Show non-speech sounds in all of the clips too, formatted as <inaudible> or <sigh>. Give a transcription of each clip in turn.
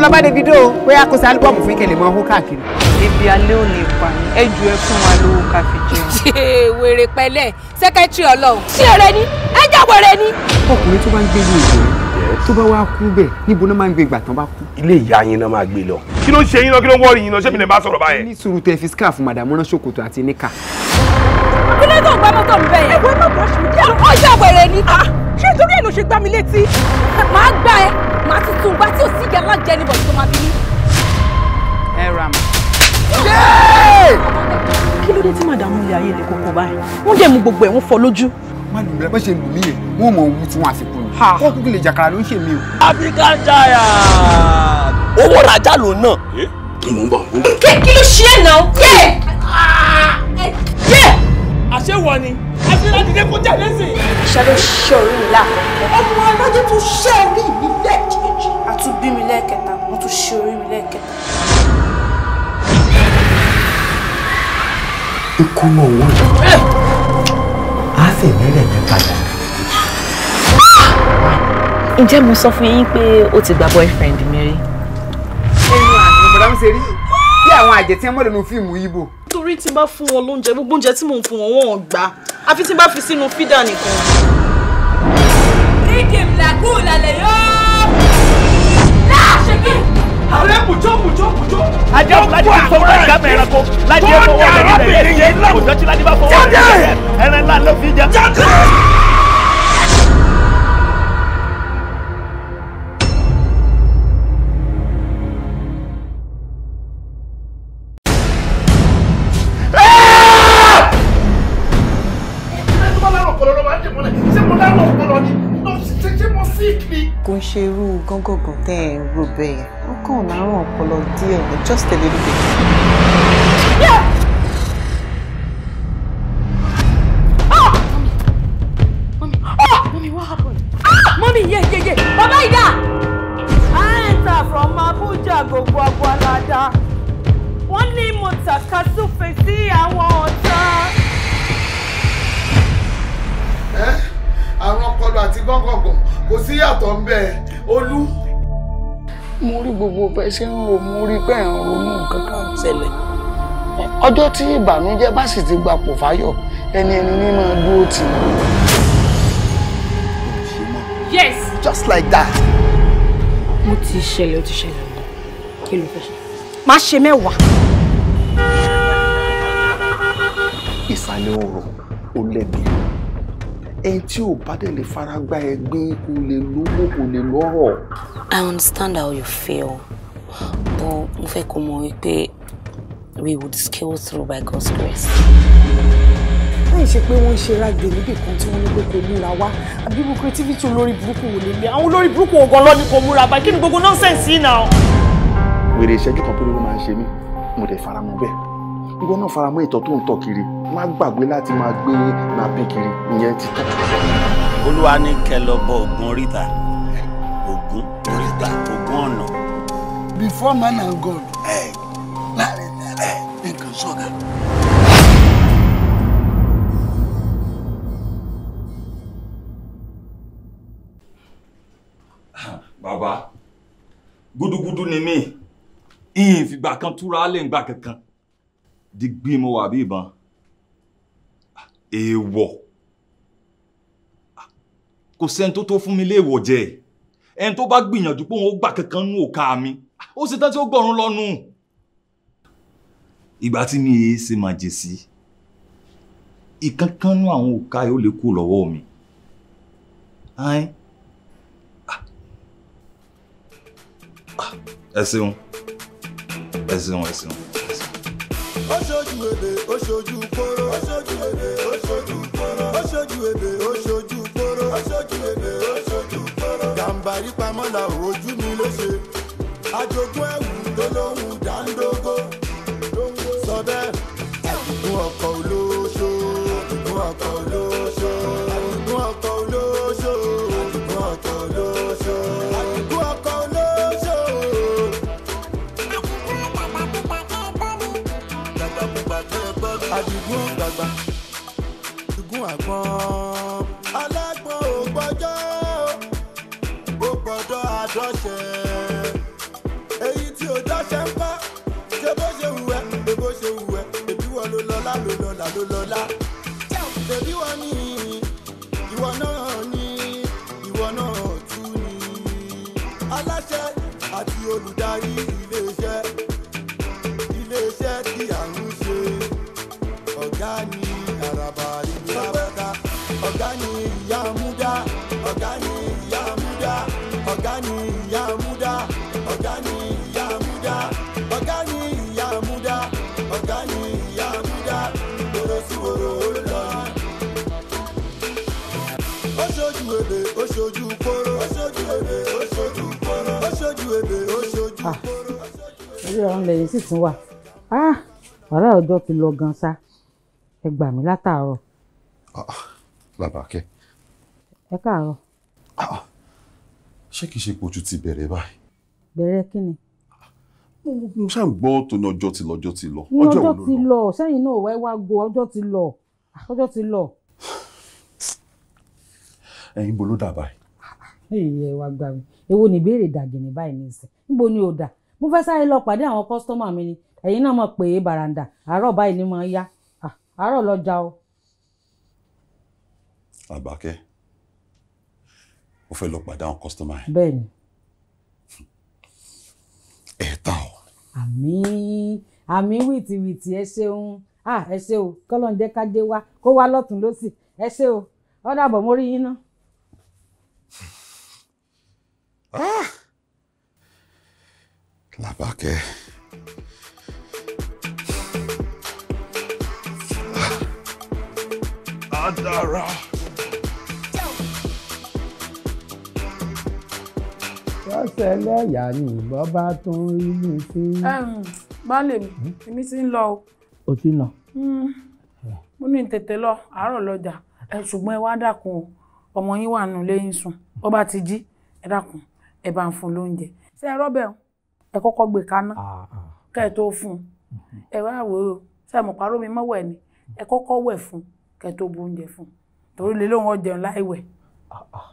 máa lọ bá Davido pé a kò sí álúbọ̀mù fún ìkẹlẹ̀ mọ́ owó káàkiri. ibi alẹ́ ò lè pa ẹ ju ẹ fún wa lówó ká fi jẹun. <laughs> ṣe wèrè pẹ̀lẹ́ sẹkẹtiri Ọlọ́run ṣé èrè ni ẹ jẹ wèrè ni. ọkùnrin tó bá ń gbé ní ìgbẹ́ tó bá wá kú bẹ́ẹ̀ níbo náà máa ń gbé ìgbà tán bá kú. ilé ìyá yín náà máa gbé lọ. kí ló ń ṣe yín náà kí ló ń wọ́ọ̀rì yín náà ṣé mi lè bá sọ̀rọ̀ báyẹn. ní sùúrù tẹ fi scarf màdàmú rán àti níkà kí ló tó gbá mọ́tò ń bẹ̀ yẹn. ẹ̀wọ̀n náà bọ̀ ṣùgbọ́n díẹ̀ ó yà wẹ̀rẹ̀ ni. Ah, ṣé torí ẹ̀ ló ṣe gbá mi létí. màá gbá ẹ màá ti tún gbá tí ò sí ìgbà lájẹ ní bọ̀dù tó máa bí mi. ẹ ra mi. kí ló dé tí màdàmú ilé ayé lè kókó báyìí wọ́n dẹ̀ mú gbogbo ẹ̀ wọ́n fọ lójú. má lù mí ṣe lù mí yẹn wọ́n mọ̀ ohun tí wọ́n àsìkò ni. wọ́n kúkú ló ṣe mí náà. kí ló ah! àṣewọ ni àṣewọ dìde kó jáde sí. ìṣe ló ṣe orí mi láàkọ́kọ́. ọmọ alájẹ tún ṣe orí mi lẹ́ẹ̀kejì. a tún bí mi lẹ́ẹ̀kẹta mo tún ṣe orí mi lẹ́ẹ̀kẹta. ikú mọ owó rẹ á sì mẹ́rẹ̀ mi padà. ǹjẹ́ mo sọ fún yín pé ó ti gba boyfriend mi rí. ẹnu àti bọ̀dá ń ṣe rí bí àwọn àjẹtí ọmọdé nu fíìmù ibo torí tí n bá fún wọn lóúnjẹ gbogbo oúnjẹ tí mò ń fún wọn wọn ò gbà àfi tí n bá fi sínú fídà nìkan. ríkìm làkú lálẹ́ yóò láṣẹ kí. ààrẹ bùjọ́ bùjọ́ bùjọ́. ajá ọ̀gájú ti fọwọ́ ẹ̀ka mẹ́rin kó lájẹ́ fọwọ́ ẹ̀ka mẹ́rin kó jáde ẹ̀rẹ̀ ńlá ló fi jẹ. jáde. kò ń ṣe irú gángangan tẹ́ ẹ̀ ń rò bẹ́ẹ̀ ó kàn lárùn ọpọlọ díẹ̀ ní just a little bit. Mommy, mommy, what happened? Mommy, yeah, yeah, yeah. Baba Ida! I enter from Abuja, go Gwagwalada. Wọ́n ní mo tàkasúfè sí àwọn ọ̀tá. Ẹ́ àwọn ọpọlọ àti gángan kò sí yàtọ̀ ń bẹ́ẹ̀ olú. mo rí gbogbo bẹ ṣe ń ro mo rí bẹ́ẹ̀ ń ronú nǹkan kan ṣẹlẹ̀ ọjọ́ tí ìbànújẹ́ bá sì ti gba pò fáyọ̀ ẹni ẹni ní máa dúró tì í. yes. just like that. mo ti ṣẹlẹ̀ ó ti ṣẹlẹ̀ kí ló fẹ́ ṣe. má ṣe mẹ́wàá. ìsàlẹ̀ òòrùn ó lẹ́bi ẹni tí ò bá dẹ̀ lè fara gba ẹ̀gbin kò lè lówó kò lè lọ́rọ̀. I understand how you feel but mo fẹ́ kó mọ̀ wípé we would scale through by God's grace. láì ṣe pé wọ́n ń ṣe rágbè níbì kan tí wọ́n ní pé kò múra wá àbí mo creativity olórí burúkú wò lè lé àwọn olórí burúkú ògàn lọ́ni kò múra bá kí ni gbogbo nọ́ọ̀sẹ̀nsì náà. wèrè ìṣẹ́jú kan péré ló máa ń ṣe mí mo dẹ̀ faramọ́ bẹ́ẹ̀ ìwọ náà faramọ́ ìtọ̀ tó ń tọ̀ kiri má gbàgbé láti máa gbé nàbí kiri ìyẹn ti tọ́. olúwa ní kẹ lọ oríta ògùn oríta ògùn ọ̀nà. before man and God láàrin nǹkan sọ̀gà. bàbá gúdúgúdú ni mí ìfìgbà kan túra lè ń gbà kankan digbí mo wà bí ìbọn èèwọ̀ kò sẹ́ni tó tó fún mi léèwọ̀ jẹ́ ẹni tó bá gbìyànjú pé òun ó gbà kankan nú òka mi ó ṣe tán tí ó gbọ̀run lọ́nu ìgbà tí mi èé ṣe máa jèsí ìkankan nú àwọn òka yóò lè kú lọ́wọ́ mi ẹ ṣeun ẹ ṣeun ẹ ṣeun ó ṣojú èdè ó ṣojú kóró ó ṣojú èdè ó ṣojú kóró ó ṣojú èdè ó ṣojú kóró ó ṣojú èdè ó ọkọ̀ olóṣó ẹ̀kún ọkọ̀ olóṣó. àgbọn. alágbọ̀n ò gbọ́jọ́ ó gbọ́dọ̀ àdọ́ṣẹ́. èyí tí ò dọ́ṣẹ́ ń kọ́ ṣé bó ṣe wù ẹ́ ṣé bó ṣe wù ẹ́ èbí wọn ló lọ́lá ló lọ́lá ló lọ́lá. èbí wọn ní ìwọ náà ní ìwọ náà tún ní. aláṣẹ àti olùdarí. ìyá múdá ọ̀gá ni ìyá múdá ọ̀gá ni ìyá múdá ọ̀gá ni ìyá ah, lẹ́yìn sì tún wà wàhálà ah, ọjọ́ ti lọ gan-an ṣá ẹ gbà mí látàárọ̀. Ah, bàbá kẹ́ ẹ káàárọ̀. Ah, ah. ṣé kìí ṣe pé ojú ti bẹ̀rẹ̀ báyìí. bẹ̀rẹ̀ kí ni. mo ṣáà ń gbọ́ tó ní ọjọ́ ti lọ ọjọ́ ti lọ. ní ọjọ́ ti lọ sẹ́yìn náà wẹ́ wá go ọjọ́ ti lọ ọjọ́ ti lọ. ẹ̀yin bo ló dà báyìí. ẹyẹ wa gbà mí èwo ni ìbéèrè dàgìnì báyìí ní ìsìn níbo ni ò dà mo fẹ́ sáré lọ pàdé àwọn kọ́sítọ́mà mi ni ẹ̀yin náà mọ̀ pé bàràǹdà àárọ̀ báyìí ni mo ń yá ah, àárọ̀ lọ́jà o. àbákẹ́ ó fẹ́ lọ pàdé àwọn kọ́sítọ́mà yẹn. bẹ́ẹ̀ni. ẹ ta o. àmì àmì wìtìwìtì ẹ ṣeun ẹ ṣe o kọ́lọ́n jẹ́ ká dé wá kó wá lọ́tún lọ́sì ẹ ṣe o ó dàbọ̀ mórí yín ná. Ah! làbákẹ́. Adara. Ah! ọ̀sẹ̀ lẹ́yà ni ìbọn bá tún rí mi sí. baálé mi hmm? èmi ti ń lọ o. o ti ń lọ. Hmm. Eh. mo ní tètè lọ àárọ̀ lọ́jà ṣùgbọ́n ẹ wá dákun o ọmọ yín wà nù lẹ́yìn sùn bó bá ti jí ẹ dákun ẹ bá ń fún lóúnjẹ. ṣé ẹ rọ́bẹ̀ ẹ kọ́kọ́ gbé kaná ah, ah. kẹ́ ẹ tó fún un hmm. ẹ wá wò ó ṣé ẹ mọ̀ mi mọ́wọ́ ẹ ni ẹ kọ́kọ́ wẹ̀ fún kẹ́ ẹ tó bu oúnjẹ fún torí lè lóun ọjẹun láì wẹ̀. Ah,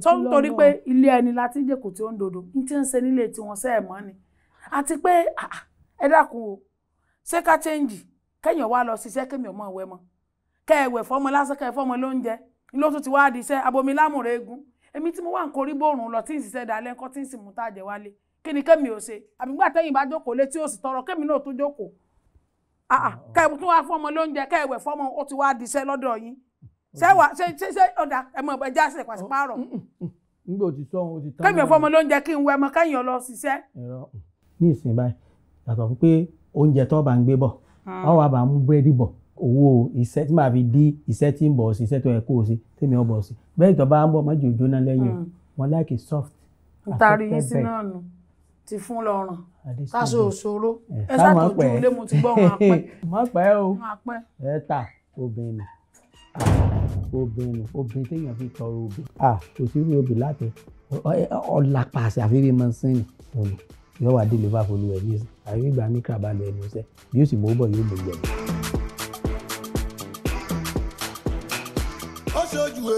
tó ń torí pé ilé ẹni láti jẹ́kù tí ó ń dodo ní tí ń ṣe nílé tiwọn sẹ́ẹ̀ mọ́ ni àti pé ẹ dákun o ṣé ká chẹ́ǹjì kẹ́yìn wá lọ ṣiṣẹ́ kẹ́mi ọmọ ìwẹ́ mọ́ kẹ́ ẹ wẹ̀ fọ́mọ lásán kẹ́ ẹ fọ́mọ lóúnjẹ ló tún ti wá di iṣẹ́ abomi lámùrè egun èmi tí mo wà ń korí bòrùn lọ tí ń ṣiṣẹ́ dalẹ́ ńkọ́ tí ń sì mú tàjẹ́ wálé kí ni kẹ́mi ò ṣe àbígbà tẹ́yìn bá jókòó létí òsì tọrọ kẹ́mi náà tó jókòó kẹ́ ẹ tún lóúnjẹ kẹ́ ẹ wẹ̀ ó ti wá di iṣẹ́ lọ́dọ̀ yín ṣé wà ṣe ṣe ṣe ọ̀dà ẹ̀mọ̀ ẹ̀já ṣe pàṣípààrọ̀. Mm, mm, mm. nígbà òtí sọ ohun ti tán. kẹ́mi ọ̀fọ́ ọmọ ló ń jẹ́ kí n wẹ ọmọ kẹ́yìn ọlọ ṣiṣẹ́. ní ìsìn báyìí yàtọ̀ fún pé oúnjẹ tó bá ń gbé bọ̀ ọ̀ ah. wà bá ń mú búrẹ́dì bọ̀ owó iṣẹ́ tí màá fi dí iṣẹ́ tí ń bọ̀ sí iṣẹ́ tó yẹ kó o sí tèmi ọ̀ bọ̀ sí bẹ́ẹ̀ tó bá ń bọ̀ mọ́jú jóná lẹ́yìn wọn ah. láìkè soft. ntari yín sí náà nù ti fún lọ́rùn ah, táṣọ òṣòro eh, ẹ ṣàtọjú ilé mo ti gbọ́ wọn àpẹ. <laughs> mọ̀ pẹ́ o ẹ ta obìnrin obìnrin obìnrin téèyàn fi tọrọ obìnrin ah kò sí irú obìnrin láti ọ̀la pàṣẹ àfihàn máa ń sìn ní yọ̀wá délé fáfolú ẹ̀ ní àríwí gbà mí kàbálẹ̀ ẹnu iṣẹ́ yóò sì bọ́ bọ̀ yóò gbẹ̀gbẹ̀ mi.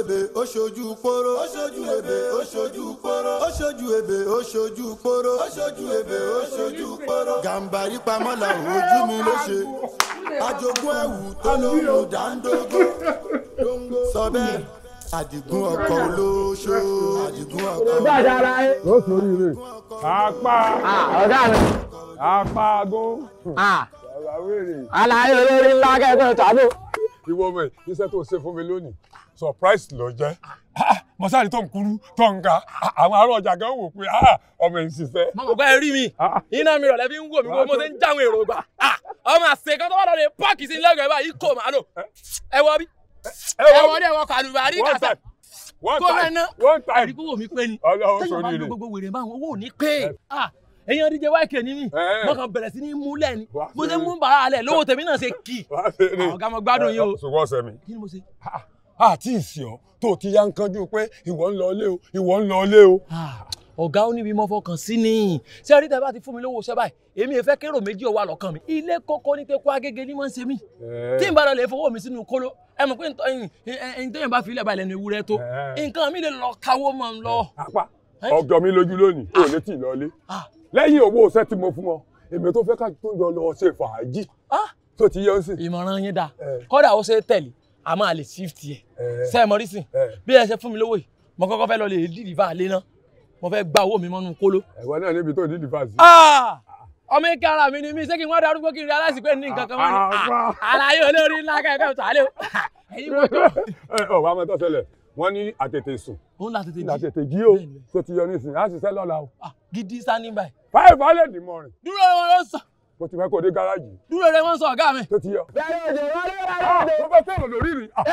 ebè ó ṣojú poro. ó ṣojú ebè ó ṣojú poro. ó ṣojú ebè ó ṣojú poro. ó ṣojú ebè ó ṣojú poro. gàǹbarí pamọ́ la mi ló ṣe. ajogún ẹ̀wù tó ló ń lu dáńdógó. sọ bẹ́ẹ̀ àdìgún ọkọ̀ olóṣó. àdìgún ọkọ̀ olóṣó. bá a dára ẹ. ó sori rè. apá. ọ̀gá mi. apá agún. àlàyé olórí ńlá kẹ́kọ̀ọ́ tàbí. ìwọ mọ̀ iṣẹ́ tó ṣe fún mi lónìí surprise ló jẹ́ ah, ah, mọ̀sáàrí tó ń kúrú tó ń ga ah, àwọn ará ọjà gan wò pé ọmọ èyí ṣiṣẹ́. mo gbọ́ ẹ rí mi iná mi rọ̀lẹ́ fi ń wò mí wo mo ṣe ń jáwọn èrò gbà ọmọ àṣẹ kan tó bá lọ lè pọ́ọ̀kì sí lẹ́gbẹ̀ẹ́ báyìí kò máa lò eh? ẹ wọ bí eh, eh, ẹ wọ dé wọ kàlùbárí kàtà kó rẹ ná àdìgbò wò mí pé ni sẹ́yìn bá lọ gbogbo wèrè báwọn owó ò ní pé èyàn díje wáìkì ní mi mo kàn bẹ̀rẹ̀ sí ní mú lẹ́ni mo ṣe mú bàrà alẹ̀ lówó tèmi náà ṣe kì àwọn ọ̀gá mo gbádùn yín o. sọwọ́ sẹ́mi kí ni mo ṣe àti ah, ìsì ọ tó ti ya ń kanjú pé ìwọ ń lọ ilé o ìwọ ń lọ ilé o. Ah, ọ̀gá ó níbi mọ́ fọkàn sí ni ṣé ẹ rí tẹ́ bá ti fún mi lówó iṣẹ́ báyìí èmi ẹ fẹ́ kérò méjì ọwọ́ àlọ́kàn mi ilé kókó ní tẹ́kọ́ agége ní máa ń ṣe mí eh. tí n bá lọ lè fowó mi sínú kóló ẹ mọ̀ pé ẹyin tẹ́yìn bá fi ilẹ̀ balẹ̀ ní ewúrẹ́ tó eh. nǹkan mi lè lọ káwó mọ̀ ń lọ. Eh, apá ọjọ́ mi lójú lónìí ò létí ìlọlé ah. lẹ́yìn owó iṣẹ́ tí mo fún ọ èmi tó fẹ́ ká tó jọ lọ ṣe fàájì tó ti yọ sí. ìmọ̀ràn yín dáa kódà ó ṣe a máa lè shift yẹ eh. ṣe é mọ rí sìn eh. bí ẹ ṣe fún mi lówó yìí mo kọ́kọ́ fẹ́ lọ lè dìlìfà lé náà mo fẹ́ gba owó mi mọ́nú kóló. ẹ̀wọ náà níbi tó dìlìfà sí. Ah! ọmọ ike ara mi ni mi ṣé kí n wá darúgbó kiri aláṣìpẹ́ ní nǹkan kan wọ́n ní àlàyé ah, ah, olórí ńlá kẹ́kẹ́ tó àlẹ́ o ẹ̀yin mọ́tò. ọ̀ wá mọ́tò ṣẹlẹ̀ wọ́n ní àtètè sùn. ó ń la tètè jí la tètè jí o tó ti yọ nísìnyí á ṣiṣẹ́ lọ́la o. gidi sani báyìí. báyìí bá lè dì mọ́ rìn. dúró wọn ló sàn mo ti mẹ́kọ̀ọ́ dé gáràjì. dúró rẹ wọ́n sọ ọ̀gá mi. tó ti yọ. bẹ́ẹ̀ ni òjò wọlé wọlé. mo fẹ́ fẹ́ràn lórí mi. Ah, ẹ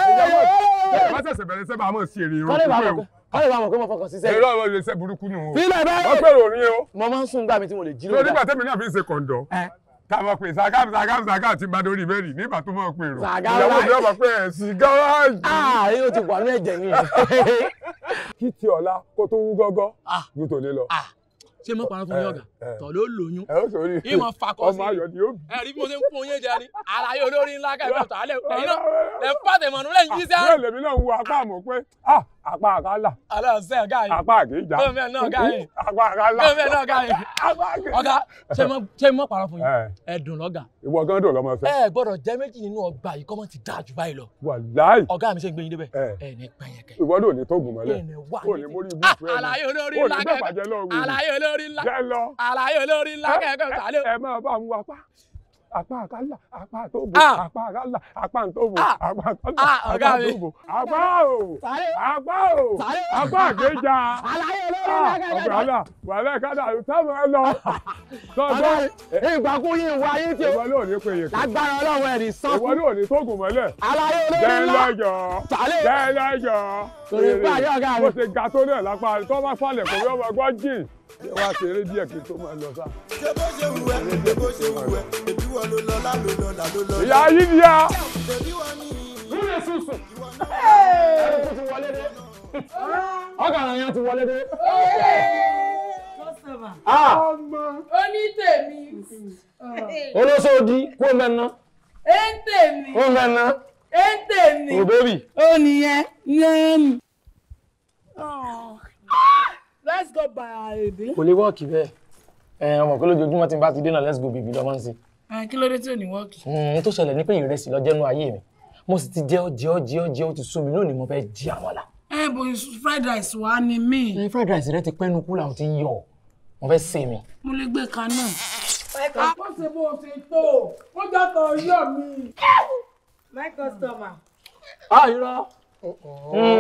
má ṣẹ̀ṣẹ̀ bẹ̀rẹ̀ sẹ́bà mọ̀ sí èrè irun pípé o. kọ́lé bá mọ̀ pé mo fọkàn sí sẹ́yìn. èrè àwọn iléeṣẹ́ burúkú nù. fílẹ̀ bẹ́ẹ̀. wọ́n pèrò nígbà tó mọ̀ pé rò ìyàwó mi ọmọ pé ẹ̀sìn gáràjì. aa ah, yóò ti wà ní ẹ̀jẹ̀ yín. <laughs> kí ti ọ̀la kó tó wú gọ́gọ́ yóò tó lé lọ. Ah ṣé mo parọ́ fún yín eh, ọ̀gá eh. tọ̀ ló lóyún ìmọ̀ fakọ́ sí ẹ rí bí mo ṣe ń fún yín jẹ ni àlàyé olórí ńlá ká ìfẹ́ tọ̀ alẹ́ ẹ̀yin náà lẹ́ fàtẹ̀mọ̀nù lẹ́yìn ah, jíṣẹ́. bẹ́ẹ̀ lèmi náà wo apá ah. àmọ̀ pé ah apá àkálà. aláàṣẹ ọgá yìí apá àkéjà gómìnà náà ọgá yìí apá àkálà gómìnà náà ọgá yìí apá àkéjà. ọgá ṣé mo pàrọ̀ fún yín ẹ̀dùn lọ́gà. ìwọ gan dùn lọmọ fẹ. ẹ gbọ́dọ̀ jẹ méjì nínú ọgbà yìí kọ́mọ ti dáa jù báyìí lọ. wàláì ọgá mi ṣe ń gbé yín débẹ̀. ẹ ní pẹ̀yẹ̀kẹ́. ìwọ ló ní tóògùn mọ́lẹ̀. ó ní mórí ibú fún ẹ ah, àlàyé olórí ńlá kẹ́kọ̀ọ́ àlàyé olórí ńlá kẹ́kọ̀ọ́ apá àkálà apá àtòbò ah! apá àkálà apá àtòbò ah! apá àkálà ah, apá àtòbò apá o apá o apá àgbéjà ọ̀gbìn àlà wàhálà ìkádà táwọn ẹ lọ <laughs> sọgbọ́n. ìgbàkún yìí wá yín tí lágbára ọlọ́run ẹ̀rí sọ́kù. ìwọ náà ní tóògùn mọ́lẹ̀. aláyé olórí ńlá dẹ́lẹ́jọ́ dẹ́lẹ́jọ́. torí pé àyọ̀ká rẹ̀. bó ṣe ga tó náà lápá tó bá falẹ̀ kò bí ọmọ gbọ́ jìn ṣé wàá ṣeré díẹ̀ kí n tó máa lọ sá. ṣé bó ṣe wù ẹ́ ṣé bó ṣe wù ẹ́ èbí wọn ló lọ láló lọ láló lọ. ìyá yìí ni a. èbí wọn lúlẹ̀ sùsù. ẹ̀rọ tó ti wọlé dé. ọkàn àyàn ti wọlé dé. ọmọ onítèmi. olóṣòdì kó mẹ́ná. ẹ̀ ń kó mẹ́ná. ẹ̀ ń tèmi. Oh, ó nìyẹn lẹ́nu. Ah let's go baby. kò lè wọ́ọ̀kì bẹ́ẹ̀ ẹ ọmọ kí lójoojúmọ́ tí n bá ti dé náà let's go baby lọ́mọ ń sìn. kí ló dé tí ò ní wọ́ọ̀kì. Hmm, n tó ṣẹlẹ̀ ní pé ìrẹsì lọ jẹ́nu ayé mi mo sì ti jẹ́ ọ́ jẹ́ ọ́ jẹ́ ọ́ jẹ́ ọ́ ti sún mi lónìí mo fẹ́ jí àwọn la. ẹ bò fried rice wa ni mí. ẹ fried rice rẹ ti pẹ́nu kú làwọn ti yọ mo fẹ́ sè mi. mo lè gbé kan náà. my customer. ah irọ́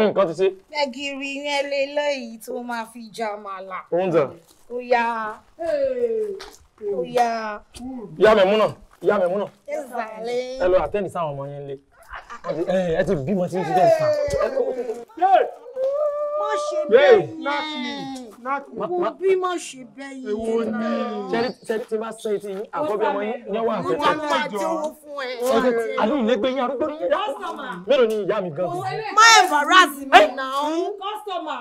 nǹkan ti ṣe. gbẹ̀gìrì yẹn lé lẹ́yìn tó máa fi jà màlà. oúnjẹ. ó yá ó yá. ìyá Mẹ̀múnà ìyá Mẹ̀múnà. ẹ lọ àtẹ́ni sáwọn ọmọ yẹn lé ẹ ti bímọ tí ń ṣiṣẹ́ ìsàn ṣe bẹ́ẹ̀ yẹn wo bí mo ṣe bẹ́ẹ̀ yẹn. ewo ni sẹ́ni sẹ́ni ti bá sọ etí yín àkọ́bí ọmọ yín yẹn wà fẹ́. wọ́n máa jẹ́ owó fún ẹ. àlọ́ ìlé gbé yín arúgbó yín. kọ́sọ̀mà mélòó ni ìyá mi gan. má ẹ̀ fara sí mi náà. kọ́sọ̀mà.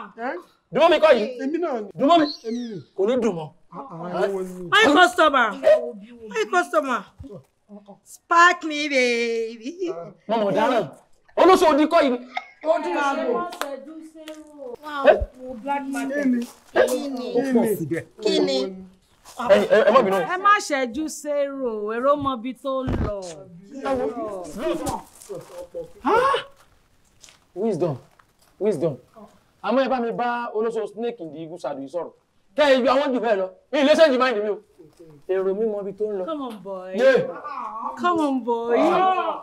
dùnmọ́ mi kọ́ yìí. èmi náà ni. dùnmọ́ mi kò ní dùn ah, ah, my customer my customer spark me baby. mọ̀mọ́ dáná olóṣòwò ni kọ́ yìí ó dín aago. kí ni ẹ má bínú. ẹ má ṣẹ́jú sérò èrò mọ ibi tó ń lọ. wisdom wisdom àmọ́ ẹ bá mi bá olóṣèlú snake di igun ṣàdùn sọ̀rọ̀ kẹ́ ẹ ju àwọn jù bẹ́ẹ̀ lọ ní ilé ṣẹ́ǹjì máa ń dì mí o èrò mi mọ ibi tó ń lọ. come on boy come on boy. Ah.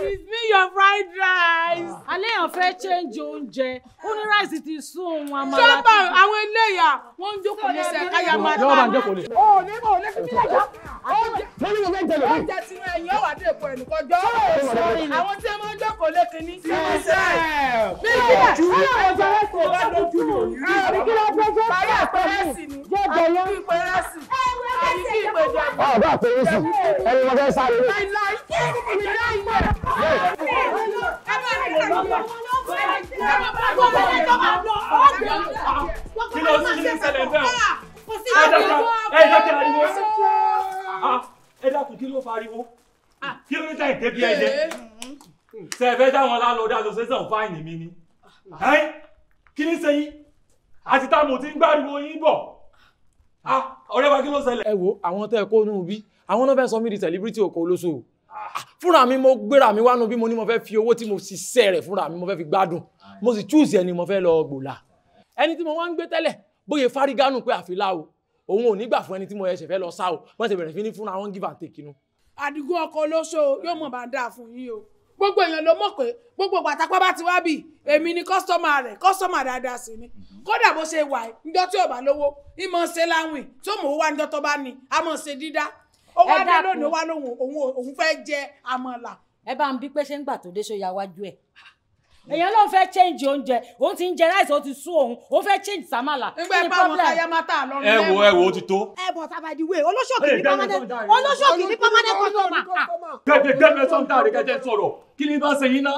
it's me your fried rice. Ah. alẹ́ yàn fẹ́ change oúnjẹ ó ní rice ti sún òun àmàlà. sábà àwọn eléyà wọ́n ń jókòó ní sẹ́káyà máa ta. yọ̀ọ́ bá ń jókòó oh, ní. o ò ní o ò ní fi sílẹ̀ jọ. lórí ìwé ìjẹ̀lẹ̀ mi. oúnjẹ tinú ẹ̀yìn ọ̀wà dé èpo ẹ̀nù kọjọ́. àwọn tí wọ́n jókòó lẹ́kìnní. ti sẹ́ bí kílẹ̀ ju ọjọ́ ẹ̀sìn lọ́dún jù lọ. àbíkílẹ̀ ọjọ́ báyà pẹ̀lú jẹ́ jẹ̀yẹ́. àbíkí ìpèjọ kí ló sì ní ṣẹlẹ̀ bẹ́ẹ̀ o ẹ dákẹ́ ẹ dákẹ́ ariwo ẹ dákun kí ló fa ariwo kí ló ní ta ìdẹ́bí ẹ jẹ ṣe ẹ fẹ́ dáwọn lálọ́dọ̀ association fáìní mi ni kí ní sẹ́yìn àti táwọn ò ti ń gbáriwo yín bọ̀ ọ̀rẹ́ wa kí ló ṣẹlẹ̀. ẹ wo àwọn tẹ́ ẹ kó nù bí àwọn náà fẹ́ sọ mí di celebrity òkò olóṣòwò Ah, fúnra mi mo gbéra mi wánu bí mo ní mo fẹ́ fi owó tí mo ṣiṣẹ́ rẹ̀ fúnra mi mo fẹ́ fi gbádùn mo sì choose ẹni mo fẹ́ lọ gbòòlà ẹni tí mo wá ń gbé tẹ́lẹ̀ bóyá fárígánù pé àfilá o òun ò ní gbà fún ẹni tí mo ẹsẹ̀ fẹ́ lọ sá o wọ́n ti bẹ̀rẹ̀ fi ní fúnra wọn give and take inú. àdìgún ọkọ olóṣò yóò mọ̀ bá dáa fún yín o gbogbo èèyàn ló mọ̀ pé gbogbo pàtàkó bá ti wá bì èmi ni kọ́sọ́mà rẹ̀ kọ́sọ́mà dáadáa sí ni kódà bó ṣe wà ńjọ́ tí ò bá lówó ìmọ̀ ṣe láwìn tó mò ń wá ńjọ́ tó bá ní àmọ̀ ṣe dídá ó wá dé lónìí ó wá lóhùn òun òun fẹ́ jẹ àmàlà. ẹ bá ń bí pé ṣé ń gbà tó dé sóyà wájú ẹ èèyàn náà fẹ́ change oúnjẹ òun ti ń jẹ ráìsì ó ti sún òun òun fẹ́ change sàmàlà. nígbà ẹ bá wọn káyà máa tà lọ́rùn lẹ́wọ̀n. ẹ wo ẹ wo ó ti tó. ẹ bọ̀ sábà di wéè olóṣòkì ní permanent olóṣòkì ní permanent customer. kẹ̀kẹ́ kẹ́mi sọ ń dá àrí kẹ́kẹ́ sọ̀rọ̀ kí ni bá ṣe yín ná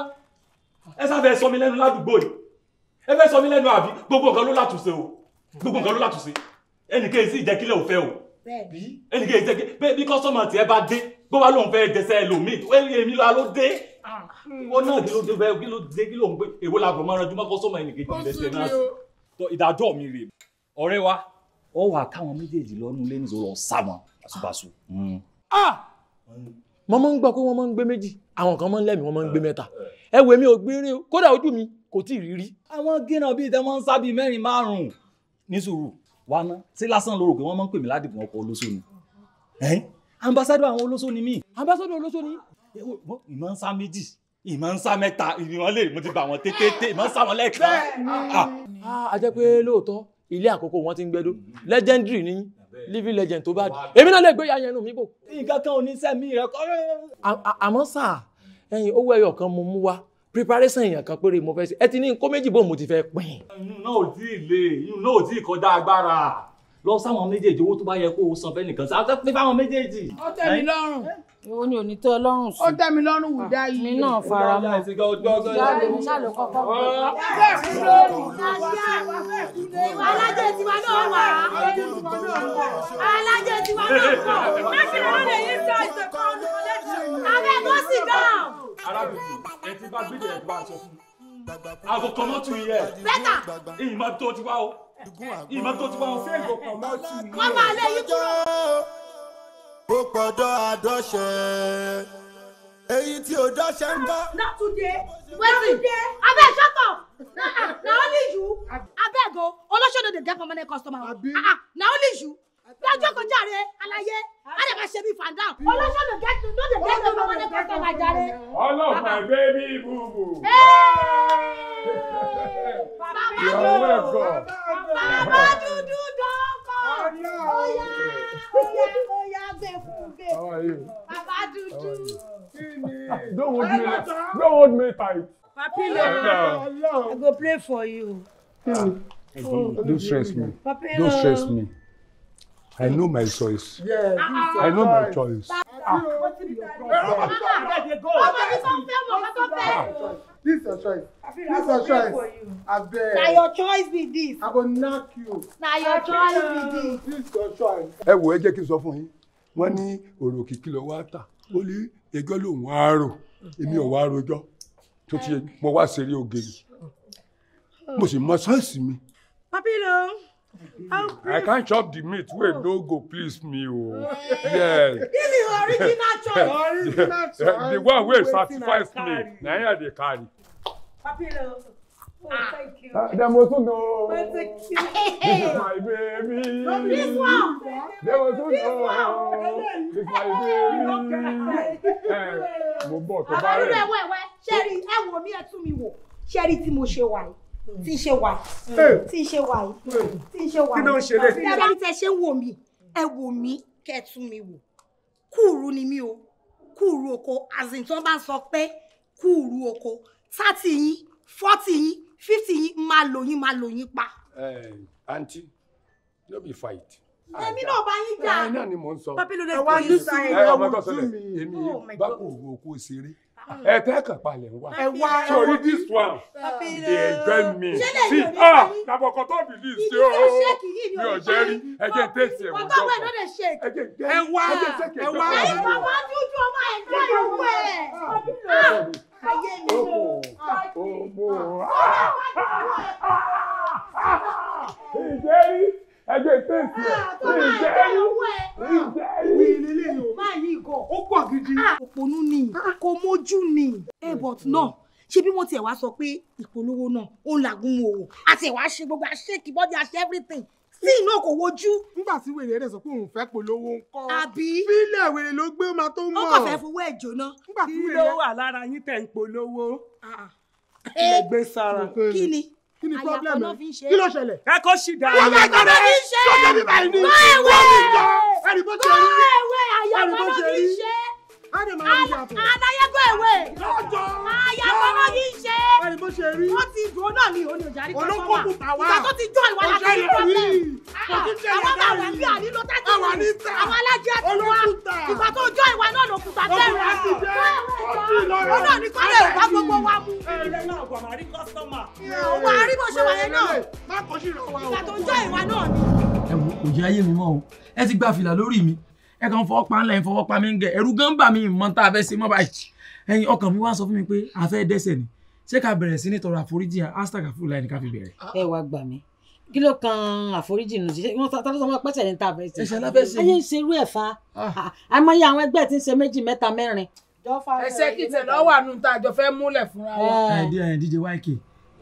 ẹ sáfẹ́ sọ mi lẹ́nu ládùúgbò yìí ẹ fẹ́ sọ mi lẹ́nu àbí gbogbo nǹkan ló látùsẹ̀ o gbogbo nǹkan ló látùsẹ̀ ẹnì bí ẹnìkan ìṣẹ́gi bẹ́ẹ̀ bí kọ́sọ́mọ̀ tí ẹ bá dé bó bá lóun fẹ́ dẹsẹ̀ ẹlòmíì wẹ́ẹ́rì èmi la ló dé ah. ó náà kí ló dé fẹ́ kí ló dé kí ló ń gbé èwo la gbọ̀n mọ́ra jùmọ́ kọ́sọ́mọ̀ ẹnìkejì dẹsẹ̀ náà sí ìdájọ́ mi rèé ọ̀rẹ́ wa ọ wà káwọn méjèèjì lọ́nu lé nítorí ọ̀sá wọn báṣubàṣu. mo hmm. ah! hmm. máa ń gbọ́ pé wọ́n máa ń gbé méjì àwọn kan máa ń lẹ́mìí wọ́n máa ń gbé eh, mẹ́ta eh. ẹ wò mí ò gbére kódà ojú mi kò tí ì rí rí. àwọn gíràn bíi tẹ́ wọ́n ń sá bíi mẹ́rin márùn-ún ní sùúrù wá ná ṣé lásán ló rò pé wọ́n máa ń pè mí ládìgún ọkọ̀ olóṣó ni ambassadọ àwọn olóṣó ni mí ambassadọ olóṣó ni ìmọ̀ ń sá méjì ìmọ̀ ń sá mẹ́ta ìmọ̀ lè mo ti gbà wọ́n tètè ìmọ̀ ń sá wọn lẹ́ẹ̀kan. Ah. a jẹ́ pé lóòótọ́ ilé àkókò wọn ti ń gbẹ́dọ́ legendary ni living legend tó bá dùn èmi náà lè gbé yàyẹn nù mí bò. nǹkan kan ò ní sẹ́mi rẹ kọ́. àmọ́ sáà ẹ̀yin owó ẹyọ kan mo mú wá preparation èèyàn kan péré mo fẹ́ ṣe ẹ ti ní kó méjì bò mo ti fẹ́ pín. inú náà ò tí ì le inú náà ò tí ì kọjá agbára lọ sáwọn méjèèjì owó tó bá yẹ kó o san fẹ́ nìkan sí àti pé fáwọn méjèèjì. ó tẹ́ mi lọ́rùn. èwo ni ò ní tẹ́ ọ lọ́rùn sí. ó tẹ́ mi lọ́rùn wù dá yìí. mi náà fara mọ́. ìyáàlè mi ṣàlò kọ́kọ́. ọ̀rẹ́ mi lọ́rùn. alájẹ tiwa náà wà. alájẹ tiwa náà pọ̀. mákìlá lè yí sọ ìṣèkọ́ ọ̀nà lẹ́jọ́. abẹ́gbọ́ sì dáhùn. arábìnrin ẹ ti bá bídẹ̀ ẹ̀ bá aṣọ fún mi. àgọ́ kan mọ́tò yìí ẹ̀. bẹ́tà. ìyìn máa tó ti wá o ìmọ́tótó wọn èyí tí ò dọ́ṣẹ́ ń bá. not today wetin abeg shut up na only you abeg o olosho no dey get permanent customer na only you dájọ́ kò jáde aláyé alẹ́ máa ṣe bí fàdá. Hmm. ọlọ́sọ̀ ló dé ló dé dé lọ́wọ́ wọn ní pásítọ̀ máa jáde. ọlọ́mọ ẹgbẹ́ bí ibùbù. bàbá dúdú bàbá dúdú dọ́kọ̀ ọ̀yà ọ̀yà ọ̀yà fún gbé bàbá dúdú. don't hold me don't hold me tight. papi lo i go pray for you. Oh, don't stress me hmm. don't stress me. I know my choice. Yeah, I know my ah. choice. This is your choice. This is your choice. Abeg. Na your choice be this. I go knock you. Now your choice be this. This is your choice. Ẹ wo ẹ jẹ́ kí n sọ fún yín, wọ́n ní òrò kìkì lọ wá tà, ó ní ẹjọ́ lòun á rò, èmi ò ti mọ wá ṣeré ògèrè, mo si mọ sáǹsì mi. Papilo. I can't chop the meat wey oh. no go please me o. Oh. Yes. Give me original <laughs> Original The one wey satisfies me na him I dey carry. Papiro. Oh, ah. thank you. Uh, them no. thank you. <laughs> This is my baby. From this one. Them this know. This is my baby. Eh, mo bọ̀ tó ah, bá rẹ̀. Àwọn ọdún ṣẹ́rí ẹ̀wọ̀ mi ẹ̀ tún mi wò ṣẹ́rí tí mo ṣe wà yìí tí ṣe wà tí ń ṣe wà yìí tí ṣe wà yìí. kí ló ń ṣe lè. bí abẹ́rẹ́ tẹ ṣe ń wò mí ẹ wò mí kẹ́ ẹ tún mi wò kúùrú ni mí o kúùrú oko azin tó bá sọ pé kúùrú oko thirty yín forty yín fifty yín máa lò yín máa lò yín pa. àǹtí no be fight. èmi náà bá yín jà. ẹ náà ni mò ń sọ. pápẹ́lú rẹ̀ oh kò yí sáyẹn. ẹ ọmọ tó èmi bá kúùrú oko ṣeré. Ah. ẹ tẹ́kàn palẹ̀ ń wá sórí this one dey join me sí ah nàbọ̀kọ̀ tó bìlí sí o mi ò jẹ́ rí ẹjẹ́ tẹ̀sí ẹ̀wọ̀n jọ kan ẹjẹ́ jẹ́ ẹ wá ẹ wá ẹ wá wá dúdú ọmọ ẹ̀jọ́ ìwọ ẹ̀ ayé mi o ọmọ ìjẹ́rí ẹgbẹ́ ìfẹ́ǹsì ẹ̀ ìjẹ́ ẹ̀rú ah, ìjẹ́ ẹ̀rú. ìyẹn lélẹ́yìn o máa ah. yí ìgò ó pọ̀ gidi. Ah. òpònú ni kò mójú ni airport eh, náà ṣé bí wọ́n tiẹ̀ wá sọ pé ìpolówó náà ó làgùn òwò àti ìwà ṣe gbogbo àṣẹ́kì bọ́dí àṣẹ everything tí iná kò wojú. nígbà tí wèrè rẹ̀ sọ pé òun fẹ́ polówó ń kọ́. àbí fílẹ̀ wèrè ló gbé ma tó mọ̀. ó kàn fẹ́ fowó ẹ̀ jóná. nígbà tí wèrè kí ló wà lára yín tẹ̀ ń polówó. ẹ gbé sára. kí ni kí ni problem ẹ kí ló ṣẹlẹ̀. ẹ kó sì dáa. ayé kan ló fi ṣe é wọ́n ẹ̀wẹ̀ ayé kan ló fi ṣe é. Adáyégbé ìwé. Lọ́jọ́. Ayágbọ́n náà yìí ṣe. Báyìí bó ṣe rí. Wọ́n ti dùn náà ní òní òjàrí kan fún wa. Olókùnkùn tà wá. Ìgbà tó ti jọ ìwà láti rí problem. Kò kí ṣe yàrá yìí. Àwọn bá wà bí ànílò tẹ́tí. Àwọn aníta. Àwọn alájẹ ti wá. Olókùnkùn Ìgbà tó jọ ìwà náà ló kùtà tẹ́rù. Ah, ah, ah. Ó náà ní kọ́lé ìwà gbogbo wa mú. Ẹ̀rẹ́ náà wà rí kọ́sọ́mà. Òun àárí bó ṣe wà yẹn náà. Má kọ́ sí ìrànwọ́ ẹ kàn fọwọ́ pa ńlẹ̀ fọwọ́ pa mí ń gẹ̀ ẹ̀rù gan bà mí mọ́ tá a fẹ́ ṣe mọ́ báyìí ẹ̀yin ọkàn mi wá sọ fún mi pé a fẹ́ dẹ́ṣẹ̀ ni ṣé ká bẹ̀rẹ̀ sí ní tọrọ àforíjì hashtag àfúlà ẹni ká fi bẹ̀rẹ̀. ẹ wá gbà mí kí ló kan àforíjì nù ṣe wọn tọ́lá sọmọ pẹ́sẹ̀ ní ta bẹ́ẹ̀ sí. ẹsẹ̀ lábẹ́ sí. ayé ń ṣerú ẹ̀ fa àmọ́yé ah. àwọn ẹgbẹ́ ti ń ṣe méjì mẹ́ta mẹ́rin. ẹsẹ̀ kìtẹ̀ lọ́wọ́ àánú tá a jọ fẹ́ múlẹ̀ fúnra wa. Ah. ẹ díje yk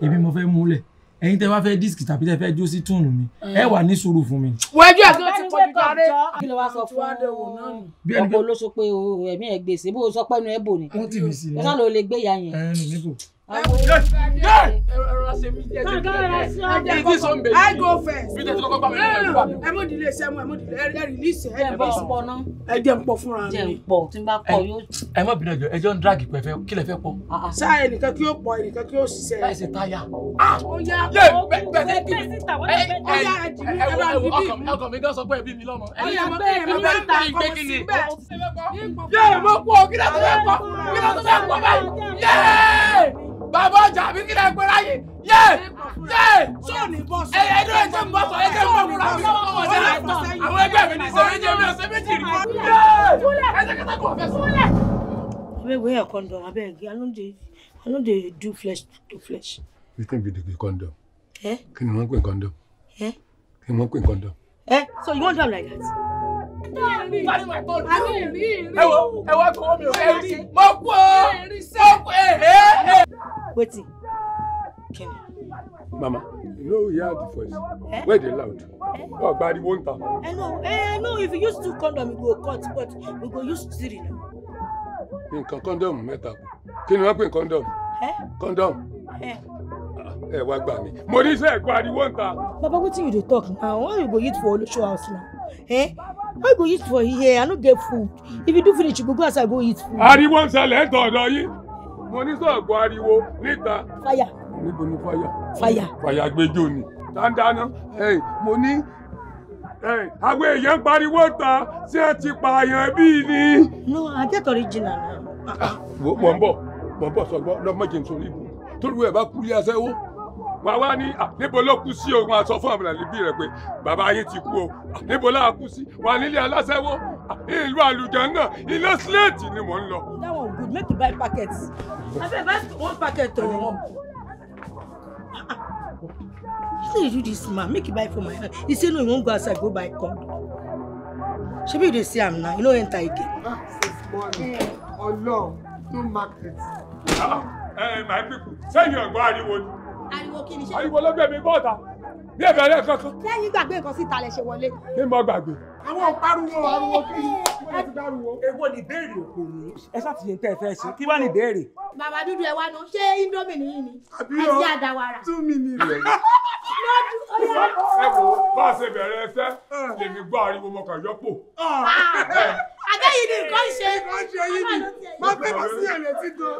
èmi mo fẹ́ múlẹ̀ ẹ̀yin tẹ́ wá fẹ́ dísìkì tàbí tẹ́ fẹ́ jó sí túùnù mi mm. ẹ wà ní sùúrù fún mi. wẹ́jọ́ ẹ̀ tó ti pọ̀ jù jáde kí ló wá sọ fún ọ ọkọ̀ olóṣù pé ẹ̀mí ẹ̀ gbèsè bó o sọ pẹ́nu ẹ̀ bò ní. wọ́n ti mi sí i. ẹ sá ló lè gbé ìyá yẹn. ẹ nù níbò. I go first. Ẹ mú ìdílé iṣẹ́ mú ẹ mú ìdílé ẹ rìlíìsì ẹ lè pọ̀ náà. Ẹ jẹ́ ń pọ̀ fúnra mi. Jẹ́ ń pọ̀ tí n bá pọ̀ yóò. Ẹ má bínú ẹjọ́ ẹjọ́ ń dráàgì pẹ̀ fẹ́ kí lẹ fẹ́ pọ̀. Ah, ah. Ṣá ẹnìkan kí ó pọ̀ ẹnìkan kí ó ṣiṣẹ́. Láì ṣe táyà. Ah, ó yá ó bẹ́ẹ̀ kí ni. Ó yá ẹ̀jì mi ẹ̀rọ àbí bí. Ọkọ mi gan sọ pé ẹbí mi lọ́mọ. Ó yá bẹ́ẹ̀ mi bá ta ọkọ mi síbẹ̀. Yé mo pọ̀ kí bàbá ọjà mi kí lè gbé ráyè yé yé ẹ ẹjẹ ń bọ sọ ẹjẹ ń bọ wúrà mi ọmọ ọjà rẹ àwọn ẹgbẹ́ mi ní sọ ẹjẹ mi ọ̀sẹ̀ méjì rí yé ẹjẹ kẹta kò fẹ́ sọ. abeg wear condom abeg i no dey i no dey do flesh to flesh. You wetin be the condom. Eh? kí ni wọ́n ń pè condom. Eh? kí ni wọ́n ń pè condom. Eh? so you wan do am like that mama you know you hear the voice eh? wey dey loud ọ gbariwo nta. i know eh, oh, i know eh, eh, if you use two condom we go cut but we go use three now. have kọ́ndọ̀mù condom? Eh? Condom. Eh? pè kọ́ndọ̀mù. kọ́ndọ̀mù. ẹ wá gbà mí mo ní sẹ́ẹ̀ gbariwo nta. baba wetin you dey talk now why you go eat for show house now. Eh? i go eat for here i no get food if you do finish you go go outside go eat food. ariwo ń ṣẹlẹ̀ ń tọ̀dọ̀ yín mo ní sọ̀gbọ́ ariwo níta. fàyà. níbo ni fàyà. fàyà. fàyà gbẹjọ ni dáńdáná mo ní àwọn èèyàn pariwo ta ṣé ẹ ti pààyàn bíi ni. no i get original na. Ah, ah, mo ń bọ̀ mo ń bọ̀ sọ̀gbọ́ lọ́mọ jẹun sórí ibù tó lù ẹ̀ bá kú ilé aṣẹ́wó wà wá ní níbo ló kú sí òun àsọ fún àmàlà níbí pé bàbá yín ti kú o níbo láà kú sí wà nílé aláṣẹwó ìlú àlùjá náà iná síléètì ni mò ń lọ. that one good make you buy packet abeg buy one packet o. you do this man make you buy for my hand he say no you won't go outside go buy corn." shebi you dey see am now you know enter again. that is money ọlọ́run no market. ẹ ah, ẹ eh, my people say you are going to ariwo kí ni ṣe. ariwo lọ́gbẹ̀ mi bọ́ọ̀ta bí ẹ̀fẹ̀ rẹ̀ kankan. lẹ́yìn gbàgbé nǹkan síta lẹ̀ ṣe wọlé. kí n mọ gbàgbé. àwọn òpariwo ariwo kí ni wọ́n ti dárúwọ́. èwo ni béèrè òkò ni. ẹ ṣáàtì ṣe ń tẹ ẹ fẹ́ ṣe kí wàá ní béèrè. bàbá dúdú ẹ wá ná ṣé indomie nìyí ni àti àdàwàrà. two minutes. ẹ wo bá a ṣe bẹ̀rẹ̀ ẹsẹ̀ lèmi gbọ́ ariwo mọ kà yọpọ̀. Ah. Ah. àbẹ́yìí ni nǹkan ṣe. nǹkan ṣe yìí ni má fẹ́ bá sí ẹ̀rẹ́ tí gan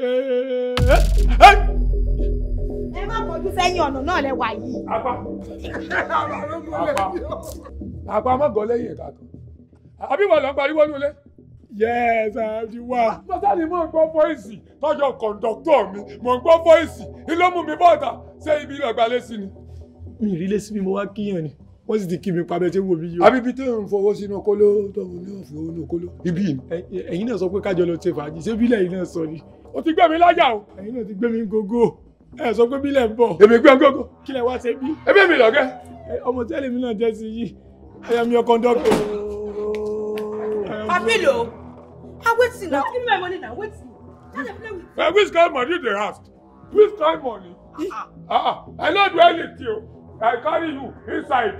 ẹ má bọ̀jú sẹ́yìn ọ̀nà náà lẹ wà yìí. apá apá apá mọ̀gàn lẹ́yìn ẹ̀ka kan àbí wọn lọ ń pariwo nulẹ̀ yes àbí wá. mọ́tàlì mò ń gbọ́ fọ́ìsì tọ́jọ́ kọ̀ǹdọ́tọ̀ mi mò ń gbọ́ fọ́ìsì ilé mú mi bọ́ọ̀tà ṣé ibi ìlọ̀gbà lẹ́sìn ni. mi ì rí lẹ́sìn mi mo wá kíyàn ni wọ́n sì ti kí mi pabẹ́ tí wò mí yọ. àbíbi tó ń fọwọ́ sínú kóló tó ń fọwọ́ sínú kóló. ibi ni. ẹ̀yin náà sọ pé kájọ lọ ṣe fàájì ṣé bílẹ̀ yìí náà sọ ni o ti gbé mi o ẹ̀yin náà ti gbé gógó ẹ sọ pé bílẹ̀ ń bọ̀ èmi gbé gógó kí lẹ wá ṣe bí. ẹbí mi lọ́gẹ́. ọmọ tẹ́lẹ̀ mi náà jẹ́ sí yìí I am your conductor. Papilo, I'm waiting now. Give me my money now, waiting. Well, which kind money they ask? Which kind money? Ah, ah, ah, I no do anything o. I carry you inside,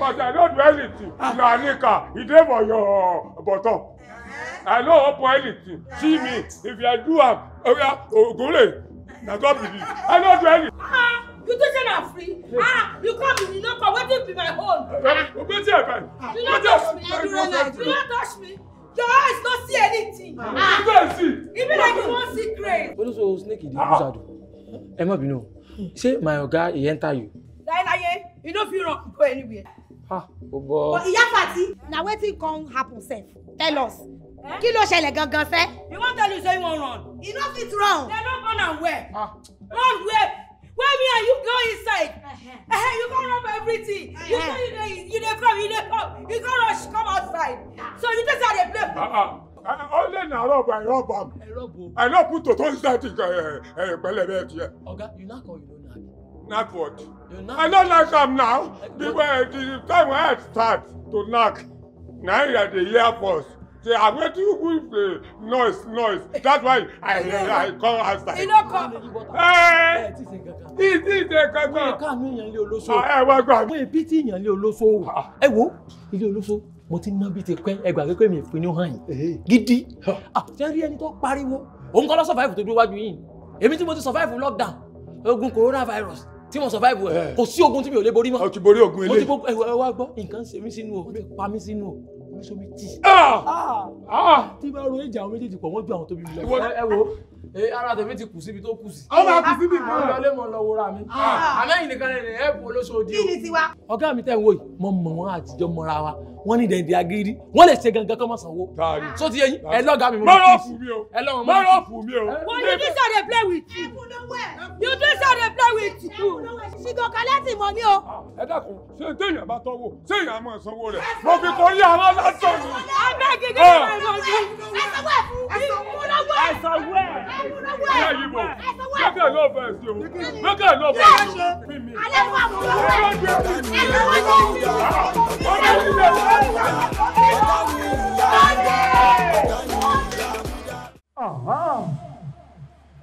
but I no do anything. Na nika, e dey for your bottom. I know all point. See me. If you do am, oh yeah, oh go there. Now God be I don't do anything. Ah, you children are free. Ah, you come in, you know, what will be my own? Obey your friend. Do ah, not touch me. Do not touch me. Your eyes don't see anything. Ah, ah you don't see. Even like you won't see grace. What is your snake in the do? Emma, you know. Say my guy, he enter you. Láyé, eh. you don't feel wrong. go anywhere. Ah, oh boy. But Iya Fati, na wetin come happen sef? Tell us. Eh? kí ló ṣẹlẹ̀ gangan sẹ́. you wan tell you say he wan run. He no fit run. dem no born am well. run well Where me and you go inside uh -huh. Uh-huh, you go run for everything uh -huh. you uh-huh. say you dey you dey come you dey come you come rush come outside ah. so you take say ah, ah. i dey play. Uh -uh. Ọlẹ́ na rọ́ọ̀bù I rọ́ọ̀bù am. I no put toto inside the pẹlẹ bẹ́ẹ̀ tiẹ̀. Oga, you knack or you no knack? Knack what? You knack. I no knack am now. The, the time when I start to knack, na I dey hear first say ah wetin you go dey noise noise that's why i i, I come outside. iná kọ. ẹ tí tí tẹ kankan. wọ́n yẹ káàánú ìyàn ilé olóso. ẹ wá gbà. wọ́n yẹ bí tí ìyàn ilé olóso o. Ah. ẹ wo ilé olóso mo ti ná bí ti pẹ́ ẹgbàá kékeré mi ìpinnu hàn yín gidi ah, ṣé rí ẹni tó pariwo òun kọ́ lọ survive tó dúró wájú yìí èmi tí mo ti survive lockdown ogun coronavirus tí mo survive ẹ kò sí ogun tí mi ò lè borí mọ́. o ti borí ogun eléyìí. mo ti borí ẹ wá gbọ́ nǹkan ṣe mí sínú o o ti pa mí sínú o sómi ah! Ah! ah! tí bá ro ìjà àwọn méjèèjì pọ̀ wọ́n gbé àwọn tóbi mi lọ. ẹ wo ara tèmi ti kù síbi tó kù sí. ó kù ah, síbi mọ́. Ah. mo lọlé mo lọ wòra mi. Ah. àmẹ́yìn nìkan rẹ̀ ẹ̀ bò lóṣooṣù. kí ni tiwa. ọ̀gá mi tẹ̀ ń wò yìí mo mọ̀ wọ́n àtijọ́ mọ́ra wa wọ́n ní dẹ̀ndẹ̀ agídí wọ́n lè ṣe gangan kọ́ mọ́ sanwó. so ti yẹ ẹ lọ́gàá mi mo fún mi o. ẹ fún mi o. wọ́n ní bí sọ̀rọ̀ play with you. you do sọ̀rọ̀ play with you. ṣìgò kalẹ́ ti mọ̀ ní o. ẹ dákun ṣé téèyàn bá tọ́wọ́ ẹ̀yà yìí bò lókè náà fẹ́ sí o lókè náà fẹ́ sí o mi mi. alẹ́ wà mú un wẹ̀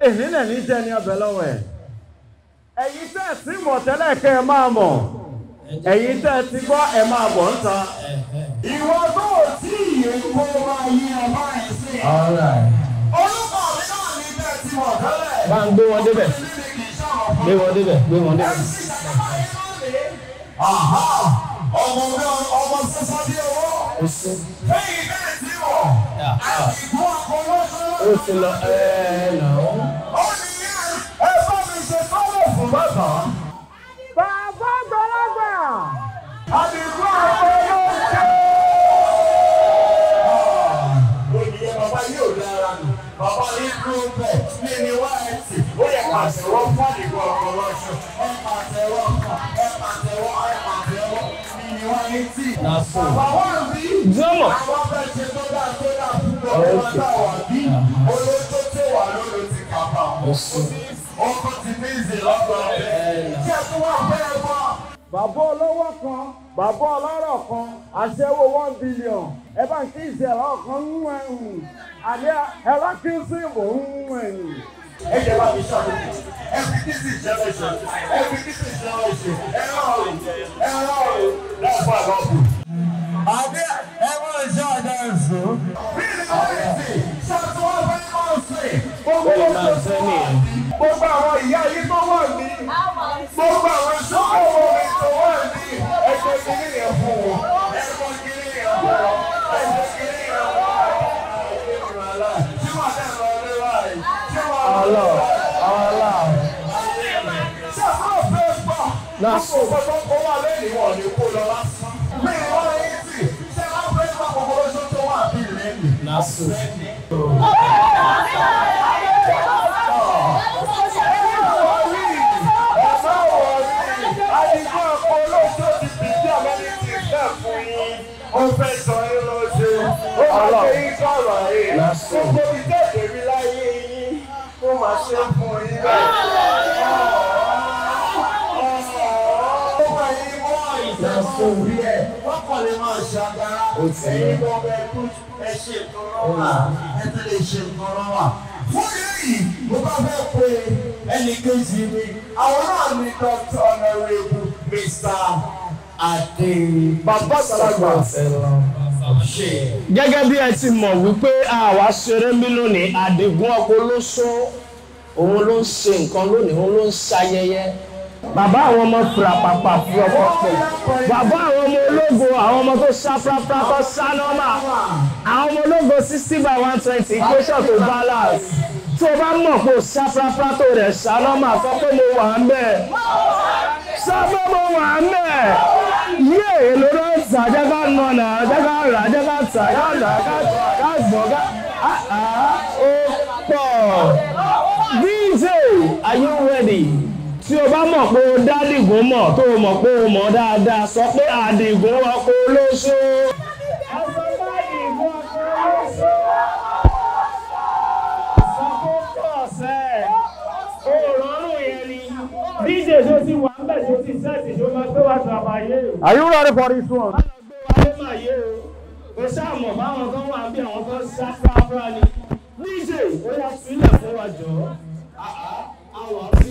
ẹ̀rọ èmi náà ní jẹ́ ní ọbẹ̀ lọ́wọ́ ẹ̀ ẹ̀yin tẹ́ ẹ̀ sí mọ̀ tẹ́lẹ̀ kẹ́ ẹ máa mọ̀ ẹ̀yin tẹ́ ẹ ti gbọ́ ẹ máa bọ̀ ń ta. ìwọ tó o tí ìyẹn kó máa yí ẹ máa sí. ọlọ́pàá bá ń gbé wọn débẹ̀ gbé wọn débẹ̀ gbé wọn débẹ̀. ọmọ mi ọmọ sọ́sọ́ bí owó lẹ́yìn bẹ́ẹ̀ tí wọ̀ àsìkò àkọ́wọ́ sọ́wọ́. ó ti lọ ẹ ẹ nà ó. ní ẹ bá mi ṣe tọ́wọ̀ fún bàbá. bàbá gbọ́dọ̀ gbà. àdìgún. pàṣẹwọ́ fún àdìgbò ọ̀pọ̀lọ́sùn. ẹ pàṣẹwọ́ bàbá olówó kan bàbá ọlọ́rọ̀ kan aṣẹ́wó one billion ẹ bá ń kí ìṣẹ̀lẹ̀ ọ̀kan ń wẹ̀yìn àbí ẹ̀rọ kí ń sìn bò ń wẹ̀yìn ẹ jẹ́ bá mi sọ̀rọ̀ ẹ fi títí ìjọba ẹ̀ṣẹ̀ ẹ fi títí ìjọba ẹ̀ṣẹ̀ ẹ rọrùn ẹ rọrùn lọ́pọ̀ àlọ́pù. àbí ẹ máa ń ṣe àdá ẹ̀sọ́. bí ìlú ọ̀rẹ́sì ṣàtúwọ́ fẹ́ gbogbo àwọn ìyá yìí tó wà ní gbogbo àwọn sọ́kọ̀ọ́ mi tó wà ní ẹgbẹ́ ìdílé yẹn fún un. láàsì. wọ́n kò gbọ́dọ̀ kó wà lẹ́yìn wọn ní kó lọ lásán. mi ò wọ́n yín sí ṣé máa fẹ́ sọ gbogbo oṣù tó wà bí rẹ̀ ní. láàsì. Ó fẹ́ sọ ẹ́ lọ ṣe, ó máa ṣe yín sọ̀rọ̀ ẹ̀, gbogbo ìjọ́jẹ̀ rí láyé yín, ó máa òbí ẹ̀. wọ́n kàn lè máa ṣe agara. o ti rí ẹ̀yin lọ bẹ ẹ ṣe nǹkan rọ́wà ẹ tẹ́ lè ṣe nǹkan rọ́wà. fún èyí mo bá fẹ́ pe ẹnì kejì mi àwọn náà ní dr ọ̀nàrẹ́bù mr adé bàbá àgbàlagbà gẹ́gẹ́ bí ẹ ti mọ̀ wípé àwa ṣeré mi lónìí àdìgún ọkọ̀ ló sún òun ló ń ṣe nǹkan lónìí òun ló ń ṣayẹyẹ bàbá àwọn ọmọ fìràpàpà fi ọkọ pè bàbá àwọn ọmọ ológo àwọn ọmọ tó sá fúrafúra tó sá nọ́mà àwọn ọmọ ológo sixty by one twenty equation to balance tí o bá mọ̀ pé o sá fúrafúra tó rẹ̀ sá nọ́mà sọ pé mo wà ń bẹ̀ sọ pé mo wà ń bẹ̀ yé èlò ló ń tà jẹ́ ká nọ nà jẹ́ ká rà jẹ́ ká tà ká nà ká gbọ̀ ká ó pọ̀ DJ are you ready? tí o bá mọ̀ pé o dá dìgún mọ̀ tó o mọ̀ pé o mọ̀ dáadáa sọ pé àdìgún ọkọ̀ olóṣó. Are you ready for this one? Ó ṣàmọ̀ báwọn tó wà bí àwọn tó ṣá sáfúrá ni. Níṣe, ó yà sílẹ̀ fún wa jọ̀ọ́. Àwọn àti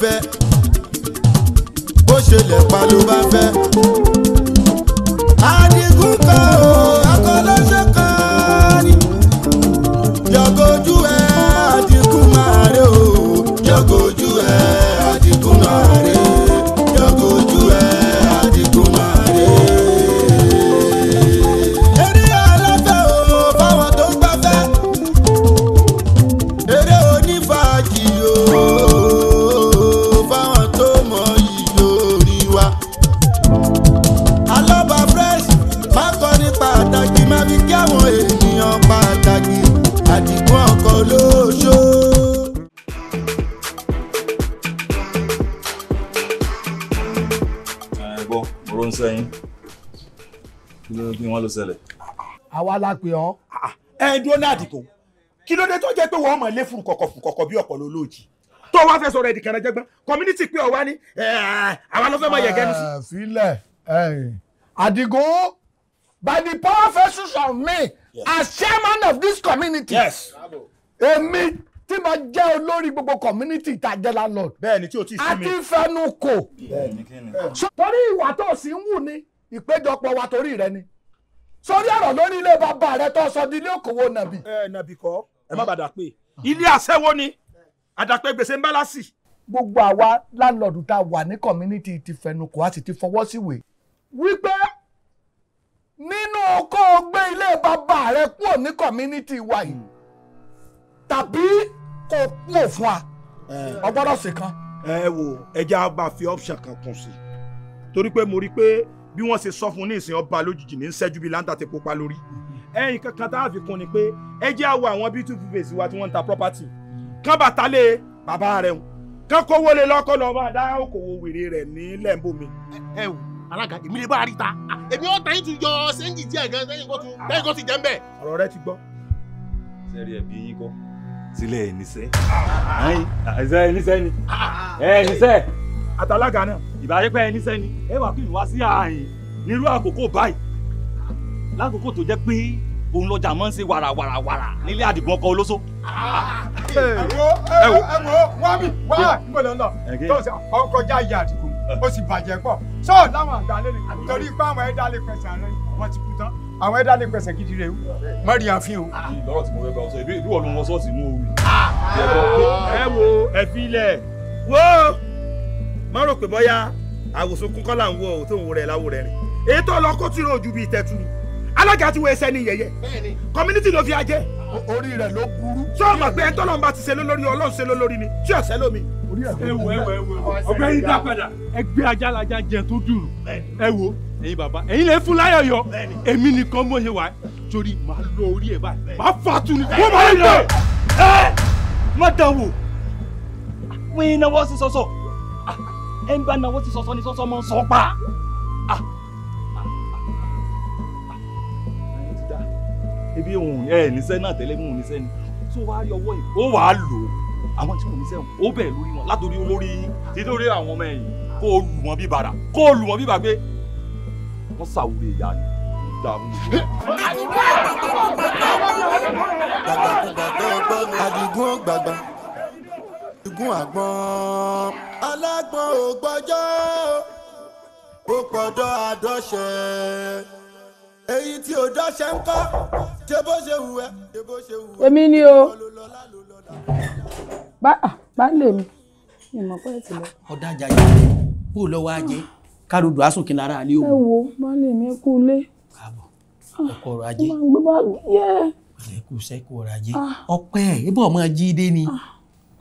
fẹ́ bó ṣe lẹ̀ pa ló bá fẹ́. adigun kan o. àwa la pè ọ́. Ah, ẹ dúró ní àdìgún kí ló dé tó jẹ́ pé wọ́n mọ̀ lé furukọ̀kọ̀ furukọ̀kọ̀ bí ọ̀pọ̀ lólóòjì tó wá fẹ́ sọ̀rọ̀ ẹ̀dìkan ẹ̀jẹ̀gbọ́n community pé ọ̀wá ni àwa ló fẹ́ mọ̀ yẹ̀gẹ́ ní sí. filẹ̀ ah, àdìgún by the powerful force of me yes. as chairman of this community. yes. èmi tí mo jẹ́ olórí gbogbo community ìtajà landlord. bẹ́ẹ̀ni tí o ti sinmi. a ti fẹnu kò. bẹ́ẹ̀ni kí ni. torí ìwà tó sì ń wù ni ìpéjọpọ̀ wa torí rẹ ni sórí ọ̀rọ̀ lórí ilé bàbá rẹ tó sọ di ilé òkòwò nàbì. ẹ nàbì kọ ẹ má bàdà pé hmm. ilé aṣẹ́wó ni àdàpé gbèsè ń bá lásì. gbogbo àwa láńlọ́ọ̀dù tá a wà ní community ti fẹnukò a sì ti fọwọ́ síwèé wípé nínú kó o gbé ilé bàbá rẹ kúrò ní community wa yìí hmm. tàbí kó o kúrò fún wa ọgbọ́dọ̀ ṣe kan. ẹ wo ẹja bá fi option kan kún sí torí pé mo rí i pé bí wọ́n ṣe sọ fún ní ìsìn ọba lójijì ní ṣẹ́jú bíi láńtà ti pupa lórí ẹ̀yìn kankan tá a fi kún ni pé ẹ jẹ́ àwọ àwọn beautiful face wa tí wọ́n ń ta property kán bàtà lé bàbá rẹ̀ wọn kán kówó lé lọ́kọ́ lọ́ọ́ máa dá okòwò wèrè rẹ̀ ní lẹ́ńbọ̀mí. ẹ wò alága èmi lè bá a rí ta ah, èmi ọ̀tá yìí tún yọ sẹ́ńjì díẹ̀ gan sẹ́yìn kó tún sẹ́yìn kó ti jẹ́ ń bẹ̀. ọ̀rọ̀ rẹ ti gbọ́. sẹ́rí ẹ̀bí yín kọ́ sílẹ̀ ẹ̀ níṣẹ́ ah, ah, ẹ̀ níṣẹ́ ni ẹ̀ níṣẹ́ àtàlágà náà. ìbáṣepẹ́ ẹni sẹ́ni ẹ wà kí n wá sí ààyè nírú àkókò báyìí lákòókò tó jẹ́ pé òun lọ́jà máa ń ṣe wàràwàràwàrà nílé àdìgún ọkọ olóso. ẹ wo ẹ wo wá mi wá níbo ló ń lọ tó ṣe ọkọjá ìyá àdìgún ó sì bàjẹ́ pọ̀ sọ láwọn àgbà lè torí pé àwọn ẹ̀dá lè pẹ̀sẹ̀ àárẹ̀ wọ́n ti kú tán àwọn ẹ̀dá lè pẹ̀sẹ̀ gidi rẹ̀ mọ́rin àfin o. lọ́rọ̀ tí mo fẹ́ bá ọ sọ ìlú ìlú ọ̀lùwọ̀n sọ́ọ̀sì inú orí. Ah! ẹ wo ẹ fi ilẹ̀ wo má rò pé bóyá àwòsàn kún kọ́là ń wọ tó ń wo rẹ̀ láwo rẹ̀ rìn èyí tó lọ kó tìrò ojú bíi tẹ̀tù alága ti wo ẹsẹ̀ ní yẹyẹ community ló fi ajẹ́ orí rẹ̀ ló burú. sọ ma pé ẹtọ́ lọ́nba ti ṣe lólórí ọlọ́run ṣe lólórí ni tí ọ̀sẹ̀ lómi. ẹwọ ẹwọ ẹwọ ọgbẹ́ yín dá padà ẹgbẹ́ ajálàjá jẹ tó dùn ẹwọ ẹ̀yin bàbá ẹ̀yin lè fún láyọ̀ yọ èmi nìkan mo ṣe wà torí màá lọ orí ẹ̀ báyìí màá fà á tún ni. wọ́n máa ń lọ ẹ má dàn wò wọ́n iná wọ́n sì sọ́sọ́ ẹni bá náwó ti sọsọ ni sọsọ mọ sọ pa. Ah, ebi òun ẹ níṣẹ́ náà tẹ́lẹ̀ mú un níṣẹ́ ni tó wá rí ọwọ́ yìí ó wàá lò ó àwọn tí mò ń níṣẹ́ wọn ó bẹ̀ lórí wọn látòrí olórí yín títí àwọn ọmọ ẹ̀yìn kó o lù wọ́n bí bàrà kó o lù wọ́n bí bàgbé wọ́n ṣàwúre ìyá ni dààmú. Àdìgún gbàgbà igun àgbọn alágbọn ò gbọ́jọ́ ó pọ̀dọ̀ àdọ́ṣẹ́ èyí tí ò dọ́ṣẹ́ ń kọ́ ṣe bó ṣe wù ẹ́ ṣe bó ṣe wù ẹ́. èmi ni o bá lè mi mi mọ̀ pé ẹ̀sìn lọ. ọ̀dà àjàyà kú lọ́wọ́ ajé kárùdù àsùnkì lára àlẹ́ òun. ẹ wo bá lè mi kú lé. káàbọ̀ ọkọ̀ ọrọ̀ ajé. ó máa ń gbé bá yẹ. ẹ kú sẹ́kù ọrọ̀ ajé ọpẹ́ ẹ bọ̀ ni. Ah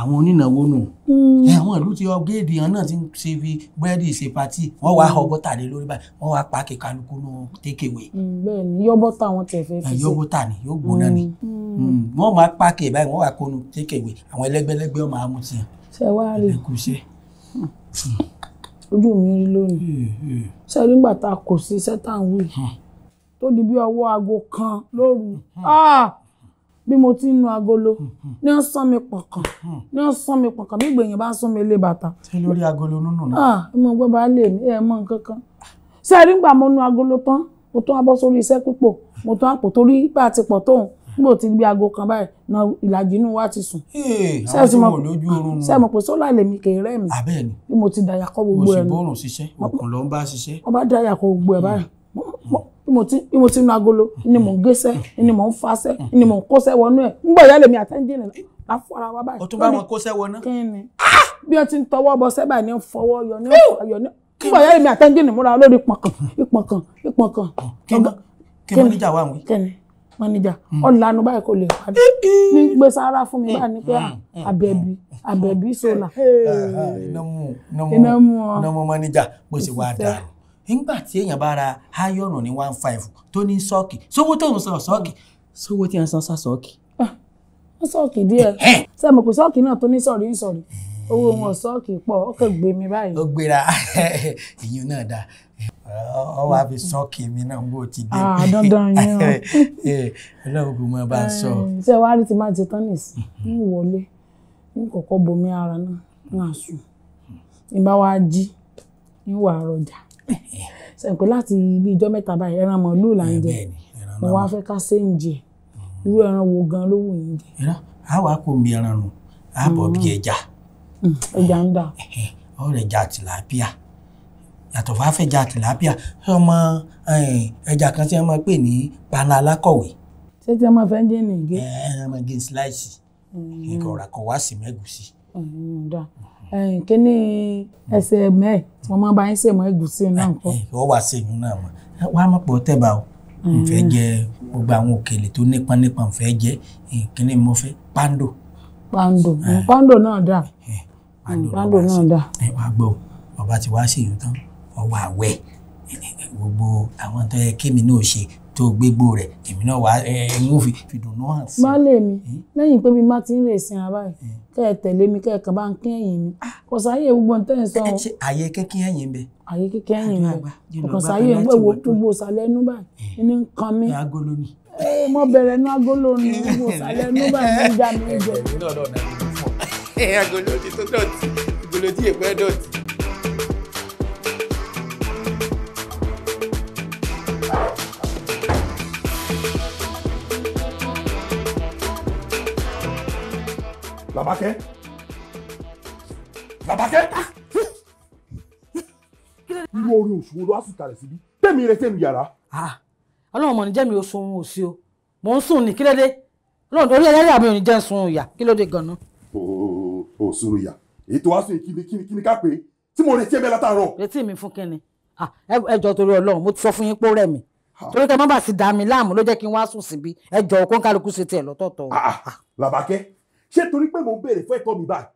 àwọn onínàwó nù mm. àwọn ìlú ti ọgẹ́ẹ̀dì hàn náà ti ṣe fi búrẹ́dì ṣe patí wọ́n wá họ bọ́tà lé lórí báyìí wọ́n wá pa kíkanukú nù tékèwé. Mm, bẹ́ẹ̀ni yọbọta wọn tẹ fẹẹ fi ṣe yọbọta ni yóò gbóná ni mm. wọ́n máa pa kè báyìí wọ́n wá kónú tékèwé àwọn ẹlẹ́gbẹ́lẹ́gbẹ́ ọmọ amúti hàn. ṣe wá rí ojú mi rí lónìí ṣe rí gbàtà kò sí iṣẹ́ tá à ń wí tó di bí ọwọ́ aago kan lóru bí mo ti ń nu agolo hmm, hmm. ní ó sán mi pọ̀kàn hmm, ní ó sán mi pọ̀kàn bí gbèyàn bá sún mi lé bàtà. ṣé lórí agolo nínú náà. ah mo gbọ́ bá lè mí ẹ mọ nǹkan kan ṣé ẹ rí gbà mo nu agolo tán mo tún abọ́ sórí iṣẹ́ pípò mo tún àpò torí bá a ti pọ̀ tóun nígbà tí bí aago kan báyìí na ìlàjì inú wa ti sùn. ṣé ti mọ lójú oorun ṣé mo pè sólà lèmi kì í rẹ́ mi. abẹ́ẹ̀ni ah, bí mo ti dàyàkọ́ gbogbo ẹ̀ mo sì bọ́ọ̀rùn ṣiṣẹ́ òkun ló bá ṣiṣẹ́. wọ́n bá gbogbo ẹ̀ báyìí bí mo ti ń agolo ni mò ń gésẹ́ ni mò ń fasẹ́ ni mò ń kósẹ́ wọnú ẹ̀ ń gbọ́ ìyá lèmi àtẹ́ńdì nìyẹn láfọ ara wa báyìí. o tún bá wọn kósẹ́ wọná. kí ni bí o ti ń tọwọ́ bọ sẹ́bà ni fọwọ́ yọ ní ọ̀yọ́ ní nígbà yẹn mi àtẹ́ńdì ni múra lórí pọ̀nkàn ìpọ̀nkàn ìpọ̀nkàn. kí mọ́níjà wà wí. kí ni mọ́níjà ọ̀lànà hmm. báyìí kò lè parí ní gbé sára fún mi hmm. báyìí ni pé àbẹ̀bí àbẹ̀bí sọ̀là. iná mú iná mú bó ṣe wá dáa nígbà tí èèyàn bá ra ayọ̀nù ní one five tó ní sọ́ọ̀kì sówó tó san sọ́ọ̀kì sówó tí ń san sọ́ọ̀kì. Ah, wọ́n sọ́ọ̀kì díẹ̀ sẹ́mi kò sọ́ọ̀kì náà tó ní sọ̀rí sọ̀rí owó wọn sọ́ọ̀kì pọ̀ ó gbé mi báyìí. ó gbéra <laughs> náà ọ wá fi sọ́ọ̀kì mi náà ń bò ti dé. Ah, dandan o <laughs> eh, ọlọ́run kò mọ bá a sọ. Eh, ṣé wàá rí ti máa ń ń sẹ̀ǹpẹ́ láti ibi ìjọ mẹ́ta báyìí ẹran màálù là ń jẹ mo wá fẹ́ ká ṣe ń jẹ irú ẹran wo gan ló wù yín jẹ. a wàá kó mi ẹran nù a bọ̀ bí mm. ẹja. Mm, ẹja ń dà. <laughs> ọ̀rọ̀ ẹja tilapia yàtọ̀ fà fẹja tilapia ọmọ eh, ẹja kan tí wọ́n máa pè ní panla alákọ̀wé. ṣé tí wọ́n máa fẹ́ jẹ́ nìgé. ẹ ẹ máa gé síláìsì nǹkan ọ̀rà sí mẹ́gùsì kíní ẹsẹ̀ mẹ́ẹ̀ tí wọ́n máa bá yín sèmọ́ ẹ̀gúsí náà kọ́. ọ wá sèyún náà mọ wá mọ̀ pé ó tẹ̀bà o nfẹ́ mm. jẹ gbogbo àwọn òkèlè tó nípọn nípọn nfẹ́ jẹ kíní mo fẹ́ pando. pando pando náà dà pando náà dà. ẹ wá gbọ́ ọba ti wá sèyún tán ọwọ́ àwẹ̀ gbogbo àwọn tó yẹ kémi náà ṣe tó gbégbó rẹ̀ èmi náà wà ẹ̀yin ò fi fìdùnnú hàn sí. máa lè mi lẹ́yìn pé mi má ti ń rè sin ara yìí kẹ́ ẹ tẹ̀lé mi kẹ́ ẹ kàn bá ń kí ẹ̀yìn mi ah! kò sáyé gbogbo nǹkan tẹ́ ẹ sọ. àyè kékin ẹ̀yìn bẹ. àyè kékin ẹ̀yìn bẹ kò sáyé gbogbo gbogbo sàlẹ́nu báyìí ní nǹkan mi. agolo ni. ee mo bẹ̀rẹ̀ ní agolo ni <laughs> gbogbo sàlẹ́nu báyìí ní ìjà mi jẹ. agolo ti tó dọ̀tí agolo ti èpẹ́ dọ̀tí. Làbákẹ́. Làbákẹ́. Ah. Irú orí oṣù wo ló wá sùn kalẹ̀ síbí? Tẹ̀mí rẹ tẹ̀mí yàrá. Ah. Ọlọ́run mọ̀ ní jẹ́ mi oṣù òun òsì o. Mò ń sùn ní kílódé. Ọlọ́run orí ẹlẹ́rìí àmì òní jẹ́ sun ìyà kílódé gan-an. O sùn ìyà. Èyí tó wá sùn kíni kíni kíni ká pé tí mo retí ẹ̀mẹ́ látàárọ̀. Retí mi fún kíni. Ah, ẹ jọ torí Ọlọ́run mo ti sọ fún yín pé ó rẹ̀ mí torí kẹ́ mọ́ bá sì dá mi láàmú ló jẹ́ kí n wá sùn síbi ẹ jọ òkú kálukú ṣe tiẹ̀ lọ́tọ̀ọ̀tọ̀. Làbákẹ́ ṣé torí pé mò ń béèrè fún ẹ̀tọ́ mi báyìí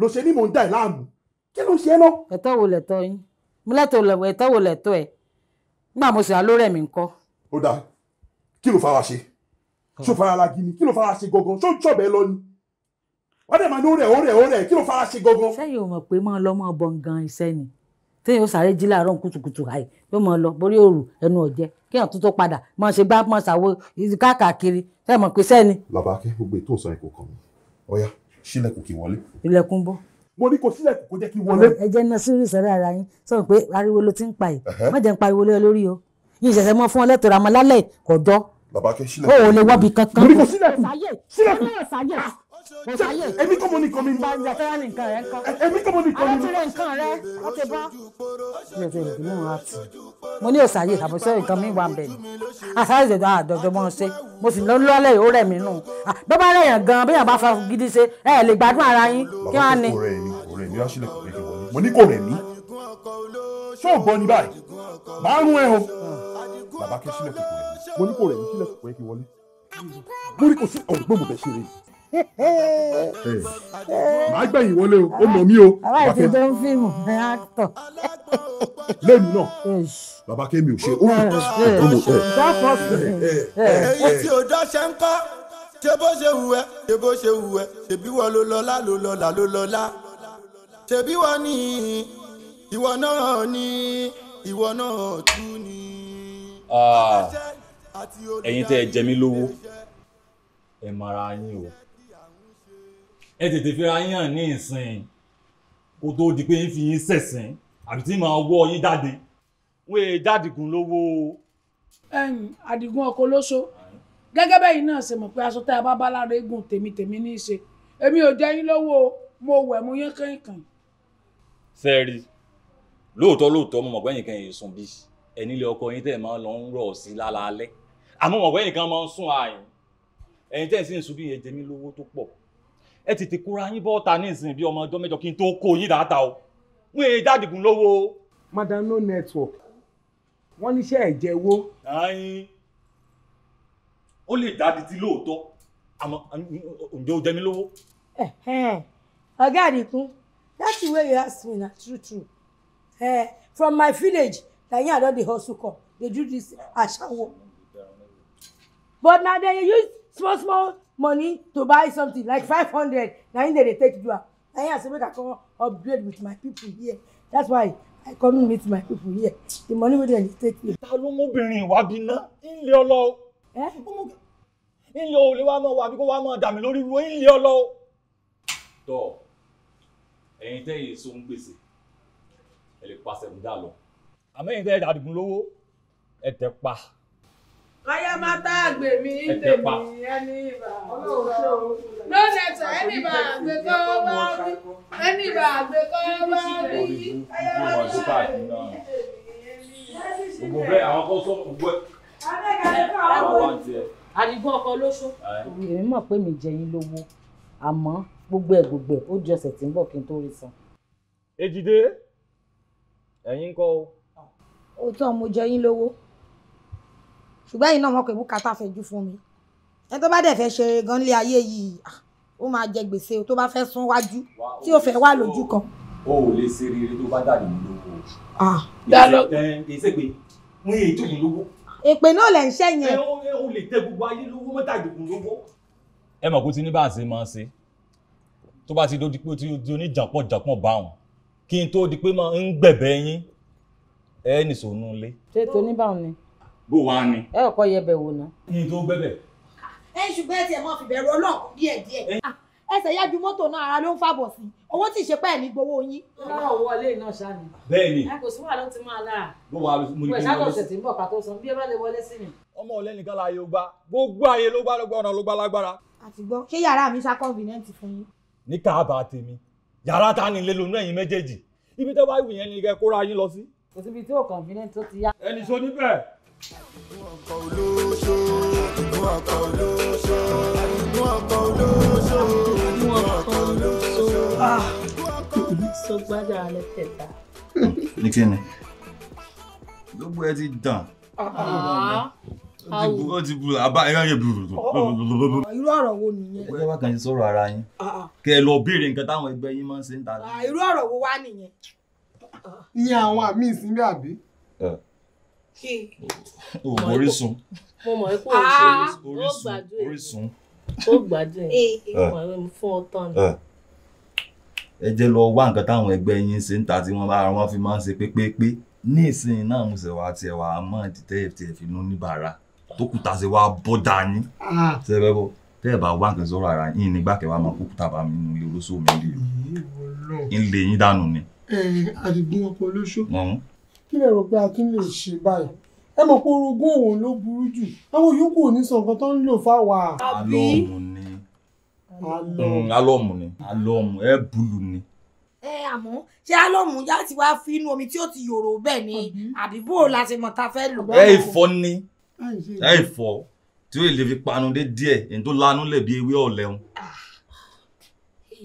ló ṣe ní mò ń dà ẹ́ láàmú kí ló ṣe é ná. ẹ̀tọ́ wo lẹ̀tọ́ yín mo lẹ́tọ̀ lẹ̀wọ̀ ẹ̀tọ́ wo lẹ̀tọ́ ẹ̀ nígbà mo sì wá lórí ẹ̀mí ńkọ́. ó dáa kí ló fara ṣe ṣó fara la gini kí ló fara ṣe gangan ṣó ṣọ̀bẹ lọ ni wọ́n dẹ̀ máa ní ó rẹ̀ ó rẹ̀ ó rẹ̀ kí ló fara ṣe gangan. sẹ́yìn ò mọ̀ pé máa lọ máa bọ̀ gan iṣẹ́ ni téèyàn ó sáré jí láàárọ̀ kùtùkùtù àì yóò máa lọ borí òrù ẹnu ọ̀jẹ́ kí èèyàn tó tó padà máa ṣe gbá máa ṣàwo káàkiri sẹ́yìn mọ̀ pé sẹ́ni. làbákẹ́ gbogbo ètò ìsàn ẹ̀kọ́ kan mi ọ̀yá ṣílẹ̀kùn kì í wọlé. ilẹ̀kùn bọ́. mo ní kò sílẹ̀kùn kò jẹ́ kí wọlé. ẹ jẹ́ iná sírù sọ́dọ̀ ara yín sọ̀rọ̀ pé ariwo ló ti ń pa yìí má jẹ́ ń pariwo lé lórí o yìí ṣẹ̀ṣẹ̀ mọ́ fún ọlẹ́tọ̀ọ́ àmọ́ lálẹ́ kọ̀dọ́. bàbá kẹ́ sílẹ̀kùn. o ò lè wọ́bi kankan. mo ní kò sílẹ̀kùn sílẹ̀kùn èmi kọ́ mo ní kọ́ mi. gbàgbà fẹ́ràn nìkan rẹ̀ kọ́. èmi kọ́ mo ní kọ́ mi. alátìrẹ nǹkan rẹ ó ti bọ́. mi ò tẹ̀lé ìdílé wọn àti mo ní òsàyè àbọ̀sẹ̀ nǹkan mi wà bẹ̀ ni àsáré ìṣẹ̀dá àdọ̀dọ̀ mọ́ ṣe mo sì lọ́ọ́ lọ́lẹ̀ yóò rẹ̀ mí nù. bí wọ́n bá rẹ̀ yàn gan bí yàn bá fa gidi ṣe ẹ lè gbádùn ara yín kí wọ́n á ní. mo ní kò rẹ̀ ní o bàbá sílẹ̀ kò rẹ̀ kí wọlé mo ní kò sí ọ̀rọ̀ gbọ́mọ̀ bẹ́ẹ̀ ṣe rẹ̀ yìí màá gbẹ̀yìn wọlé o ó mọ̀ mí o. bàbá ìdí tó ń fíìmù ní actor. lẹ́nu náà bàbá kémi ò ṣe ó mọ̀ ẹ̀. tí o dọ́ṣẹ́ ń kọ́ ṣé bó ṣe wù ẹ́ ṣé bó ṣe wù ẹ́ ṣèbí wọ́n ló lọ́lá ló lọ́lá ló lọ́lá ṣèbí wọ́n ní ìwọ náà ní ìwọ náà tún ní. Ah. ẹ̀yin tẹ́ ẹ jẹ mí lówó ẹ mara yín o ẹ tètè fira yàn ní ìsìn kó tó di pé ń fi yín sẹ̀sìn àbí tí màá wọ́ yín jáde wọ́n èè e jádìgún lówó. àdìgún ọkọ lóso gẹ́gẹ́ bẹ́yìn náà ṣe mọ̀ pé aṣọ tá a bá bá lára eégún tèmi tèmi ní í ṣe èmi ò jẹ́ yín lówó mo wẹ̀ mo yán kankan. ṣe rí lóòótọ́ lóòótọ́ mo mọ̀ pé ẹnìkan yìí sùn bí ẹni ilé ọkọ yín tẹ̀ máa ń lọ ń rọ̀ sí lálaalẹ́ àmọ́ mọ̀ pé ẹnìkan máa ń sùn ààyè ẹ̀yin tẹ̀ sí ń sùn bí yẹn jẹ lówó tó pọ̀ ẹ tètè kóra yín bọ́ ta ní ìsìn bí ọmọ ọjọ́ mẹ́jọ kí n tó kó yín dáta o wọ́n èyí dádìgún lówó. madam no network wọ́n níṣẹ́ ẹ̀jẹ̀ wo. ayin ó lè dádi tí lóòótọ́ àmọ́ ǹjẹ́ o jẹ mí lówó. ọ̀gá àdìkún that's the way you ask me na true true uh, from my village na here i don dey hustle come dey do this asawo but na dey use small small money to buy something like five hundred na him dey dey take do am na him i say make i come upgrade with my people here that's why i come meet my people here the money wey dem dey take me. ta ló mọbìnrin ìwà bí ná ilé ọlọ o ilé olè wa mọ wa bí kò wa mọ dàmí lórí ru ilé ọlọ o. tọ ẹ̀yin tẹ̀yin so ń gbèsè ẹ lè pa sẹ̀mùdá lọ. àmọ́ ẹ̀yin tẹ̀yin dàdùn lówó ẹ̀ tẹ̀ pa. Kọ́yá má tá àgbè mi tèmi ẹni ìbà òṣò. Lónìí ẹ̀tọ́ ẹni ìbà àgbè kọ́ bá rí. Ẹni ìbà àgbè kọ́ bá rí. Kọ́yá má tá àgbè mi tèmi. Gbogbo bẹ́ẹ̀ àwọn kan sọ gbogbo ẹ̀. Àdìgún ọkọ lóṣó. Èmi mọ̀ pé mi jẹ yín lówó àmọ́ gbogbo ẹ̀ gbogbo ẹ̀ ó di ọ̀sẹ̀ tí ń bọ̀ kí n tó rí san. Èjìdé ẹ̀yin ń kọ́ o. Òótọ́ mo jẹ yín lówó ṣùgbọ́n ẹ̀yin náà mọ̀ pé bùkátà fẹ́ jú fún mi ẹni tó bá dẹ̀ fẹ́ ṣe gan lé ayé yìí ah, ó máa jẹ gbèsè tó bá fẹ́ sún wájú tí ó fẹ́ wà lójú kan. o ò lè ṣe rere tó bá dàdí mi lówó. dàlọ ìṣe pé mo yẹ ìtòkù lówó. èpè náà lẹ̀ ń ṣẹ́ yẹn. ẹ o lè tẹ gbogbo ayé lówó mọ́tà ìdòkùn lówó. ẹ mọ̀ kó ti ní bá a ṣe máa ṣe tó bá ti di pé ti oníjàpọ̀ bá wọn kí n tó di pé ń gbẹ̀bẹ̀ yín ẹ nìṣó nulẹ̀. ṣé tó ní báwọn ni bó wàá ni. ẹ ò kọ yẹ bẹ wò ná. kí n tó gbẹbẹ. ẹ ṣùgbọ́n ẹ tiẹ̀ máa fi bẹ̀rù ọlọ́run díẹ̀ díẹ̀. Ah, ẹsẹ̀ yájú mọ́tò náà ara ló ń fàbọ̀ sí i owó tí ìṣe pẹ́ẹ́ ní gbowó yín. náà wọlé náà ṣáàni. bẹ́ẹ̀ni. ẹ kò sí wàhálà ó ti máa lára. bó wàá mo ní kí n lọ sí. ìwé ṣáàtọ̀ ṣètì ń bọ̀ pàtó sọ bí ẹ bá lè wọlé sí mi. ọmọ ọlẹ́nìkan la yóò gbá gbogbo ayé ló gbá ló gbá ọ̀nà ló gbá lágbára. àti gbọ́ ṣé yàrá mi ṣá kọ́ńfìnẹ́ǹtì fún yín. ní káàbà tèmi yàrá ta ni lélo náà yín méjèèjì ibi tó bá wù yẹn ni kẹ́ kóra yín lọ sí. kò síbi tí ò kọ̀ǹfìnẹ́ǹtì tó ti yá. ẹnì Ah! sọgbádà alẹ́ tẹ̀ta. ní kí ni gbogbo ẹ ti dàn ah! ó ti bu àbá ẹ yẹ bu. irú ọ̀rọ̀ wo nìyẹn. ọgbẹ́ wa kàn ti sọ̀rọ̀ ara yín ah, kẹ ẹ lọ béèrè nǹkan táwọn ẹgbẹ́ yín máa ń ṣe ń ta. irú ọ̀rọ̀ wo wá nìyẹn. ní àwọn àmì ìsinmi àbí. Eh o mọ orísun. mo mọ̀ pé o ṣe orísun. ó gbádùn ẹ̀ eh, eh. Eh. fún ọ tán ni. ẹ jẹ́ lọ wá nǹkan táwọn ẹgbẹ́ yín ṣe ń ta tí wọ́n bá ara wọn fi máa ń ṣe pépépé ní ìsinyìí náà mo ṣe wá tiẹ̀ wá mọ́ ìdítẹ́ tiẹ̀ fi nú níbàárà tó kù tá a ṣe wá bọ́ dání. ṣe fẹ́ bọ́ tẹ́ ẹ̀ bá wá nǹkan sọ̀rọ̀ ara yín nígbà kẹwàá máa kúkú tàbá mi nínú ilé olóṣù mi lè ń lè yín dànù ni. ẹ àdìgún ọkọ olóṣù kí lè rò pé a tún lè ṣe báyìí ẹ mọ̀ pé orogún òun ló burú jù àwọn yòókù ò ní sọ nǹkan tó ń lò fáwa. alọ́ọ̀mù ni alọ́ọ̀mù mm, ni alọ́ọ̀mù ẹ bùlù ni. ẹ àmọ́ ṣé alọ́ọ̀mù yá ti wá fi inú omi tí ó ti yòrò bẹ́ẹ̀ ni àbí bó o la ṣe mọ̀ ta fẹ́ lò. ẹ ìfọ ni ẹ ìfọ tí ó lè fi panu dé díẹ̀ èyí tó lanu lè bí ewé ọ̀lẹ́hun ah.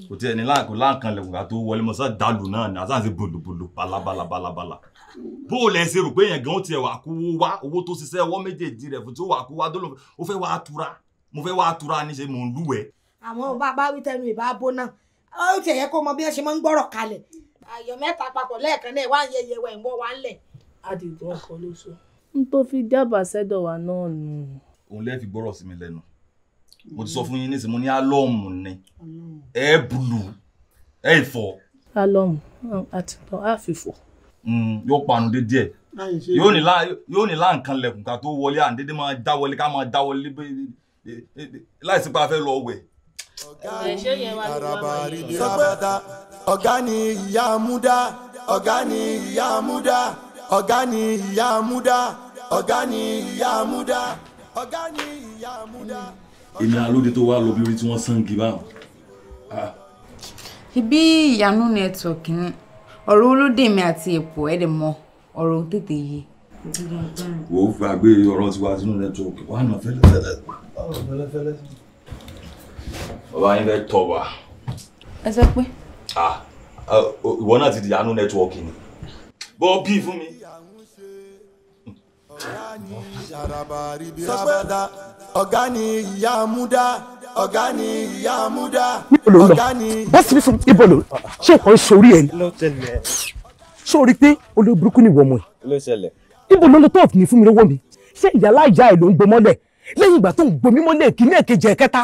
kò tí ẹni láǹkan lẹ̀kùn àti owó wọlé mọ́sá dàlù náà ni àtàǹsì bòlòbòlò balabalabala bó o lẹ ṣe rò pé yẹn gan tiẹ̀ wà kó wá owó tó ṣiṣẹ́ ọwọ́ méjèèjì rẹ̀ fún tí ó wà kó wá dọ́lọ́ o fẹ́ wá tura mo fẹ́ wá tura níṣẹ́ mò ń lúwẹ̀. àwọn bàbá wí tẹnu ìbá bó náà ó ti ẹ̀yẹ kó mọ bí wọ́n ṣe máa ń gbọ́rọ̀ kalẹ̀ àyọ̀ mẹ́ta papọ̀ lẹ́ẹ̀kan náà wá ń yẹyẹ wẹ̀ ń wọ́ wá ń lẹ̀. adigun ọkọ ló sọ. n tó fi dábàá sẹ́dọ̀ wa náà nù. òun lẹ́ẹ̀ fi gbọ́rọ̀ sí mi lẹ́nu mo ti sọ fún yín nísìnyí mo ní álọ́ọ̀mù ni ẹ bùlù ẹ ìfọ̀. álọ́ọ̀mù àtìpọ̀ àfìfọ̀. Mm, yóò panu dédé ẹ̀ yóò ní láǹkan lẹ̀kùn ká tó wọlé à ń dédé máa dá wọlé ká máa dá wọlé láìsí pa fẹ́ lọ wẹ̀. ọ̀gá ni ìyá múdá ọ̀gá ni ìyá múdá ọ̀gá ni ìyá múdá ọ̀gá ni ìyá múdá ọ̀gá ni ìyá múdá. èmi alóde tó wá lọ bí orí tí wọ́n sàn kí báwọn. Ah. ibi ìyanu network ni ọ̀rọ̀ olódèmí àti èpò ẹ̀dẹ̀ mọ ọ̀rọ̀ tètè yé. wò ó gbàgbé ọ̀rọ̀ tiwa sínú nẹ́tíwọ̀kì wà náà fẹ́lẹ́fẹ́lẹ́. bàbá yín fẹ́ tọ̀ wá. ẹ sọ pé. ìwọ náà ti di àánú nẹ́tíwọ̀kì ni bọ́ bí fún mi. sọ pé ọ̀gá ni ìyá amúdá ọ̀gá ni ìyá múdá ọ̀gá ni. bọ́sì mi fún ibo lò ṣé ìkọ́ sórí ẹ̀ ni sórí pé olórí burúkú ni wọ́n mọ̀ ẹ́ ibo ló lọ tó ọ̀fìn fún mi lọ́wọ́ mi ṣé ìyálà ìyá ẹ̀ ló ń gbọmọ́lẹ̀ lẹ́yìn ìgbà tó ń gbomi mọ́lẹ̀ kìíní ẹ̀kejì ẹ̀kẹta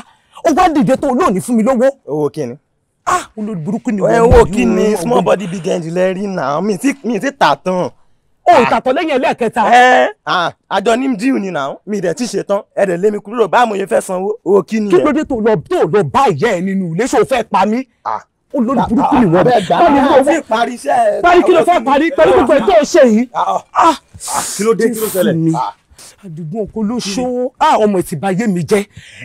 ó wá dìde tó olóòní fún mi lọ́wọ́. owó kíni. ah olórí burúkú ni wọ́n mọ̀ ẹ́ owó kíni small body big end lẹ́rìí náà mi ti tà tán o ìtàtọ̀ ah. lẹ́yìn ẹlẹ́ẹ̀kẹta. ẹ àjọ ní díù ni nà mí dẹ̀ ti ṣe tán ẹ dẹ̀ lé mi kúrò bá àmọye fẹ́ sanwó owó kí ni yẹn. kí ló dé tó lọ tó lọ bá ìyá ẹ nínú ilé ṣó fẹ́ pa mí. olórí burúkú ni wọn. báyìí ló fẹ́ parí iṣẹ́. báyìí kí ló fẹ́ parí pẹ̀lú gbogbo ètò ìṣe yìí. kí ló dé kí ló ṣẹlẹ̀ àdìgún ọkọ ló ṣó á ọmọ ìtìbáyé mi jẹ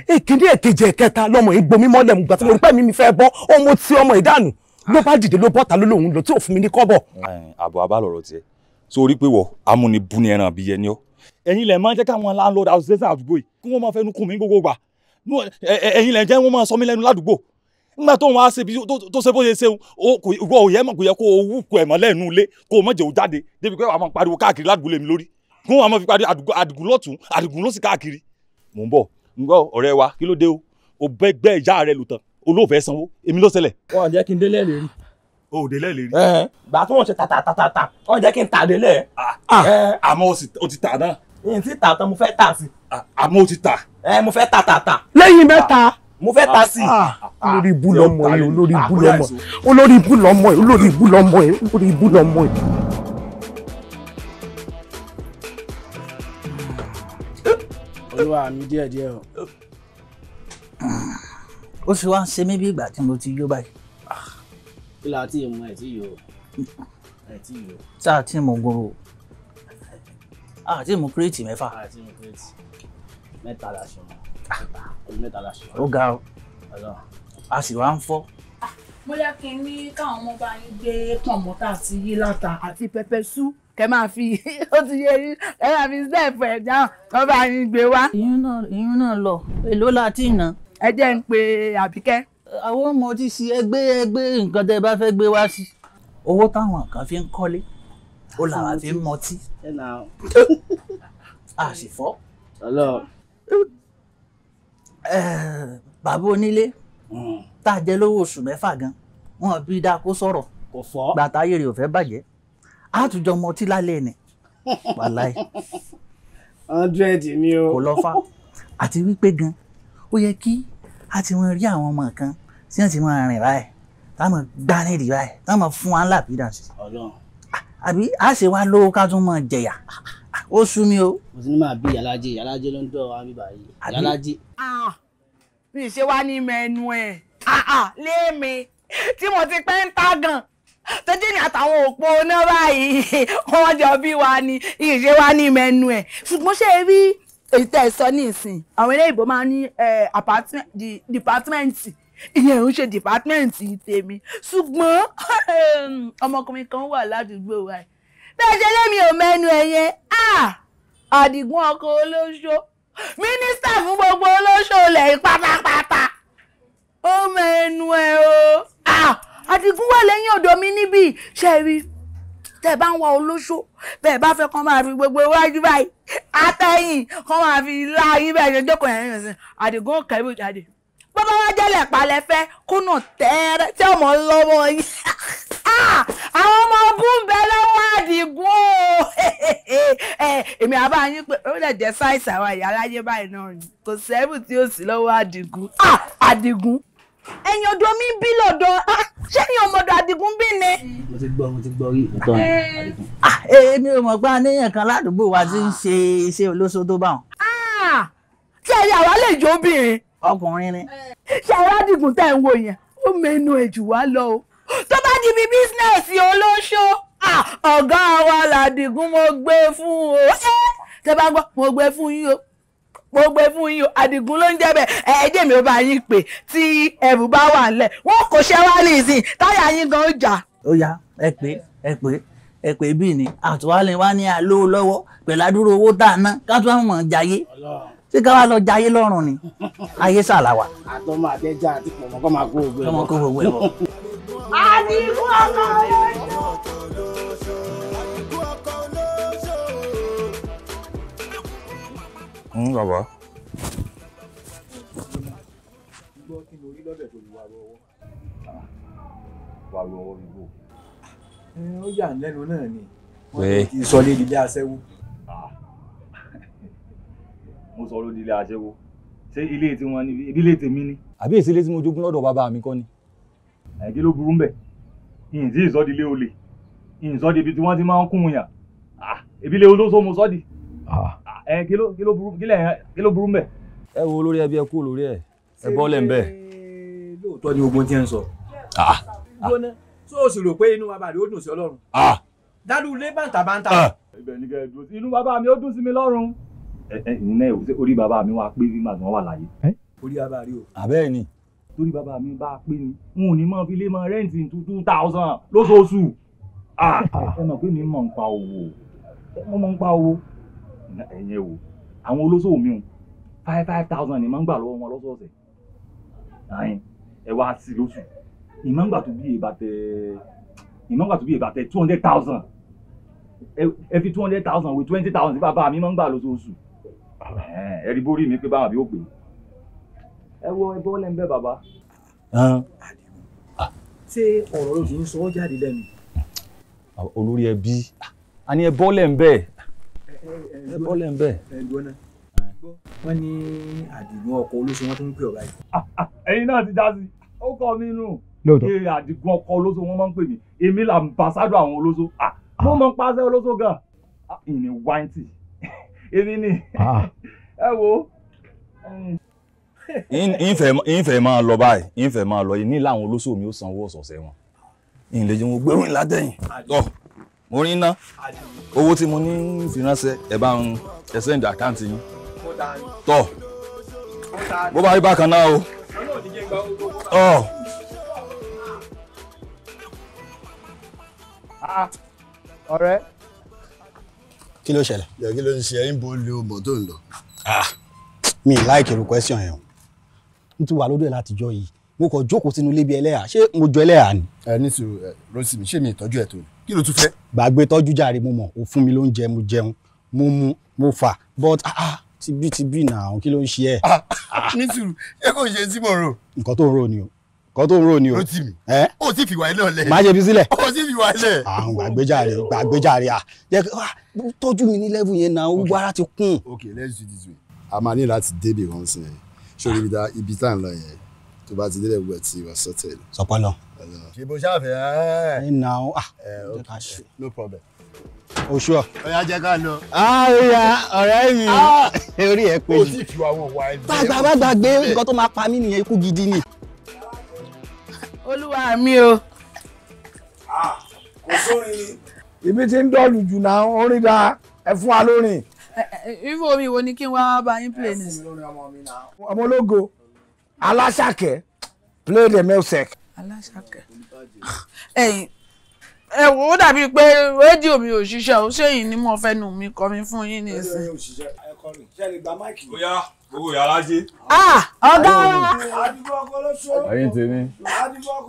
èkìní èkejì ẹ̀kẹta lọmọ yìí gbomi mùgbà tí mo pẹ mi mi fẹ́ bọ́ ọmọ tí ọmọ ìdánù ló bá dìde ló bọ́ta ló lòun lò tí ò fún mi ní kọ́bọ̀. àbọ̀ abá lọ̀rọ̀ tiẹ̀ sórí pé wọ amúnibú ni ẹran àbíyẹ ni ọ. ẹ̀yin lẹ máa jẹ́ káwọn landlord association àdúgbò yìí kí wọ́n máa fẹnu kùn mí gbogbo gbà ẹ̀yin lẹ jẹ́ wọ́n máa sọ mí lẹ́nu ládùúgbò nígbà tó ń wá ṣe bí tó ṣe bó ṣe ṣe ìwọ òye mọ̀ kò yẹ kó owó kù ẹ̀mọ́ lẹ́nu ilé kó o mọ̀ jẹ́ o jáde débi pé wàá máa pariwo káàkiri ládùúgbò lèmi lórí kí wọ́n máa fi pariwo àdùgún lọ́tún àdùgún lọ́sì káàkiri. mò ń bọ̀ ńgbọ́ ọ̀rẹ́ wa kí ló dé o ò bẹ́gbẹ́ ìyá rẹ lù tán olóòfẹ́ sanwó èmi ló ṣẹlẹ̀. wọn à jẹ́ kí n délé lè rí o ò délẹ̀ lè rí. gbà tó wọ́n ṣe tata tata ta wọ́n jẹ́ kí n tà délẹ̀. àmọ́ o ti tà náà. n ti tà tán mo fẹ́ tà sí. àmọ́ o ti tà. mo fẹ́ tà tà tà. lẹ́yìn mẹ́ta ah, mo fẹ́ ta sí. olórí ibú lọmọ yìí olórí ibú lọmọ yìí olórí ibú lọmọ yìí olórí ibú lọmọ yìí olórí ibú lọmọ yìí. olúwa mi díẹ̀ díẹ̀ o. ó sì wá ń ṣe mí bí ìgbà tí mo ti yó báyìí kí la ti mú tí yòó ẹ tí yòó. tá a ti mú goro a ti mú kírètì mẹ́fà. a ti mú kírètì mẹ́ta la mẹ́ta la ó ga ọ a sì wá ń fọ́. Ah, bóyá kí n ní káwọn ọmọ bá yín gbé pọ̀nmọ́tà àti yílàtà àti pẹpẹ sú kẹ máa fi ó ti yé yín ẹ máa fi sẹ́ẹ̀fù ẹ̀ dáhùn kọ́ bá yín gbé wá. ìyún náà lọ èló la ti ẹ jẹ́ ń pe àbíkẹ́ àwọn ọmọ ti ṣe ẹgbẹ́ ẹgbẹ́ nǹkan tẹ́ ẹ bá fẹ́ gbé wá sí. owó táwọn kan fi ń kọ́lé ó làwa fi ń mọtí a sì fọ́. bàbá onílé hmm. tá a jẹ lówó oṣù mẹ́fà gan wọn bí dáa kó sọ̀rọ̀ kò fọ́ gbàtà ayèrè ò fẹ́ bàjẹ́ àtújọ mọtí lálẹ́ ni wàláì. hundred ni o. kò lọ fa àti wípé gan ó yẹ kí a ti mọ rí àwọn ọmọ kan tí wọ́n ti mọ rìn báyìí táwọn mọ gbá nídìí báyìí táwọn mọ fún wa ńlá sí. Ah, àbí a ṣe wá lówó ká tún mọ jẹyà ah, ah, ó sú mi o. mo ti ní máa bí yàlájẹ yàlájẹ ló ń dọ̀ wá bíbá yìí yàlájẹ. mi ṣe wá ní mẹ́nu ẹ̀ léèmí tí mo ti pẹ́ ń ta gan tọ́jú ní àtàwọn òpó náà báyìí <laughs> wọ́n jọ bí wa ni ìṣe wá ní mẹ́nu ẹ̀ ṣùgbọ́n ṣe rí èyí tẹ́ ẹ sọ ní ìsìn àwọn eléyìnbó máa ń ní dìpátímẹ́ǹtì ìyẹn ń ṣe dìpátímẹ́ǹtì tèmi ṣùgbọ́n ehm, ọmọkùnrin kan wà ládùúgbò wa bẹ́ẹ̀ ṣe lémi ò mẹ́nu ẹ̀yẹ àdìgún ọkọ̀ olóṣó mínísítà fún gbogbo olóṣó ilẹ̀ pátápátá ó mẹ́nu ẹ̀ o àdìgún wà lẹ́yìn ọ̀dọ̀ mi níbí ṣẹ́rí tẹ́ bá ń wá olóṣó bẹ́ẹ̀ bá fẹ́ kán máa fi gbogbo iwájú báyìí àtẹ̀yìn kán máa fi láàyè bẹ́ẹ̀ ṣe jókòó yẹn yẹn sìn àdìgún kẹ́bù jáde bàbá wa jẹ́lẹ̀ palẹ̀ fẹ́ kùnà tẹ́ẹ́rẹ́ tí ọmọ lọ́wọ́ yìí <laughs> ah! àwọn ọmọ ogun bẹ lọ́wọ́ àdìgún o <laughs> eh, èmi àbá yín pé ó jẹ́ sáìsì àwọn ìyá aláyé báyìí náà ni kò sẹ́ẹ̀bù tí ó sì lọ́wọ́ àdìgún ah! àdìgún ẹ̀yin ọ̀dọ̀ mi ń bí lọ́dọ̀ ah, ṣé ẹ̀yin ọmọdọ àdìgún bí ni. mo ti gbọ́ mo ti gbọ́ rí ìtọ́ àdìgún. Eh. Ah, eh, èmi ò mọ̀ pé aníyàn kan ládùúgbò wa ti ń ṣe iṣẹ́ olóṣó tó bá wọn. tí ẹ yà wá lè jó obìnrin. ọkùnrin ni. ṣé aládìgún tẹ̀ ń wò yẹn ó mẹ́nu ẹ̀jù wá lọ o tó bá di bí bísínẹ́ẹ̀sì olóṣó ah, ọ̀gá wa làdìgún mo gbé fún o eh, tẹ bá gbọ́ mo gbé fún yín o mo gbé fún yín Àdìgún ló ń jẹ́ bẹ́ẹ̀ ẹ̀ẹ́dẹ̀ mi ò bá yín pè tí ẹ̀rù bá wà ńlẹ̀ wọn kò ṣẹ́ wá lè sìn táyà yín gan jà. ó yá ẹ pé ẹ pé ẹ pé bí ni àtúwálẹ̀ wá ní àlọ́ lọ́wọ́ pẹ̀lú àdúró owó tá a ná ká tún àwọn jayé ṣé ká wá lọ jayé lọ́rùn ni ayé ṣàlàwà. àtọmọ àtẹjà àti pọmọ kọ máa kó gbogbo ẹ bọ. Àdìgún ń bàbá. gbọ́ kí ni orílẹ̀-èdè tó ní wà lọ́wọ́ wà lọ́wọ́ ìwò. ó yà lẹ́nu náà ni wọ́n ti sọ ní ìdílé aṣẹ́wó. mo sọ ló dílé aṣẹ́wó ṣé ilé tí wọ́n ní ìdílé tèmi ni. àbí èsì ilé tí mo jogún lọ́dọ̀ bàbá mi kọ́ ni. àìdí ló burú ń bẹ̀ ìsọdílé olè ìyìntì ibi tí wọ́n ti máa ń kún un yàn ebi ah, olóso mo sọ́ọ̀dì ẹ eh, kí ló kí ló burú kí lẹ kí ló burú mbẹ. ẹ wo olórí ẹbí ẹ kú lórí ẹ ẹ bọ́ lẹ̀ ń bẹ̀. lóòótọ́ ni ogun ti ń sọ. tó ah, ah. o sì rò pé inú bàbá rẹ ó dùn sí ọlọ́run. Ah. dádú ilé bàǹtà bàǹtà. ibẹ̀ ni kẹ́ ẹ dùn sí inú bàbá mi ó dùn sí mi lọ́rùn. ẹ ẹ ìnìyàn ò sí orí bàbá mi wá pé bí màdùn wà láyé. Eh? orí bàbá rẹ o. àbẹ́ẹ̀ ni. torí bàbá mi bá a pé ni n ò ní mọ fi lé mọ rẹ́ǹtì two thousand lóṣooṣù. ẹ mọ̀ pé mi mọ̀ ń pa owó mo mọ̀ ń pa owó ẹ̀yẹ wò àwọn olóṣòwò mi ò five five thousand ni máa ń gbà lọ́wọ́ wọn lọ́sọ̀ọ̀sẹ̀ ayin ẹ wá sí lóṣù ìmọ̀ngbà tó bí ìbàtẹ ìmọ̀ngbà tó bí ìbàtẹ two hundred thousand ẹ fi two hundred thousand with twenty thousand bàbá mi máa ń gbà lóṣooṣù ẹ rí bórí mi pé báwọn àbí ó pè é ẹ wọ ẹ bọ́ lẹ́nu bẹ́ẹ̀ bàbá. Ah. ṣé ọ̀rọ̀ ló ti ń sọ ọ́ jáde lẹ́nu. olórí ẹbí a ní ẹ bọ́ lẹ́nu bẹ́ẹ̀ ẹ bọ́ lẹ́ ń bẹ̀. ẹ gbọ́nà wọ́n ní àdìgún ọkọ̀ olóṣù wọn tó ń pè ọ̀rá yìí. Ah, ah, ẹ̀yin náà ti já sí ó kọ́ mi nù èrè àdìgún ọkọ̀ olóṣù wọn máa ń pè mí èmi là ń bá sádùn àwọn olóṣù ah, mo máa ń pàṣẹ olóṣù gan ìní wáńtì <laughs> èmi ni ẹ wo. ìfẹ́ máa lọ báyìí ìfẹ́ máa lọ yìí ní láwọn olóṣù mi ó sanwó ọ̀sọ̀ọ̀sẹ̀ wọn ìlẹ̀jẹ̀ wọn gbẹ̀rún ìlàtẹ̀yìn mo rí ná owó tí mo ní fi ránṣẹ́ ẹ bá ń ẹ sẹ́ndì àkáǹtì yín tọ̀ bó bá rí bákan náà o. Oh. ọ̀rẹ́. kí ló ṣẹlẹ̀. yẹ kí ló ń ṣe ẹyin bó ń lo mọ́tò ń lọ. Ah, mi like irú question yẹn o n ti wà lórí látijọ́ yìí mo kàn jókòó sínú ilé bíi ẹlẹ́yà ṣé mo jọ ẹlẹ́yà ni. ẹ ní sùúrù ẹ lọ́sìn mi ṣé mi ìtọ́jú ẹ̀ tó ni kí ló tún fẹ́. gbàgbé tọ́jú jàre mo mọ̀ ó fún mi lóúnjẹ mo jẹun mo mu mo fà but ah ah ti bí ti bí nà àwọn kí ló ń ṣe ẹ. Ah, ah, ní sùúrù ẹ kò ṣe tí mo rò. nǹkan tó ń rò ni o nǹkan tó ń rò ni o. o ti o ti fi wà ilé ọ̀lẹ́. má ṣe fi sílẹ̀. o ti fi wà ilẹ̀. àwọn ah, gbàgbéjáre gbàgbéjáre à jẹ tọ́jú mi ní level yẹn náà owó ara ti kún. okay let's do this way. a máa ní láti débè wọn sí ẹ ṣé ibi tá à ń lọ yẹn tó bá ti délẹ̀ gbogbo ẹ̀ ti wà sọ́tẹ̀. sọpọlọ. ṣèbò ṣáfẹ́ ẹ̀. ẹ̀ nà ó à ẹ̀ ká ṣe. no problem. o oh, ọ̀yà jẹ́ ká lọ. ọ̀yà ah, ọ̀rẹ́ mi ah! <laughs> orí ẹ̀ pé. o ti fi àwọn ọ̀wà ẹ̀ bẹ́ẹ̀. bàbá gbàgbé nǹkan tó máa pa mí nìyẹn ikú gidi ni. olúwa mi o. Ah, kò sórin ibi tí ń dọ̀lù jù náà orin dáa ẹ fún wa lórin. Eh, eh, irú omi wo ni kí n wá bá yín play ni. ọmọ ológo. Aláṣàkẹ́ play the music. Aláṣàkẹ́ ẹ̀yin ẹ wò ó dàbí pé rédíò mi ò ṣiṣẹ́ o ṣé yìí ni mo fẹ́ nu mi kọ́ mi fún yín nísìnyí. owó ìyálájé. Ah, ọ̀gá ẹ̀yin tèmi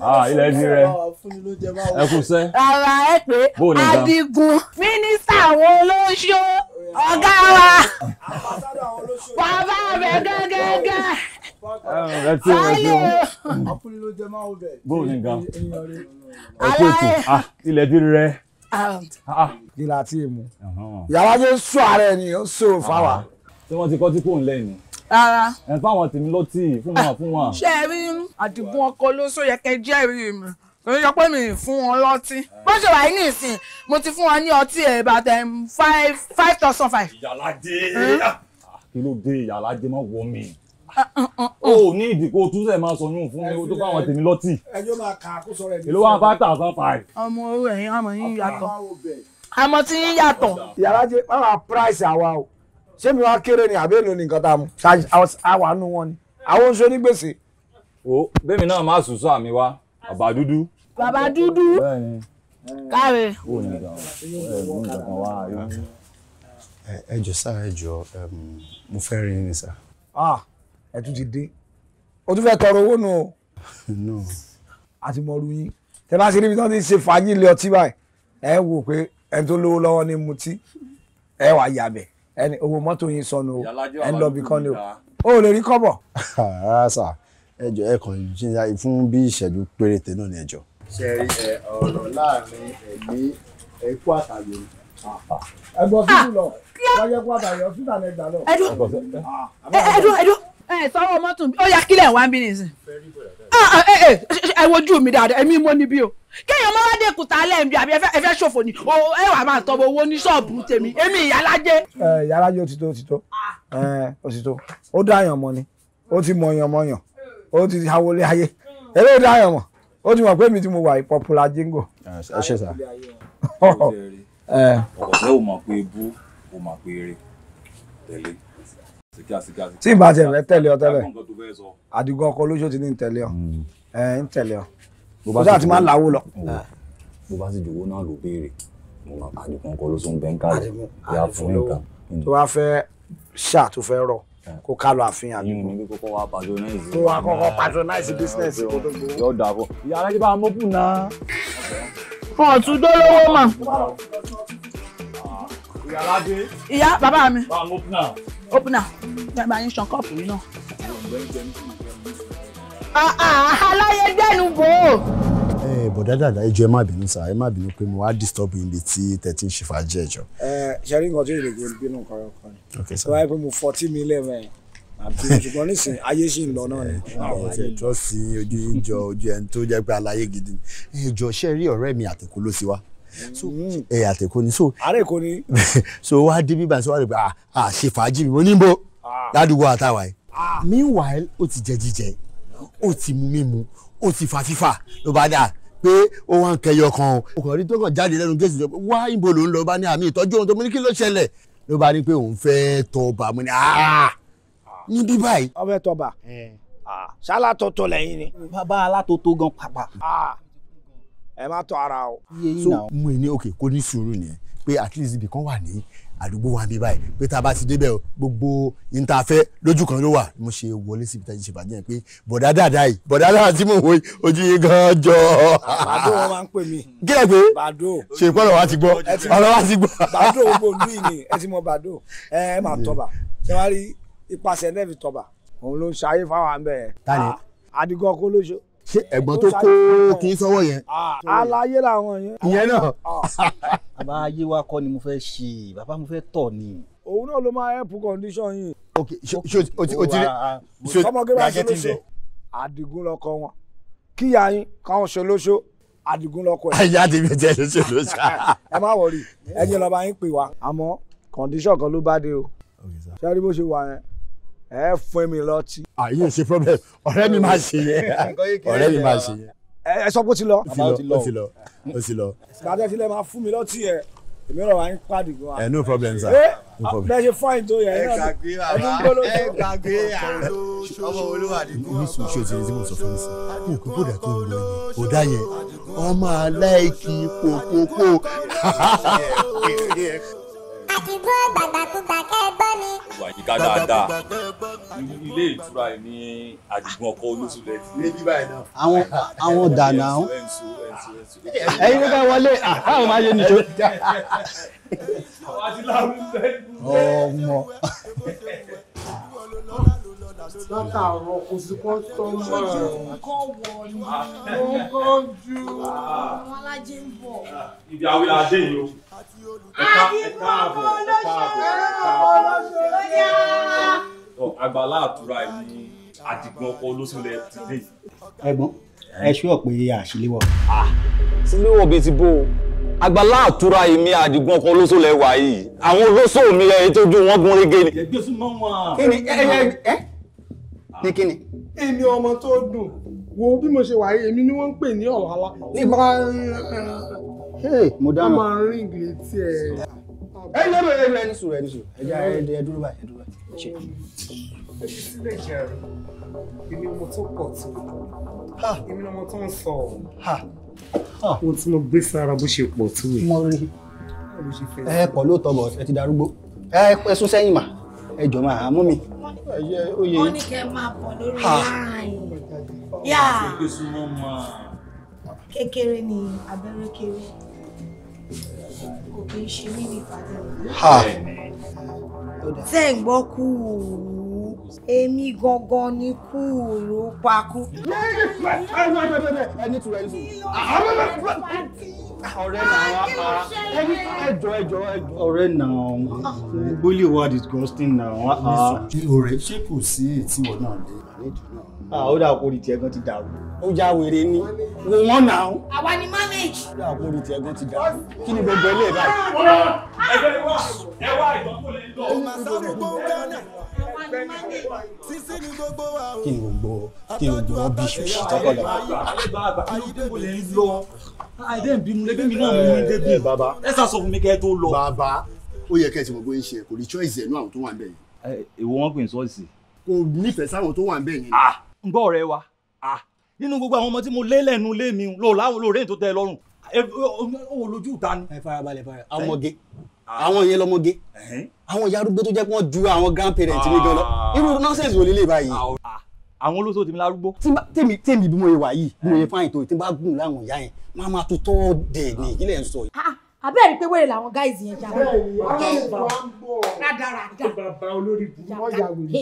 ah, ilẹ̀ ẹbí rẹ ẹ kú sẹ́. ara ẹ pé Adigun mínísítà àwọn olóṣó ọ̀gá wa bàbá rẹ̀ gẹ́gẹ́ gẹ́gẹ́ ẹtí ah, o ẹtí o. àpòlì ló jẹ máa ń bẹ. bóun ni gan. ẹtí ètò ah, ilẹ̀ ti rẹ. Um. Ah. kí la ti mú. Uh-huh. ìyàwó ajé ń sọ ara ẹni ó ń sọ̀rọ̀ fáwa. tí wọ́n ti kọ́ tí kò ń lẹ́yìn. rárá. ẹ fáwọn tèmi lọ́tì fún wọn fún wọn. ṣé ẹ rí àdìgún ọkọ ló sọ yẹ kẹ jẹ́rìí mi òun sọ pé mi ì fún wọn lọ́tí bó ṣe wà ní ìsìn mo ti fún wọn ní ọtí ẹ̀ about five five thousand five. ìyàlá dé kí ló dé ìyàlá dé má wọ mi o ò ní ìdìkò túnṣe máa sọ yún fún mi tó fáwọn tèmi lọ́tì. ẹjọ́ máa kà á kó sọ̀rọ̀ ẹ̀mí. èló wá bá tà fún fàáyì. ọmọ owó ẹ̀yìn ọmọ yín yàtọ̀ àmọ́ tí yín yàtọ̀. yàrá jẹ báwa price àwa o ṣé mi wá kéré ni àbí èlò ni nǹkan tá a mú àwa nù wọn ni àwọn oṣù onígbèsè. o bẹ́ẹ̀ni náà máa sùn sọ àmì wa bàbá dúdú. bàbá dúdú káre. ẹ jọ sáà ẹ jọ mo fẹ́ rí yín ni sáà. Ah ẹ tún ti dé o tún fẹ́ tọrọ owó nù o àti mọ̀ọ́rù yín tẹ bá ṣe níbi tí wọ́n ti ń ṣe fàájì ilé ọtí báyìí ẹ wò pé ẹ tó lówó lọ́wọ́ ní mutí ẹ wà yàbẹ̀ ẹni owó mọ́tò yín sọnù o ẹ ń lọ bí kan ní o ó lè rí kọ́bọ̀. rárá sà ẹ jọ ẹ kàn jíjà fún bí ìṣẹ́jú péréte náà ni ẹ jọ. ṣe ẹ ọ̀rọ̀ láàrin ẹ̀mí ẹ̀kú àtàlẹ́ ẹ̀gbọ́n fífi lọ ah, wáyé kú àtàlẹ́ ọ̀fíìsà lẹ́gbàá lọ. ẹ̀dùn ẹ̀dùn ẹ̀dùn ẹ sọ̀rọ̀ mọ́tò ó yá kílẹ̀ wá bí nìsín. Ah, ah, eh, eh, ẹ wojú mi dáadáa èmi mo níbí o kéèyàn máa wá dé kùtà lẹ́ẹ̀mí àbí ẹ fẹ́ ṣòfò ni ẹ wà máa tọ́wọ́ owó ní ṣọ́ọ̀bù tèmi èmi ìyálájẹ. ìyálájẹ ó ti tó ó ti tó ah. ó ti tó ó dáyàn mọ ni ó ti mọyàn mọyàn ó ti hawolé ayé hmm. eré dáyàn mọ ó ti mọ̀ pé mi ti mo wà ìpọ̀pùlà jíngò. ẹ ṣe sá. ọkọ̀ fẹ́ o mọ̀ pé bú o mọ̀ pé eré tẹ̀lé tí n bá tiẹ̀ fẹ́ tẹ̀lé ọ tẹ́lẹ̀ àdìgún ọkọ olóṣó ti ní n tẹ̀lé ọ hmm. ẹ ń tẹ̀lé ọ kó sáà ti máa ń làwó lọ. bó bá sì jòwó náà ló béèrè àdìgún ọkọ olóṣó ń bẹ ń kálẹ̀ yà fún nǹkan. tó bá fẹ́ ṣáà tó fẹ́ rọ̀ kó ká lọ àfihàn àdìgún. ní kókó wa patronize. kó wa kọ́kọ́ patronize business kó tó gbowó. yóò dà bọ̀ ìyá alájí bá mọ́kù náà. ọ̀tún dólówó mà. ìyá bàbá mi. bá a mọ́kù náà. Open opener bá yín ṣan kọ́ọ̀pù yìí náà. Ah, ah, aláyé gbẹ́nu bò ó. ẹ bọ̀dá dàda ẹ jọ that that bínú sá ẹ má bínú pé mo wá disturb in the tí thirteen ṣe fàájì ẹjọ. ẹ ṣe rí nǹkan tó yẹ kó bínú kọrọ kan ni tó wáyé pé mo fọtí mi lẹ́mẹ̀ẹ́ àbí ṣùgbọ́n nísìnyí ayé ṣì ń lọ náà ni. you, ọ̀sẹ̀ trọ́ọ̀sì ojú yín jọ ojú ẹni tó jẹ́ pé aláyé gidi ni. ẹ jọ ṣe rí ọ̀rẹ́ mi àtẹ̀kọ́ ló sì wá. Hmm. ẹ̀yà àtẹ̀kọ́ ni so àárẹ̀ kò ní. so wá dé bíbá sí wá rẹ̀ pé à ah, ah, ṣe fàájì mi mo ní bó ah. ládùúgbò àtàwà yìí. meanwhile o ti jẹ jíjẹ ó ti mu mímu ó ti fa fífa ló bá dà pé ó wá ń kẹyọ kan o kò rí tó kàn jáde lẹ́nu gẹ̀ẹ́sì sọ pé wá ìbò ló ń lọ bá ní àmì ìtọ́jú ohun tó mú ní kí ló ṣẹlẹ̀ ló bá ní pé òun fẹ́ tọba mo ní ní bí báyìí. ọbẹ̀ tọba eh. ṣálá tó lẹ́yìn ni. bàbá alátótó gan pàpà ẹ má tọ́ ara o. so mo ní ok kó ní sùúrù nìyẹn pé at least ibì kan wà ní àdúgbò wa bí báyìí pé tá a bá ti débẹ̀ o gbogbo ìntàfẹ́ lójú kan ló wà mo ṣe wọlé síbi táyé ṣèbàjẹ́ pé bọ̀dá dáadáa yìí bọ̀dá dáadáa tí mo wo ojú yìí gan-an jọ. bàdó wọn máa ń pè mí. kí ẹ pé bàdó ṣe ìpọ́nlọ̀ wa ti gbọ́ ọ̀rọ̀ wa ti gbọ́. bàdó gbogbo ìlú ìní ẹ ti mọ bàdó ẹ ẹ máa tọba ṣé wàá rí ipasẹ̀ nẹ́ẹ̀fì tọba òun ló ń ṣayé ṣé ẹ̀gbọ́n tó kó kí n sọ́wọ́ yẹn. aláyé làwọn yẹn. ìyẹn náà. <laughs> bàbá ayé wa kọ́ ni mo fẹ́ ṣe bàbá mo fẹ́ tọ̀ ni. òun náà ló máa help condition yìí. ok ṣo o ti o ṣo ọmọge bá ṣe lóṣo àdìgún lọkọ wọn kíyà yín káwọn ṣe lóṣo àdìgún lọkọ ẹ. ayé àti ìbẹ̀jẹ̀ ló ṣe lóṣo. <laughs> ẹ má wọrí ẹ̀yin lọ́ba yín pè wá àmọ́ condition kan ló bá dé o ṣé rí bó ṣe wà yẹn ẹ fún mi lọ́tí. àyè ṣe problem ọ̀rẹ́ mi máa ṣe yẹn ọ̀rẹ́ mi máa ṣe yẹn. ẹ sọ pé ó ti lọ. ó ti lọ ó ti lọ. gbàdé tilẹ̀ máa fún mi lọ́tí yẹn èmi rọ̀ wá ń pàdé gan. ẹ no problem sir eh? no problem. bẹ́ẹ̀ ṣe fáìn tó yẹ ẹ gàgbé àbá ẹ gàgbé àlọ́ ọmọ olówó àdìgún. ní sùn ṣe òṣèré tí mo sọ fún mi sí kó o kó kó dà tó ń lọ yẹn kó dá yẹn ọmọ aláìkí pòpòpò. àdìgún bàbá kú bàkẹ́ wà yíká dáadáa ilé ìtura yìí ní àdìgún ọkọ olóṣùlẹ̀ ti lé àwọn àwọn dànà ó ẹyin nígbà wọlé àwọn ah, máa yé nìjọ. ọmọ látàárọ̀ kò sí kọ́sítọ́mù rẹ̀. nǹkan wọ̀ ni wọ́n ah. kàn jù. Ah. àwọn alájẹ ń bọ̀. Ah. ibi àwọn adé yìí o. ẹ̀ka ẹ̀ka àbọ̀ ẹ̀ka àbọ̀ ẹ̀ka àbọ̀. àgbàlá àtúrà ẹni àdìgún ọkọ olóṣèlú tìlé. ẹ̀gbọ́n ẹ ṣú ọ pé àṣìléwọ. síléwọ bíi ti bó o àgbàlá àtúrà èmi àdìgún ọkọ olóṣò lẹwà yìí àwọn olóṣò mi ẹ tójú wọn gún régé ni. ẹgbẹ́ súnmọ́ wọn. kí ni ẹ ẹ ẹ ní kíni. èmi ọmọ tó dùn wo bí mo ṣe wà yìí èmi ni wọ́n ń pè ní ọ̀làlá. nígbà mo dáná. wọ́n máa ń rìn gèlè tí ẹ. ẹ ní ọmọ ẹ ní sùúrù ẹ ní sùúrù ẹ jẹ ẹ dúró báyìí ẹ dúró báyìí. ẹ ti sílẹ̀ jẹ́ rẹ̀ èmi ọmọ tó pọ̀ tó èmi ọmọ tó ń sọ ohun tí mo gbé sára bó ṣe pọ̀ tó yìí. mo rí ẹ pọ̀ lóòótọ́ bọ̀ ẹ ti darúgbó ẹ sún sẹ́yìn mà ẹ jọ̀ máa mú mi wọ́n ní kẹ́ máa bọ̀ lórí láàyè yá kékeré ni abẹ́rẹ́ kéré kò kí ń ṣe mí ní ìpàdé tẹ́ ń gbọ́ kú èmi gangan ni kú òrò pakú. ẹni tura ẹni sùn ọ̀rẹ́ náà wá ẹni ẹjọ́ ẹjọ́ ọ̀rẹ́ náà gbólé wa disgusting náà wá. ọ̀rẹ́ ah. ṣé kò sí ètí wọn náà lé ah ó dà kó rí tiẹ̀ gan ti dàrú ó já wèrè ni wò wọ́n nà ó. àwa ni manage. ó dà kó rí tiẹ̀ gan ti dàrú kí ni gbogbo ilé báyìí. ẹgbẹ́ wa ẹ wá ìgbọ́kùn lè lọ. ó máa sáré gbọ́ngàn náà kí ni gbogbo kí ni gbogbo bí ṣùṣì tọkọ lọ. àìdè ń bínú lẹgbẹ́ mi náà mú mi débi ẹ sà sọ fún mi kẹ́ ẹ tó lọ. bàbá ó yẹ kẹ́ ẹ ti mọ̀ bóyá ń ṣe kò ní choice ẹ̀ nú àwọn tó wà ń bẹ̀ yẹn. ìwọ eh, wọn pè ń sọ́ọ̀sì. kò nífẹ̀ẹ́ sáwọn tó wà ń bẹ̀ yẹn ń gbọ́ ọ̀rẹ́ wa nínú gbogbo àwọn ọmọ tí mo lé lẹ́nu lé mi lò láwọn lò tó tẹ́ ẹ lọ́rùn ó lójú ìta ni. ẹ farabalẹ̀ fara ọmọge àwọn yẹn lọmọge àwọn ìyá tó jẹ́ pé wọ́n ju àwọn grandparents mi gan lọ irú nonsense wo lélẹ̀ báyìí. àwọn olóṣò tèmi lárúgbó. tèmi tèmi bí yìí bí mo yẹ fáyìn tí n bá gùn láwọn ìyá yẹn máa máa tutọ́ dẹ̀ ní ìkílẹ̀ ń sọ yìí abẹ́rẹ́ pé wèrè làwọn guys yẹn jà rádaràdà bàbá olórí burúkú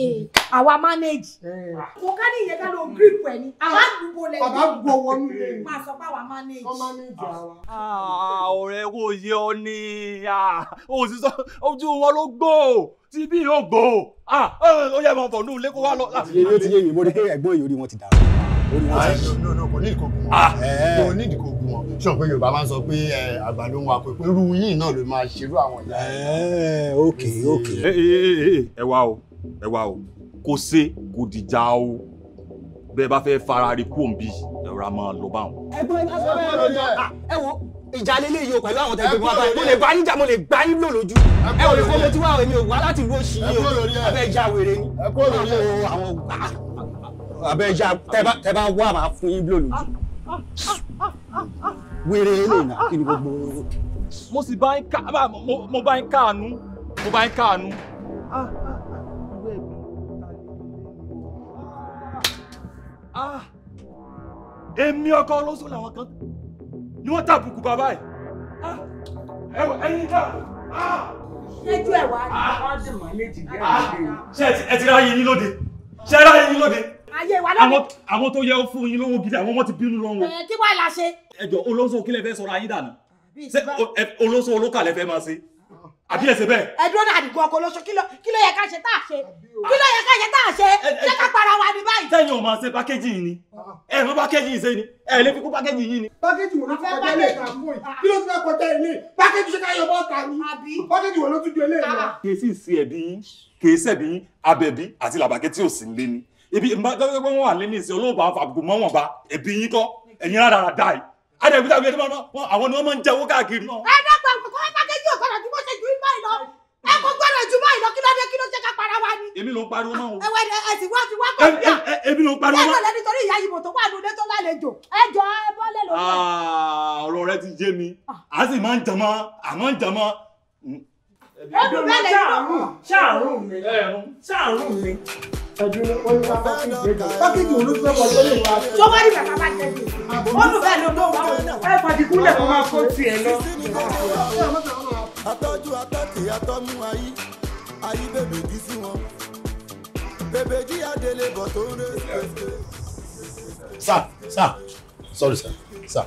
àwa manage kò ká ní ìyẹn ká ló grip ẹ ní àwa gbogbo lẹ́yìn àwa gbogbo wọnú lẹ́yìn máa sọ pé àwa manage. Ah, ọ̀rẹ́ wo yẹ ọ ni òṣìṣẹ́ ah, ojú wọn ló gbó tí bí yóò gbó ah, ó yẹ mọ̀ fọ̀nù lẹ́kọ̀ọ́ wa lọ. ìyẹn ló ti yé mi mo rí pé ẹ̀gbọ́n yìí orí wọn ti dàrú orí wọn ti dàrú. kò ní ìkọ̀kọ̀ kò ní ìdìkọ̀ ṣọ̀n pé yorùbá máa ń sọ pé àgbàdo ń wa pé pé irú yìí náà ló máa ṣerú àwọn ìyá ẹ̀. ok ok. ẹ wá o ẹ wá o kò ṣe kò dìjà o bẹ́ẹ̀ bá fẹ́ fara rí kóńbì ẹ̀rọ a máa lọ báwọn. ẹ wo ìjà lélẹ̀ yìí o pẹ̀lú àwọn tẹ̀gbẹ́ wọn báyìí mo lè bá yín jà mo lè gbá yín lò lójú ẹ ò lè fọwọ́ tí wàá èmi ò wá láti ró sí yìí o abẹ́ ìjà wèrè ni àwọn àwọn gbà abẹ́ ìjà tẹ́ bá wà máa fún yín lò lójú wèrè lè nà kí ni gbogbo. mo sì bá ń ká mo bá ń káànú mo bá ń káànú. Ah, ah, ah, èmi ọkọ olóṣù làwọn kan ni wọ́n tàbùkù bàbá ẹ̀ ẹ̀yin ká lójú ẹ̀ wá ní wọ́n dì mọ́ méjì lẹ́yìn. ṣé ẹ ti ráyè yín lóde ṣé ẹ ráyè yín lóde. ayé wa lóde. àwọn tó yẹ fún yín lówó gidi àwọn ọmọ ti bínú lọ́wọ́. kí wàá la ṣe ẹjọ olóńsó kílẹ̀ fẹ́ sọ̀rọ̀ ayé dànù ah, ṣé olóńsó olókà lẹ fẹ́ máa ṣe àbí ẹsẹ̀ bẹ́ẹ̀. ẹ náà àdìgún ọkọ olóṣù kí yẹ ká ṣe tá a ṣe kí ló yẹ ká ṣe tá a ṣe ṣé ká para wa ní báyìí. sẹ́yìn o máa ṣe pákéjì yìí ni ah, ah. ẹ mọ pákéjì yìí ṣe ni ẹ lè fi kún pákéjì yìí ni. pákéjì wo ló ti kọjá ilé ìta fún yìí kí ló ti fẹ́ kọjá ilé pákéjì ṣe ká yọ bọ́ ọ̀tá ni pákéjì wo ló tún ju ilé ìlọ. kèsì sí ẹbí yín kèsì ẹbí yín abẹbí àti làbàkẹ́ tí ò sí lé ni ibi ìgbàgbọ́ wọn wà lé ní ìsìn olóòbá àbùkù mọ́wọ́n ba ẹbí yín kọ́ ẹ̀yin rárá dáì adẹ̀gbẹ́ta gbé tọ́mọ́ náà àwọn ni wọ́n máa ń jẹ́wọ́ káàkiri náà. ẹ dẹ́gbẹ́ ọ̀pọ̀ ẹ máa kẹ́jú ọ̀gbọ́dọ̀ tí mo ṣe jù ìmọ̀ ìlọ ẹ kò gbọ́dọ̀ jù mọ́ ìlọ kí ló dé kí ló jẹ́ ká para wa ni. èmi ló ń pariwo náà o. ẹwẹ ẹ sì wá ti wá kọ́ ìyá. èmi ló ń pariwo náà. bẹ́ẹ̀ lọ nítorí ìyá yìí mọ̀tò wà lóde tó lálejò ẹ jọ ẹ bọ́lẹ̀ lóde. Ah, ọ̀rọ̀ rẹ ti jẹ́ mi ah atọ́jú atọ́kì atọ́mú ayé ayé bèbè dí sí wọn bèbè jí adélé bọ̀ tó ń ré. sir sir sorry sir sir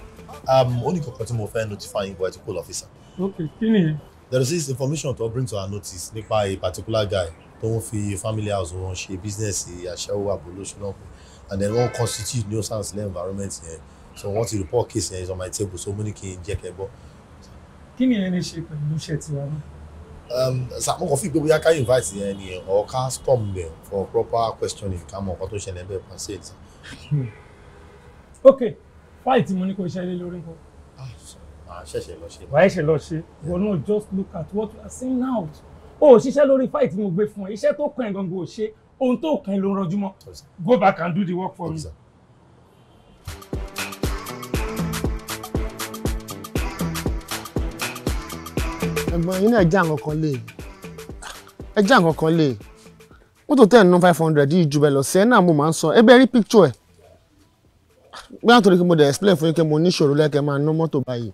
um, ó ní kankan tí mo fẹ́ notify yín bọ́ ẹ ti kó lọ́fíìsì. ok kí ni there is this information to bring to our notice nípa a particular guy tó ń fi family house wọn ṣe business aṣẹ́wó aboloṣúná and then wọ́n constitute nuisance lẹ́ environment yẹn so wọ́n ti report case yẹn is on my table so mo ní kí n jẹ́ kẹ́ gbọ́. kí ni ẹni ṣe pẹ̀lú iṣẹ́ tiwa náà. Um, sàmú kan fi gbogbo yá ká invite yẹn ni or ká stop bẹ̀ for proper questioning ká mọ nǹkan tó ṣẹlẹ̀ bẹ́ẹ̀ pa sí ètò. Hmm. ok fáìtì mo ní kò ṣẹlẹ̀ lórí nǹkan. Ah, màá ṣẹ̀ṣẹ̀ lọ ṣe. wàá ṣẹ̀ṣẹ̀ lọ ṣe wọn náà just look at what you are seeing now o ò ṣiṣẹ́ lórí fáìlì tí mo gbé fún ẹ iṣẹ́ tó kàn ẹ́ gangan ò ṣe ohun tó kàn ló ń rọjú mọ́ go back and do the work for me. ẹ̀gbọ́n yín náà já àwọn kan lé ẹ já àwọn kan lé mọ́tò tẹ̀ ń five hundred yìí jù bẹ́ẹ̀ lọ sí ẹ náà mo máa ń sọ ẹ bẹ́ẹ̀ rí picture ẹ̀ gbé àtòrí kí mo dẹ̀ explain fún yín kí mo ní ìṣòro lẹ́kẹ̀ẹ́ máa ná mọ́tò báyìí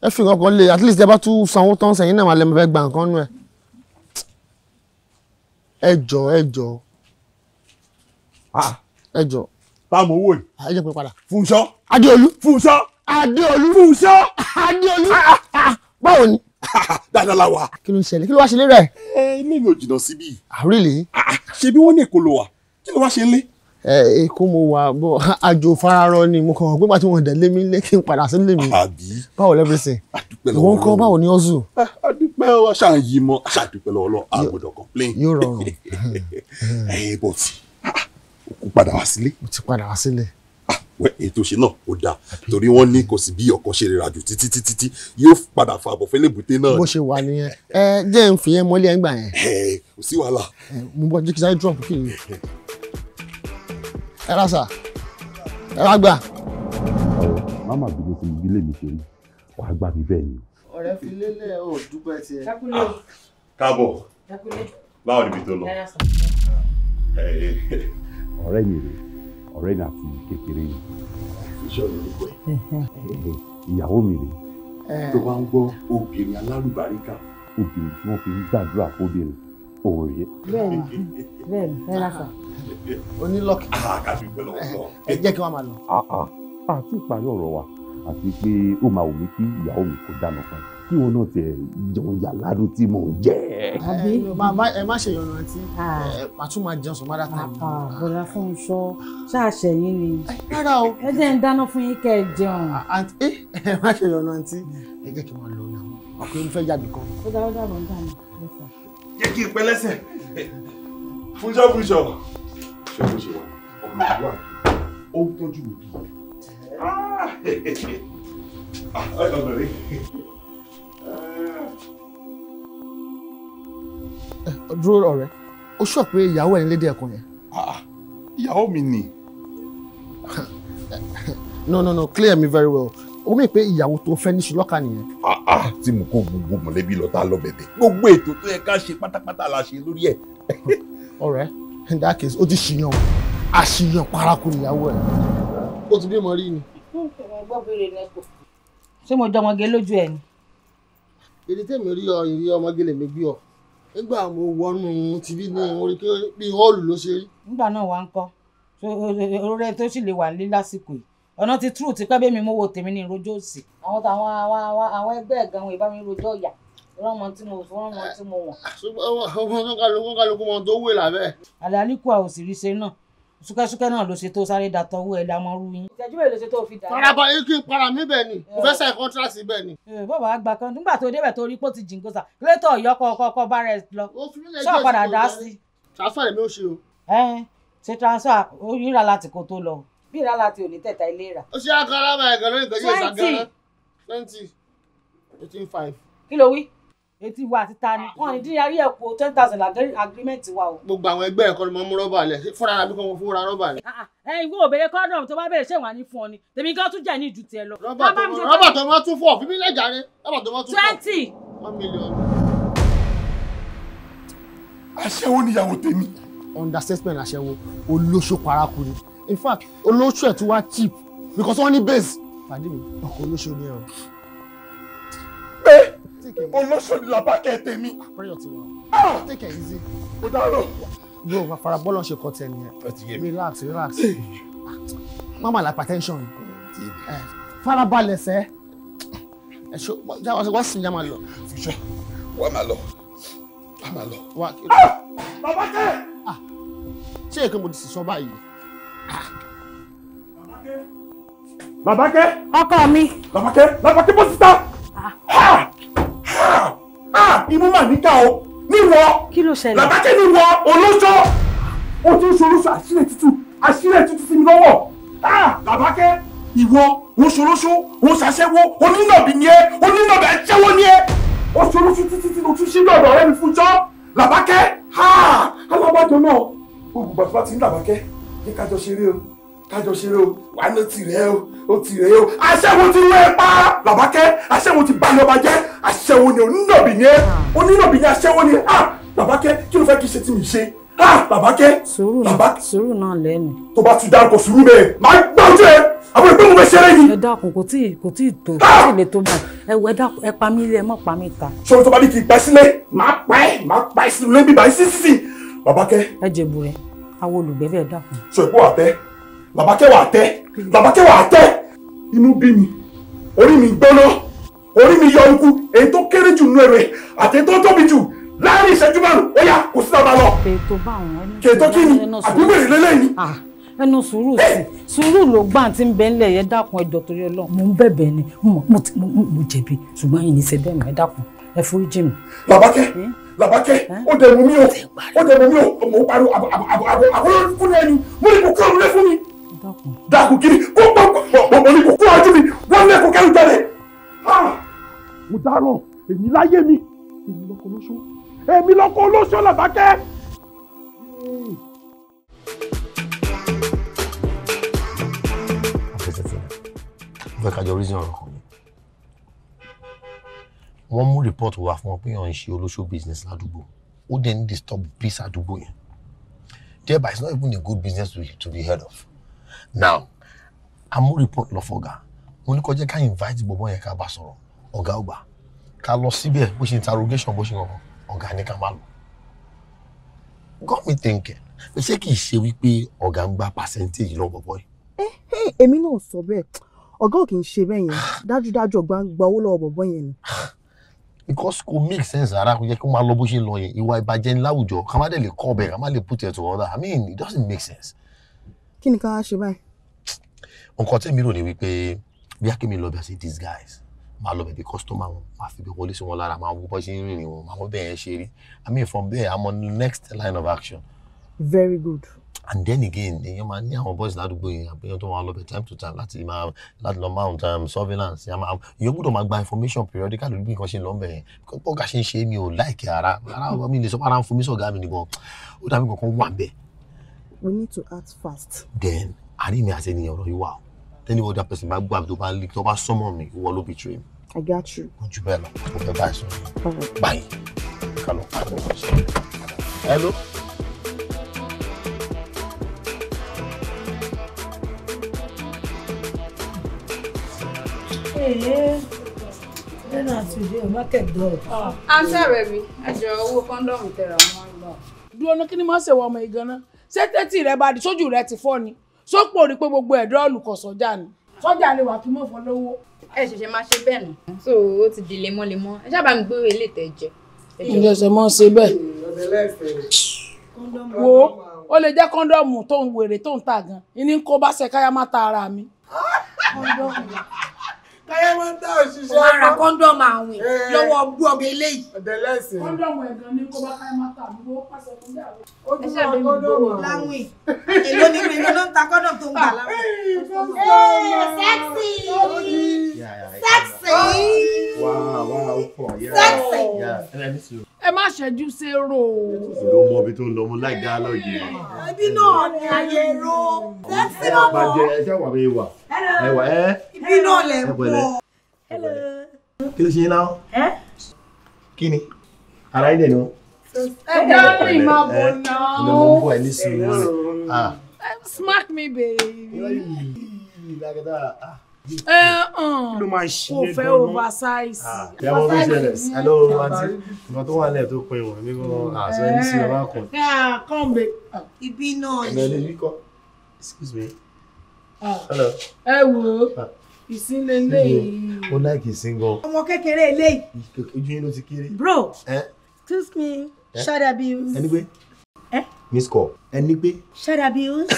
ẹ fi nǹkan kan lé at least ẹ bá tún sanwó tán sẹ́yìn náà lẹ́mọ̀ fẹ́ gba nǹkan nú ẹ̀ ẹ jọ ẹ jọ ah. ẹ jọ. báwo owó yìí. ẹ jẹ́ pé padà. Fúnṣọ́. Adéolú. Fúnṣọ́. Adéolú. Fúnṣọ́. Adéolú. Ah, ah, báwo ni. <laughs> dáadáa la wà. kí ló ń ṣẹlẹ̀ kí ló wá ṣe lérè. ẹ eh, mi ò jìnnà síbí. àrílè. ṣebí wọ́n ní èkó ló wà kí ló wá ṣe ń lé èkó mo wà bọ̀ àjò fararọ ni mo kàn wọ́n pípa tí wọ́n dẹ̀ lé mi lé kí n padà sí lé mi báwo lẹ́bìrìsìn wọ́n kọ́ báwo ni ọ́sù. àdúpẹ́ wa ṣáà yí mọ́ ṣàdúpẹ́ lọ́wọ́ lọ́wọ́ àgbọ̀dọ̀ complain. yóò rọrùn. ẹ̀yin bọ̀ tí o padà wá sílé. o ti padà wá sílé. Ah, ètò ìṣe náà ó dáa torí wọ́n ní kò sí bí ọkọ̀ ṣe rìnrìn àjò títí títí tí yóò padà fa àbọ̀ fẹ́lẹ́ bùté náà. bó ṣe wà nìyẹn ẹ jẹ́ n fìyẹn mọ́lẹ̀ ẹ̀ ń gbà yẹn. ẹ kò sí wàhálà. mo bọ́ jíkìsá drop kí ni. <laughs> ẹ ra sà ẹ ra gbà. màmá bínú sí ibi lèmi ṣe rí wà á gbà mí bẹ́ẹ̀ ni. ọ̀rẹ́ fi lélẹ̀ ò dúpẹ́ tiẹ̀. dákúlẹ̀ káàbọ̀ báwo níbi tó lọ. ọ̀rẹ́ mi rè ọ̀rẹ́ mi àti kékeré mi ìṣòro nípò ẹ̀ ìyàwó mi rè tó bá ń gbọ́ obìnrin alálùbáríkà obìnrin tí wọ́n fi ń gbàdúrà fóbìnrin òun rèé. bẹ́ẹ̀ni bẹ́ẹ̀ni ẹ lásán onílọ́kì. Ah, eh, ẹ jẹ́ kí wọ́n máa lọ. Ah, ah. a ti parí ọ̀rọ̀ wa àti pé ó máa wù mí kí ìyàwó mi kó dáná pa kí wọn náà tiẹ̀ jẹun yà ládùn tí mò ń jẹ. ẹ má ṣe yọ̀nà àti pàtún eh, máa jẹun sọmọ́dá tán. bọ̀dá fún un sọ ṣáàṣẹ yín ni eh, rárá o ẹ jẹ́ ń dáná fún yín kẹ́ ẹ jẹun. ẹ má ṣe yọ̀nà àti ẹ jẹ́ kí n máa lọ náà ọkùnrin mi fẹ́ jáde kan. ó dáwọ́ dábọ̀ ń dà mí. jẹ́ kí n pẹ́ lẹ́sẹ̀ fúnṣọ́ fúnṣọ́ ṣé o ṣe wà ọmọ ìlú àti ó ń tọ́jú mi dúró ọ̀rẹ́ ó sọ pé ìyàwó ẹ̀ ń lédè ẹ̀kún yẹn. Ah, ah. ìyàwó mi ni. no no no clear me very well ó mì pé ìyàwó tó fẹ́ ní ṣùlọ́kà nìyẹn. Ah, tí mo kó gbogbo mọ̀lẹ́bí lọ tá a gbogbo ètò tó yẹ ká ṣe pátápátá la ṣe lórí ẹ̀. ọ̀rẹ́ in that case ó ti ṣìyàn àṣìyàn paraku ìyàwó ẹ̀ ó ti bímọ rí ni. ṣé mo jọ ọmọge lójú ẹ ni. èdè tèmi rí ọ ìrí ọmọge lèmi gbé ọ nígbà mo wọnú TV, ní orí pé bí họ́ọ̀lù ló ṣe rí. nígbà náà wà ń kọ́ orí ẹ tó sì lè wà ní lásìkò yìí ọ̀nà ti true ti pẹ́ bẹ́ẹ̀ mi mo wo tèmi ní ìrojọ́ òsì. àwọn táwọn àwọn ẹgbẹ́ ẹ̀gàn wọn ìbá ọ̀yà ọlọ́mọ tí mo fún ọmọ tí mo wọ̀n. ọmọ tó kálukú kálukú mọ tó wé làbẹ́. àdàlíkù a ò sì rí ṣe náà súkẹ́súkẹ́ náà ló ṣe tó sáré dàtọ̀ owó ẹ̀ lámọ́ yín. ìtẹ́jú ló ṣe tó fi dà. paraba kí n para mi bẹ́ẹ̀ ni mo fẹ́ ṣe kọ́ńtrásì bẹ́ẹ̀ ni. bọ́ọ̀bù àgbà kan nígbà tó débẹ̀ tó rí pò ti jìn kóṣà kílẹ̀tọ̀ ọ̀yọ́ kọ́kọ́ bá rẹ̀ lọ. sọ padà dá sí. transfer èmi ò ṣe o. ẹ ṣe transfer oyún ìrà láti kó tó lọ bí ìrà láti òní tẹ̀ta ilé etí wa àti ta ni wọn ní dín yarí ẹ ten thousand agreement wa o. gbogbo àwọn ẹgbẹ́ ẹ̀kọ́ ni mo mú rọ́bà lẹ̀ fúnra ara kò mo fúnra rọ́bà lẹ̀. Ah, ah. ẹ ìwé òbèrè kọ́ńdọ̀mù tó bá bẹ̀rẹ̀ ṣé wàá ní fún ọ ni tèmi kan tún jẹ́ ní ìdù tiẹ̀ lọ. rọ́bà tó máa tún fọ̀ fífi lẹ́jà rẹ rọ́bà tó máa tún fọ̀. twenty. one million. aṣẹ́wó níyàwó tèmi. understatement aṣẹ́wó olóṣù paraku ni in fact olóṣù ẹ̀ tún wá cheap because wọ́n ní base. pàdé mi ọkọ̀ olóṣù ni ẹ̀ o. Take olóṣèlú làbákẹ́ tèmi. take it easy. mo ah! dárò. bro farabọ́lọ̀ ṣe kọ́ tẹ̀lé ẹ relax relax ah, mama la hypertension eh, farabalẹ̀ sẹ́ ẹ ṣe wá sí ìyá máa lọ. fìṣọ́ wà máa lọ wà máa lọ. bàbá kẹ́. Ah, ṣé èké mo ti sọ báyìí. Babake. Ọkọ mi. Babake, Babake bó ti Ah. Ah! Ah! imú mà níkà o níwọ làbákẹ́ níwọ olóṣó o ti ń ṣolóṣó àṣírí tútù àṣírí tútù sí mi lọ́wọ́ ah! làbákẹ́ ìwọ o ṣolóṣó o ṣàṣẹ́wó onínàbì ni ẹ onínàbì àṣẹ́wó ni ẹ o ṣolóṣó títí tí o tún ṣí lọ́dọ̀ ọ̀rẹ́ mi fún jọ́ làbákẹ́ alábàjọ náà olùgbàdúrà ti ń làbákẹ́ yẹ ká jọ ṣeré o kájọ ṣeré o wà ní tìrẹ o ó tìrẹ o aṣẹ́wó ti wé pa làbákẹ́ aṣẹ́wó ti báyọ̀ bá jẹ́ aṣẹ́wó ni onínàbì ni ẹ onínàbì ni aṣẹ́wó ni ah làbákẹ́ kí ló fẹ́ kí ṣe tí mi ṣe ah làbákẹ́ làbákẹ́ sùúrù náà lẹ́nu. tó bá ti dárúkọ sùúrù bẹ́ẹ̀ máa gbá ojú ẹ àbúrò pé mo fẹ́ ṣeré yìí. ẹ dákun kò tíì kò tíì tó kò ah! tíì lè tó bá ẹ wọ ẹ dákun ẹ pa mí ilé ẹ má pa mí ta. sọ́run tó bá ní kí n pẹ́ sílé máa pa ẹ́ máa pa ẹ́ sílé bíbá ẹ́ sísìsì. babakẹ́. ẹ jẹ̀bù rẹ̀ àwọn olùgbé bẹ́ẹ̀ dákun. sọ ìpò àtẹ bàbá kẹwàá tẹ bàbá kẹwàá tẹ inú bí mi orí mi gbóná orí mi yọ ikú èyí tó kéré jù nínú èrè àti èyí tó tóbi jù láàrin ìṣẹ́jú márùn ó yá kò sí dáadáa lọ. ètò bá àwọn ẹni tó kí ni àbúrò ìrẹ́lẹ́yìn. ẹnu sùúrù sí sùúrù ló gbà tí ń bẹ ńlẹ̀ yẹn dákun ẹjọ́ torí Ọlọ́run mo ń bẹ̀bẹ̀ ni mo jẹ̀bi ṣùgbọ́n yìí ní ṣe bẹ́ẹ̀ mọ́ ẹ dákun ẹ foríjì mi. làbákẹ́ làbákẹ́ ó dẹ̀ mú mi o ó dẹ̀ mú mi o mò ń pariwo àbúrò fún ẹni mo ní kó kúrò nílé fún mi dákun kiri kó gbọ́ gbọ́ ní kó kó ojú mi wọ́n lé kó kẹ́rù jáde. mo dáràn èmi láyé mi èmi lọkọ olóṣó èmi lọkọ olóṣó làbákẹ́. mo fẹ́ kájọ reason ọ̀rọ̀ kan ni wọ́n mú report wá fún ọ pé ọ̀ ṣe olóṣó business ládùúgbò ó dẹ̀ ń disturb peace àdúgbò yẹn thereby it's not even a good business to, to be heard of. now amú report lọ fọ̀gá mo kọjá ká invite gbogbo yẹn ká bá sọ̀rọ̀ ká lọ síbẹ̀ bó ṣe interrogation bó ṣe wọ̀ ọ̀gá ní ká má lọ. gọ́ọ̀mì wípé ọ̀gá ń gba percentage lọ bọ̀bọ̀ yìí. èmi náà sọ bẹ́ẹ̀ ò kì í ṣe dájúdájú ọ̀gá ń owó lọwọ bọbọ yẹn ni. because kò make sense kò yẹ kí ni ká wá ṣe báyìí. nǹkan tí mi rò ní wípé bí akémi lọ bí a ṣe disguise máa lọ bẹ̀bí kọ́sítọ́mà wọn máa fi wọlé sí wọn lára máa wo bó rìnrìn wọn máa wo bẹ́ẹ̀ yẹn ṣe rí i mean from there i'm on the next line of action. very good. and then again èèyàn máa ní àwọn boys ládùúgbò yẹn àbíyàn tó máa lọ bẹ̀ time to time láti máa láti lọ mount um, surveillance èèyàn gbọ́dọ̀ máa gba information periodically lórí bí nǹkan ṣe ń lọ bẹ̀ yẹn bọ́ọ̀gà ṣe ń ṣe mi ò láìkí ara ara mi lè sọ pé ara ń fún mi sọ̀gá mi nìkan ó dàbí nǹkan wà bẹ́ẹ̀ we need to act fast. then àárín mi àti ènìyàn ọ̀rọ̀ yìí wà o tẹ́ni wọ́n dá pẹ̀sì máa gbà tó bá lè tó bá sọ́mọ̀ mi ìwọ ló betray mi. I got you. wọ́n jù bẹ́ẹ̀ lọ mo fẹ́ báyìí sọ báyìí ká lọ pàdé wọn sọ. hello. Lẹ́nà today market dog. Àǹtí ah. rẹ̀ mi, ẹ̀jọ̀ owó kọ́ńdọ̀mù tẹ̀ra wọn lọ. Dúró ná kí ni máa ṣe wọ ọmọ yìí gan-an? ṣé tẹ́tì rẹ bá di sójú rẹ ti fọ́ ni sópò rí pé gbogbo ẹ̀dọ́ olùkọ́ sọ́jà ni sọ́jà lè wà kí mọ̀ fọ́ lówó. ẹ ṣẹ̀ṣẹ̀ máa ṣe bẹ́ẹ̀ nù. so ó ti di lemọ́lemọ́ ẹ sábà ń gbé ilé tẹ̀ jẹ. ìjọsẹ̀ mọ́ ṣe bẹ́ẹ̀. wo ó lè jẹ́ kọ́ńdọ̀mù tó ń wèrè tó ń ta gan ìní kó bá ṣe káyá má ta ara mi. kọ́ńdọ̀mù káyọ̀ máa ń ara kọ́ńdọ̀mù àwìn lọ́wọ́ bú ọmọ eléyìí. ọ̀dẹ lẹ́sìn. ni kó bá káyọ̀ máa tà mí pàṣẹ fún bí àwọn. ó ti láwìn. èló ni pé ń ta kọ́ńdọ̀mù tó ń gbà láwìn. sẹ́ẹ̀sì sẹ́ẹ̀sì wá wá ó pọ̀ yá yá ẹ ní sùúrù. ẹ má ṣẹ́jú sí èrò o. ìlú mọ ibi tó ń lọ mú láì dá lọ́jì. ẹbí náà ni àyè ro sẹ́sì náà. bàjẹ́ ẹ jẹ́ wà mí wà ẹ wà ẹ. ibi náà lẹ̀ ń pọ̀. kí ló ṣe yín láwọn. kí ni ara yín dẹ̀ ni wọ́n. ẹ dárìn máa bọ̀ náà. ọ̀nà mo ń bọ̀ ẹ ní sùúrù. smack me baby. ìlàgàdà ah. Eh, kí uh-uh. ló máa ń ṣe é gan-an. kò fẹ́ oversize. ìyàwó mi ṣẹlẹ̀ hello aunty nǹkan tó wà nílẹ̀ tó pin ìwọ̀n mi gan-an àṣọ ah, ẹni sí ọba kan. kàn eh, ah, bẹ. Ah, ibi náà ni. ìlẹ̀ ní kọ́ excuse me. hello. ẹ wo ìsínlẹ̀ eléyìí. ó láìkì ìsín gan. ọmọ kékeré eléyìí. ojú yín ló ti kéré. bro excuse me shut up you. ẹni pé miss call ẹni pé. shut up you. <laughs>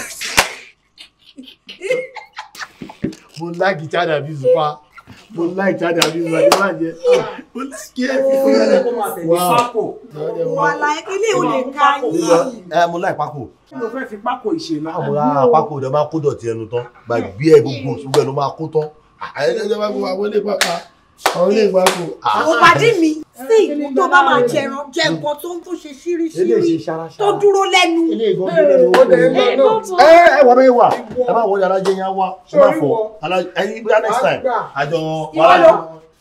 mo láìkì chada abizu pa mo láì jáde àbí mo àti máa jẹ ah, mo kí ẹ fi fún ẹ wá wà ilé ò lè ka ẹ mo láì eh, pákó. mo fẹ́ fi pákó ìṣe náà. àwọn ah, ará máa kó dọ̀tí ẹnu tán gbàgbé ẹ gbogbo ìṣúgbẹ́ ló máa kó tán. àyẹ̀dẹ́gbẹ́ ah, bá gbọ́ àwọn ilé pápá ọ̀rọ̀ lè wá kó. àwọn mi ah. sí ìlú tó bá máa jẹran jẹ nǹkan tó ń tó ṣe ṣíríṣírí tó dúró lẹ́nu. ẹ ẹ wọ́n bẹ́ẹ̀ wà ẹ má wọlé alájẹ yẹn wá ẹ má fọ ẹyin bí next time àjọ wàhálà.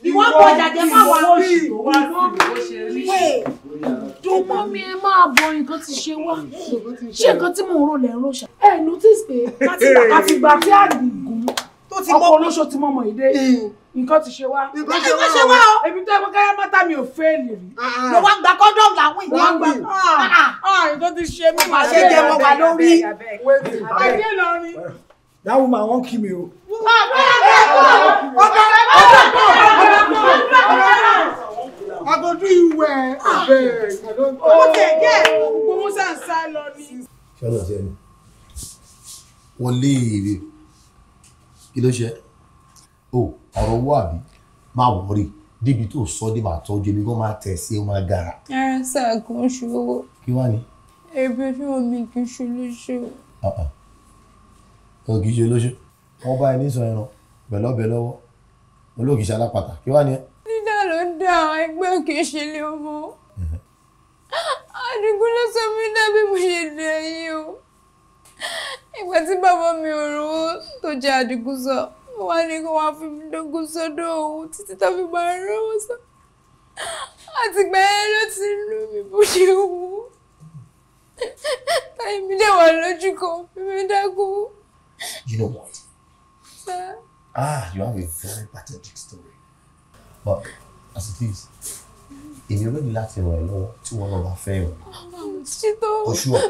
ìwọ bọ̀ jàjẹ́ má wà lórí ìwọ mi ẹ máa bọ nǹkan ti ṣe wá ṣé nǹkan tí mò ń rò lẹ́ ṣá. ẹ notice pé àtìgbà tí àgbìgùn ọkọ̀ olóṣò ti mọ̀mọ́ ìdè nǹkan ti ṣe wá. nǹkan ti ṣe wá o. èmi tó ẹ̀kọ́ káyá mọ́tà mi ò fẹ́ lè rí. ló ah, ah. wá gba kọ́ńdọ̀mù làwọn ìwé ń gbà. Ah, nǹkan ti ṣe mí. màá ṣe jẹ mọ wà lórí. àdé lọ rin. that woman wan kill me o. ọ̀gá ọ̀gá ọ̀gá I go do you well. Abeg, I don tell you. Okay, yeah. Gbogbo wọn sàn sá lọ ni. Ṣé ọ̀nà ṣe ni? Wọ́n léèrè. Kí ló ṣe? Oh ọ̀rọ̀ owó àbí má wọrí débi tó sọ dé máa tọ́jú ẹbí kó máa tẹ̀ sí ó máa gara. ara sáà kò ń ṣòwò. kí wàá ní. ẹbí fún omi kì í ṣe lóṣù. ọ̀ kì í ṣe lóṣù wọ́n bá ẹni sọ ẹran pẹ̀lú ọbẹ̀ lọ́wọ́ olóògìṣà alápàtà kí wàá ní. dídá ló ń dá àwọn ẹgbẹ́ òkè ṣe lé ọmọ. àdìgún ló sọ mí dábí mo ṣe dé ẹyin o. ìgbà tí bàbá mi ò rówó tó jẹ àdìgún sọ. So wá ní kó wá fi mí sọ́dọ̀ òun títí tó máa rọ́wọ́ sọ àti pé ló ti ń lù mí bó ṣe wù táyì mi dẹ̀ wà lójú kan mi dákú. You know what? Sir? Ah, you have a very pathetic story. But as it is, èmi ò ní láti ràn ẹ́ lọ́wọ́ tí wọ́n náà bá fẹ́ ràn ẹ́. Ṣító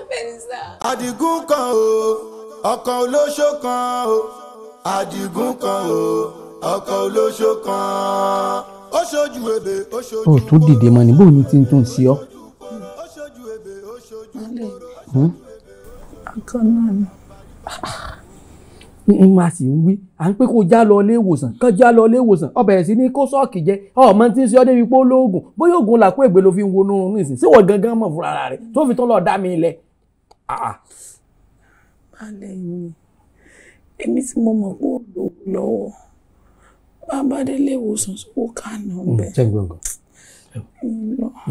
bẹ́ẹ̀ ni kan o, ọkàn olóṣó kan o. adigun kan o ọkọ olóṣó kan ó ṣojú ebè ó o tún dìde mọ níbo ni tí n tún ọ. ó ṣojú ebè ó ṣojú kóró. n ma sì ń wí à ń pé kó já lọ ilé ìwòsàn já lọ ilé ìwòsàn bẹ̀rẹ̀ sí ọmọ tí ń débi pé ó lóògùn bóyá oògùn làkó ègbè ló fi gangan mọ̀ fúnra rẹ̀ tó fi tán lọ́ọ́ mi lẹ̀. Ah, ah. èmi tí mo mọ̀ pé ó lò ó lọ́wọ́ bàbá délé ìwòsàn sówó kànú mm, bẹ́ẹ̀. ṣé gbọ̀ngàn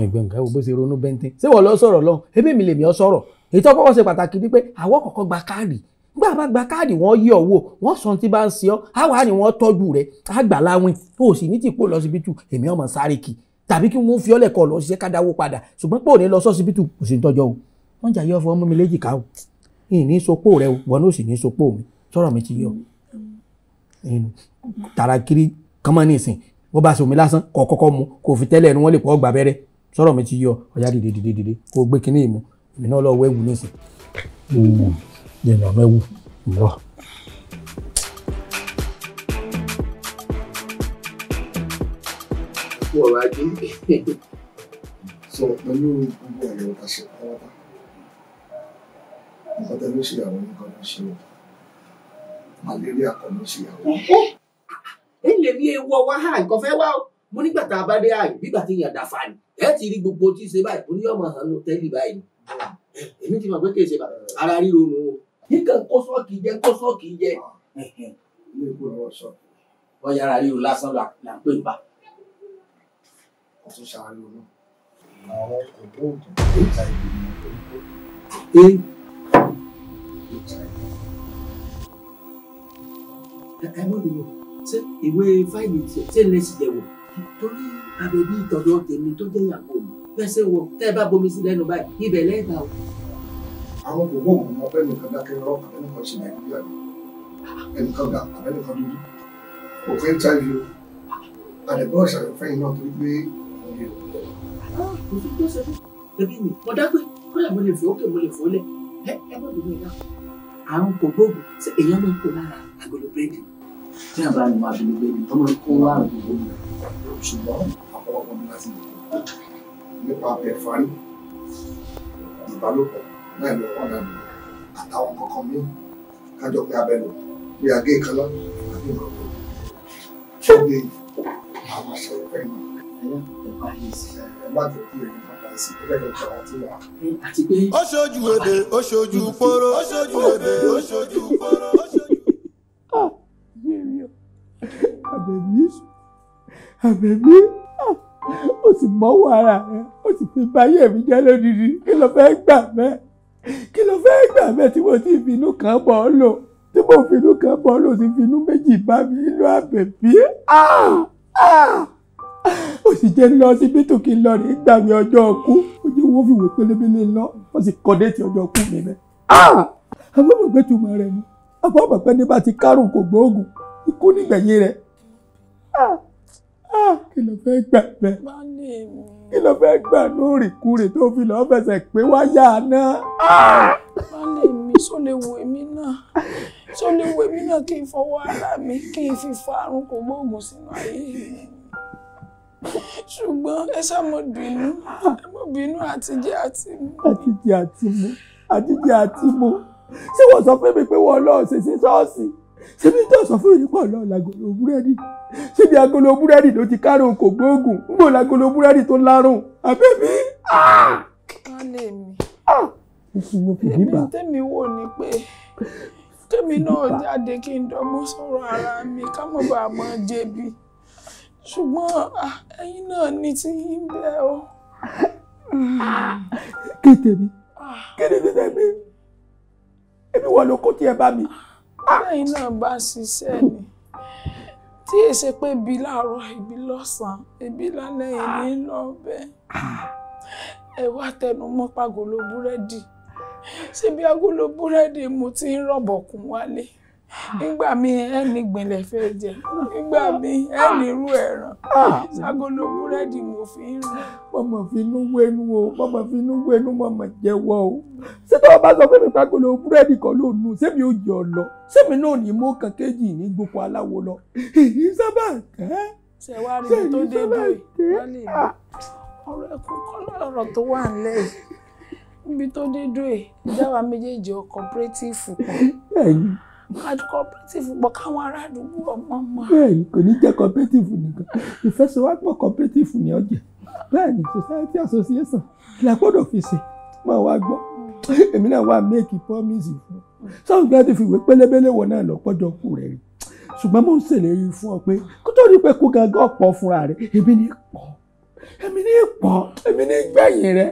gbọ̀ngàn bó ṣe ronú bẹ́ńtẹ́ ṣé wọ́n lọ sọ̀rọ̀ lọ́hùn ebí mi lèmi ọ sọ̀rọ̀ èyí tó kọ́kọ́ ṣe pàtàkì ni pé àwọn kọ̀ọ̀kan gba káàdì gbà bá gba káàdì wọn yí ọwọ́ wọn sọ tí bá ń ṣe ọ àwa ni wọn tọ́jú rẹ àgbà láwìn o sì ní tí kò lọ síbi tù èmi ọmọ sáré kì tàbí kí wọn fi ọlẹ kọ lọ ṣiṣẹ́ kádàwó padà ṣùgbọ́n pé òní lọ sọsibítù kò sí ń o wọn jà yọ ọfọ ọmọ mi léjìká o ìní sopó rẹ wọn ò sì ní sopó mi sọ̀rọ̀ mi ti yọ tara kiri kánmọ́ ní ìsìn bó bá ṣe omi lásán kọ́ kọ́kọ́ mu kò fi tẹ́lẹ̀ ẹnu wọn lè pọ̀ gbà bẹ́rẹ́ sọ̀rọ̀ mi ti yọ ọ̀yá dìde dìde dìde kò gbé kinní yìí mu èmi náà lọ́ọ́ wẹ́wù ní ìsìn dènà mẹ́wù lọ. ọ̀rọ̀ ajé sọ pẹ̀lú gbogbo ọ̀rọ̀ ìbáṣepọ̀ wọn bá ọ̀tẹ̀ ṣe àwọn nǹkan tó ṣe wọ́n malaria kan ló ṣe yàwó. ẹ lè ní ewu ọwọ́ ha nǹkan fẹ́ wá o mo nígbà tá a bá dé ààyè bígbà tí yàn dàfà ni ẹ ti rí gbogbo tí ṣe báyìí mo ní ọmọ hàn ló tẹ́lẹ̀ báyìí èmi ti mọ̀ pé kì í ṣe bàbá ara ríro nù o nǹkan kó sọ́ọ̀kì jẹ kó sọ́ọ̀kì jẹ. wọ́n yára ríro lásán là ń pè bá. ọtún ṣàárẹ̀ olú. àwọn kò bóògùn hiv ní ìlú ẹ mọ̀ mi wò ṣé ìwé fáìlì tiẹ̀ ṣé ilé ti jẹ̀wò torí àbẹ̀bí ìtọ́jú tèmi tó jẹ́ ìyàwó mi fẹsẹ̀ wọ tẹ́ ẹ bá bomi sí lẹ́nu báyìí ibẹ̀ lẹ́ẹ̀ta o. àwọn kò wọ́n mọ ọbẹ̀ nìkan dákẹ́ rọ àbẹ́nìkan ṣe nàìjíríà ni ẹnìkan ga àbẹ́nìkan dúdú kò fẹ́ táyé o àdẹ̀bọ́ ìṣàyẹ̀ fẹ́yìn náà torí pé òye o. Ah, kò sí tó ṣe fún ẹbí mi mo dá pé kódà mo lè fò ókè mo lè fò ó lẹ̀ ẹ ẹ bọ́ bìbí mi náà àrùn kò gbóògùn èèyàn máa ń kó lára àgbèlò bírèdì tí àbá ni wàá bínú bẹ́ẹ̀ ni tọ́mọ kó wá àrùn gbogbo mi ṣùgbọ́n ọ̀pọ̀lọpọ̀ mi láti lè kó nípa pẹ̀fárí ìbálòpọ̀ náà ló pọ̀ náà àtàwọn kankan mi kájọ pé abẹ́lò bí agé ìkọlọ́ àbí ìrọ̀lẹ́ tó gbé e? àwọn àṣà ìfẹ́ mi. Ó ṣojú ebè, ó ṣojú poro, ó ṣojú ebè, ó ṣojú poro. àbẹ̀bí àbẹ̀bí ah, ó ti mọ́wọ́ ara rẹ̀ ó ti fi báyé mi jẹ́ lódìdí kí ló fẹ́ gbà mẹ́ kí ló fẹ́ gbà mẹ́ tí mo ti finú kan bọ̀ ọ́ lò tí mo finú kan bọ̀ ọ́ lò ti finú méjì bá mi lọ àbẹ̀bí ah, ah. ó sì jẹ́ lọ síbítù kí n lọ rí gbà mí ọjọ́ ọkú ojú wo fìwé pélébélé lọ wọ́n sì kọ́ déètì ọjọ́ ọkú mi mẹ́. àbọ̀ mọ̀ pé bá ti kárùn kò gbóògùn ikú nígbẹ̀yìn rẹ̀ kí ló fẹ́ gbà bẹ́ẹ̀ kí ló fẹ́ gbà lóòrèkóòrè tó fi lọ́ọ́ fẹsẹ̀ pé wáyà náà. baálé mi sọ lè wo èmi náà sọ lè wo èmi náà kí n fọwọ́ ara mi kí n fi fa àrùn kò gbóògùn sínú ayé mi ṣùgbọ́n ẹ ṣáà mọ̀ bínú ẹ mọ̀ bínú àtijẹ àtimu. àtijẹ àtimu àtijẹ àtimu ṣé wọ́n sọ fún mi pé wọ́n lọ́ọ́ ṣe sí ṣọ́ọ̀ṣì ṣebí tó sọ fún ìdíkọ lọ làgòlò búrẹ́dì ṣebí agolo búrẹ́dì ló ti kárùn kò gbóògùn ń bò làgòlò búrẹ́dì tó lárùn àbẹ́bí. èmi tẹ́mi ah! ah! wò ni pé tẹ́mi náà jáde kí n dọ́gbọ́n sọ̀rọ̀ ara mi ká mọ̀ bá a mọ̀ jẹ̀bi ṣùgbọ́n ah, ẹ̀yin náà ní ti yín bẹ́ẹ̀ o. kéde mi kéde mi tẹ́mi èmi wọ́n ló kó tiẹ̀ bá mi. Ah lẹ́yìn náà bá ṣiṣẹ́ ni tí èyí ṣe pé ibi láàárọ̀ ibi lọ́sàn-án ibi lálẹ́ yìí ní lọ́bẹ̀ ẹ wá tẹnu mọ́ pagolo búrẹ́dì ṣé agolo búrẹ́dì mo ti ń rọ̀bọ̀kún wálé nígbà míì ẹni gbìnlẹ̀ fẹ́ jẹ nígbà míì ẹni irú ẹ̀ràn ságolo búrẹ́dì mo fi ń rìn. mọ̀mọ́ fi inú wẹnu o mọ̀mọ́ fi inú wẹnu mọ̀mọ́ jẹ́wọ́ o ṣé tí wọ́n bá sọ pé mi pàgolo búrẹ́dì kan ló nù sẹ́mi ò jẹ́ ọ lọ sẹ́mi náà ní mú kan kéjì ní gbogbo aláwo lọ èyí sábà kẹ́ ṣe wá rí mi tó dé ọ̀rọ̀ tó wà ńlẹ̀ yìí níbi tó dé dùn ẹ̀ méjèèjì ọkọ̀ pírẹ́tìfù kan kájú cooperative pọ̀ káwọn ará àdúgbò ọmọ ọmọ. bẹ́ẹ̀ni kò ní jẹ́ cooperative nìkan ìfẹsẹ̀wápọ̀ cooperative ni ọjẹ bẹ́ẹ̀ni society association la gbọ́dọ̀ fi ṣe máa wá gbọ́ èmi náà wá make promise fún sọ́run gbé ti fi ìwé pélébélé wọ̀ náà lọ pọ́jọ́ kù rẹ̀ rí ṣùgbọ́n mo ń ṣèlérí fún ọ pé kó tó rí pé kó gangan pọ̀ fúnra rẹ̀ èmi ní pọ̀ èmi ní pọ̀ èmi ní gbẹ̀yìn rẹ̀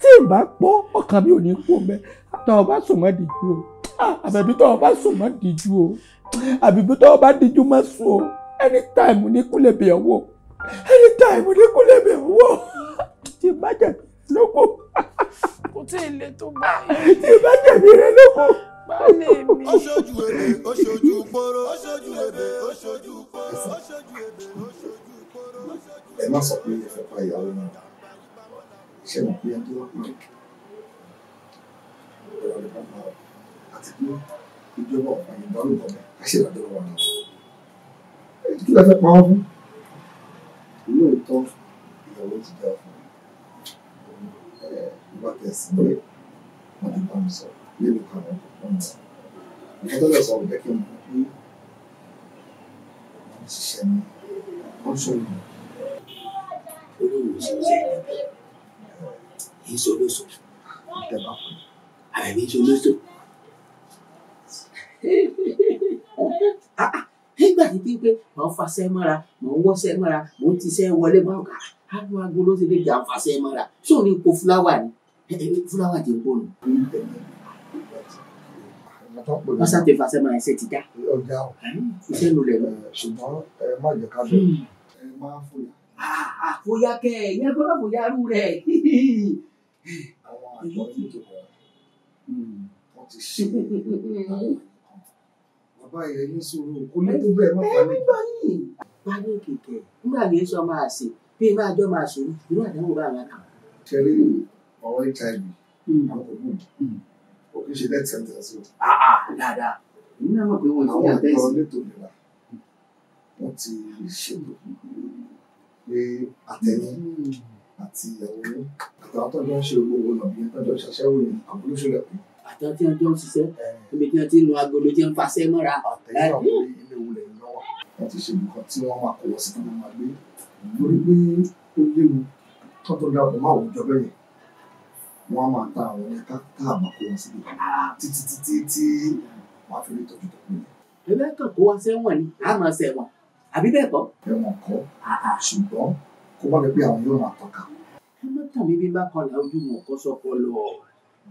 tí ì bá pọ̀ ọkàn mi ò ní kú mẹ́ àtọ̀ ọba sùnmọ́ dìjú o àbẹ̀bí tó o bá sùn má díjú o àbẹ̀bí tó o bá díjú má sùn o anytime ní kúlẹ̀ bẹ̀ wò anytime ní kúlẹ̀ bẹ̀ wò tí bá jẹ̀bi lóko. kò tí ì le tó báyìí. tí bá jẹ̀bi rẹ lóko. baálé mi. ó ṣojú èdè ó ṣojú poro ó ṣojú èdè ó ṣojú poro ó ṣojú èdè ó ṣojú poro ẹ má sọ pé ẹ fẹ́ pa ìyàwó náà ṣé mo pé ẹ tó wá pé tí ìjọba ọ̀fàyè bá lò bọ̀bẹ̀ á ṣe ìdájọ́ wọn lọ. kí la fẹ́ pa wọ́n fún. lóòótọ́ ìyàwó ti dá fún ìwà tẹ̀sí lórí wọn ti bá mi sọ lébi kan àwọn ọkùnrin mi. ìfọ́tọ́ lọ sọ ọ̀bẹ kí n mọ̀ pé wọ́n ti ṣiṣẹ́ ní wọ́n ṣọ́ ìmọ̀. olóòwò ṣe ń ṣe ìyẹn ìṣòlóṣò ìjọba kan àbẹ̀mí ìṣòlóṣò. Ah, ah, nígbà tí tí pé mọ̀ ń fasẹ́ mọ́ra mọ̀ ń wọ́sẹ́ mọ́ra mọ̀ ń tisẹ́ wọlé mọ́ ọ̀gá àwọn aago ti lè ń fasẹ́ mọ́ra ṣé òun ko fúláwà ni fúláwà ti ń bọ̀ nù. pásá tẹ fasẹ́ mọ́ra ẹsẹ̀ ti dá. iṣẹ́ ló lẹ̀ lọ. ṣùgbọ́n ẹ má jẹ ká bẹ̀ hmm. ẹ má fòyà. àfòyà ah, kẹ ẹ yẹn gbọ́dọ̀ rẹ. àwọn àgbọ̀ yìí tó hmm. ti ṣe é. <laughs> bàbá yẹn ní sùúrù kò ní tó bẹ́ẹ̀ mọ́ pàmì. ẹ̀mí báyìí báyìí kẹ̀kẹ́ nígbà yẹn sọ máa ṣe bí ẹ máa jọ máa ṣe irú àdánwò bá wa kàn. ṣẹlẹ̀ ọ̀rọ̀ hiv àkókò hmm. hmm. kò kí n ṣe death sentence o. Ah, ah, dáadáa èmi náà mọ̀ pé wọ́n ti yà bẹ́ẹ̀ sí. àwọn ọ̀rọ̀ lẹ́tọ̀ọ́ nira wọ́n ti ṣètò pé àtẹ̀yìn hmm. àti ìyàwó àtàwọn tó ń ṣe gbogbo ọ̀nà bí wọ́n tó ṣàṣẹ́wò yẹn àbúrò ṣọlẹ̀ kù àtàwọn tí wọn jọ ń ṣiṣẹ́ ibi tí wọn ti ń lo agolo tí wọn fasẹ́ mọ́ra. àtẹ̀yìn àwọn ilé ìwòlẹ̀ lọ́wọ́ wọn ti ṣe nǹkan tí wọ́n máa kó wọ́n sí kí wọ́n máa gbé lórí pé ó léwu tọ́tọ́ dá ọ̀dọ̀ máa wùjọ bẹ́ẹ̀ yẹn á máa ta àwọn ẹ̀yẹ káàbà kó wọ́n síbi títí títí tí wọ́n á fi rí tọ́jú tọ́jú yẹn. ẹ bẹ́ẹ̀ kó wá sẹ́wọ̀n ni a máa sẹ́wọ̀n àbí bẹ́ẹ̀ kọ́. ẹ̀wọ̀n kọ́ ṣùgbọ́n kó wọ́n lè pé àwọn yóò máa tọ́ka. ẹ má tàn mí bí bá kọlà ojú mọ̀ kọ́sọ́kọ́ lọ.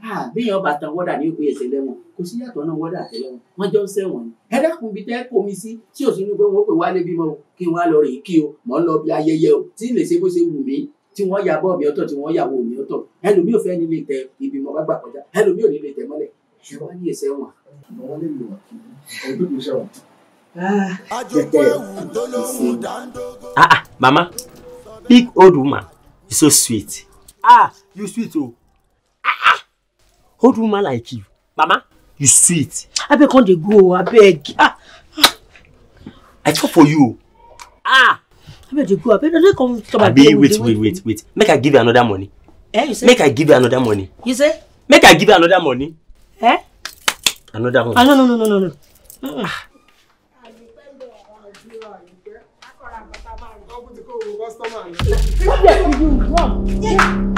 Ah, béèyàn bá tan wọ́dà ní òpin ẹ̀sẹ̀ lẹ́wọ̀n kò sí yàtọ̀ náà wọ́dà àtẹlẹ́wọ̀n wọ́n jọ ń sẹ́wọ̀n ni ẹ dákun bíi tẹ́ kó mi sí tí ò sí inú pé wọ́n pè wálé bímọ o kí wọ́n á lọ rèé kí o mọ̀ ń lọ bí ayẹyẹ o tí lè ṣe bó ṣe wù mí tí wọ́n ya bọ́ọ̀mì ọ̀tọ̀ tí wọ́n yàwó mi ọ̀tọ̀ ẹlòmíì ò fẹ́ nílé tẹ ibi mọ̀ bá gbà kọjá ẹlòmíì ò nílé tẹ mọ́lẹ̀ ẹ wá ní ẹsẹ̀ wọn. Ah. Ah, ah mama big old woman so sweet ah you sweet o. Oh old woman like you mama you sweet I beg on the go I beg. Ah, ah i talk for you ah I abeg the go I beg. no come stop abeg wait wait wait wait wait make i give you another money eh you say make i give you another money you say make i give you another money eh another one ah no no no no no no ah. Yeah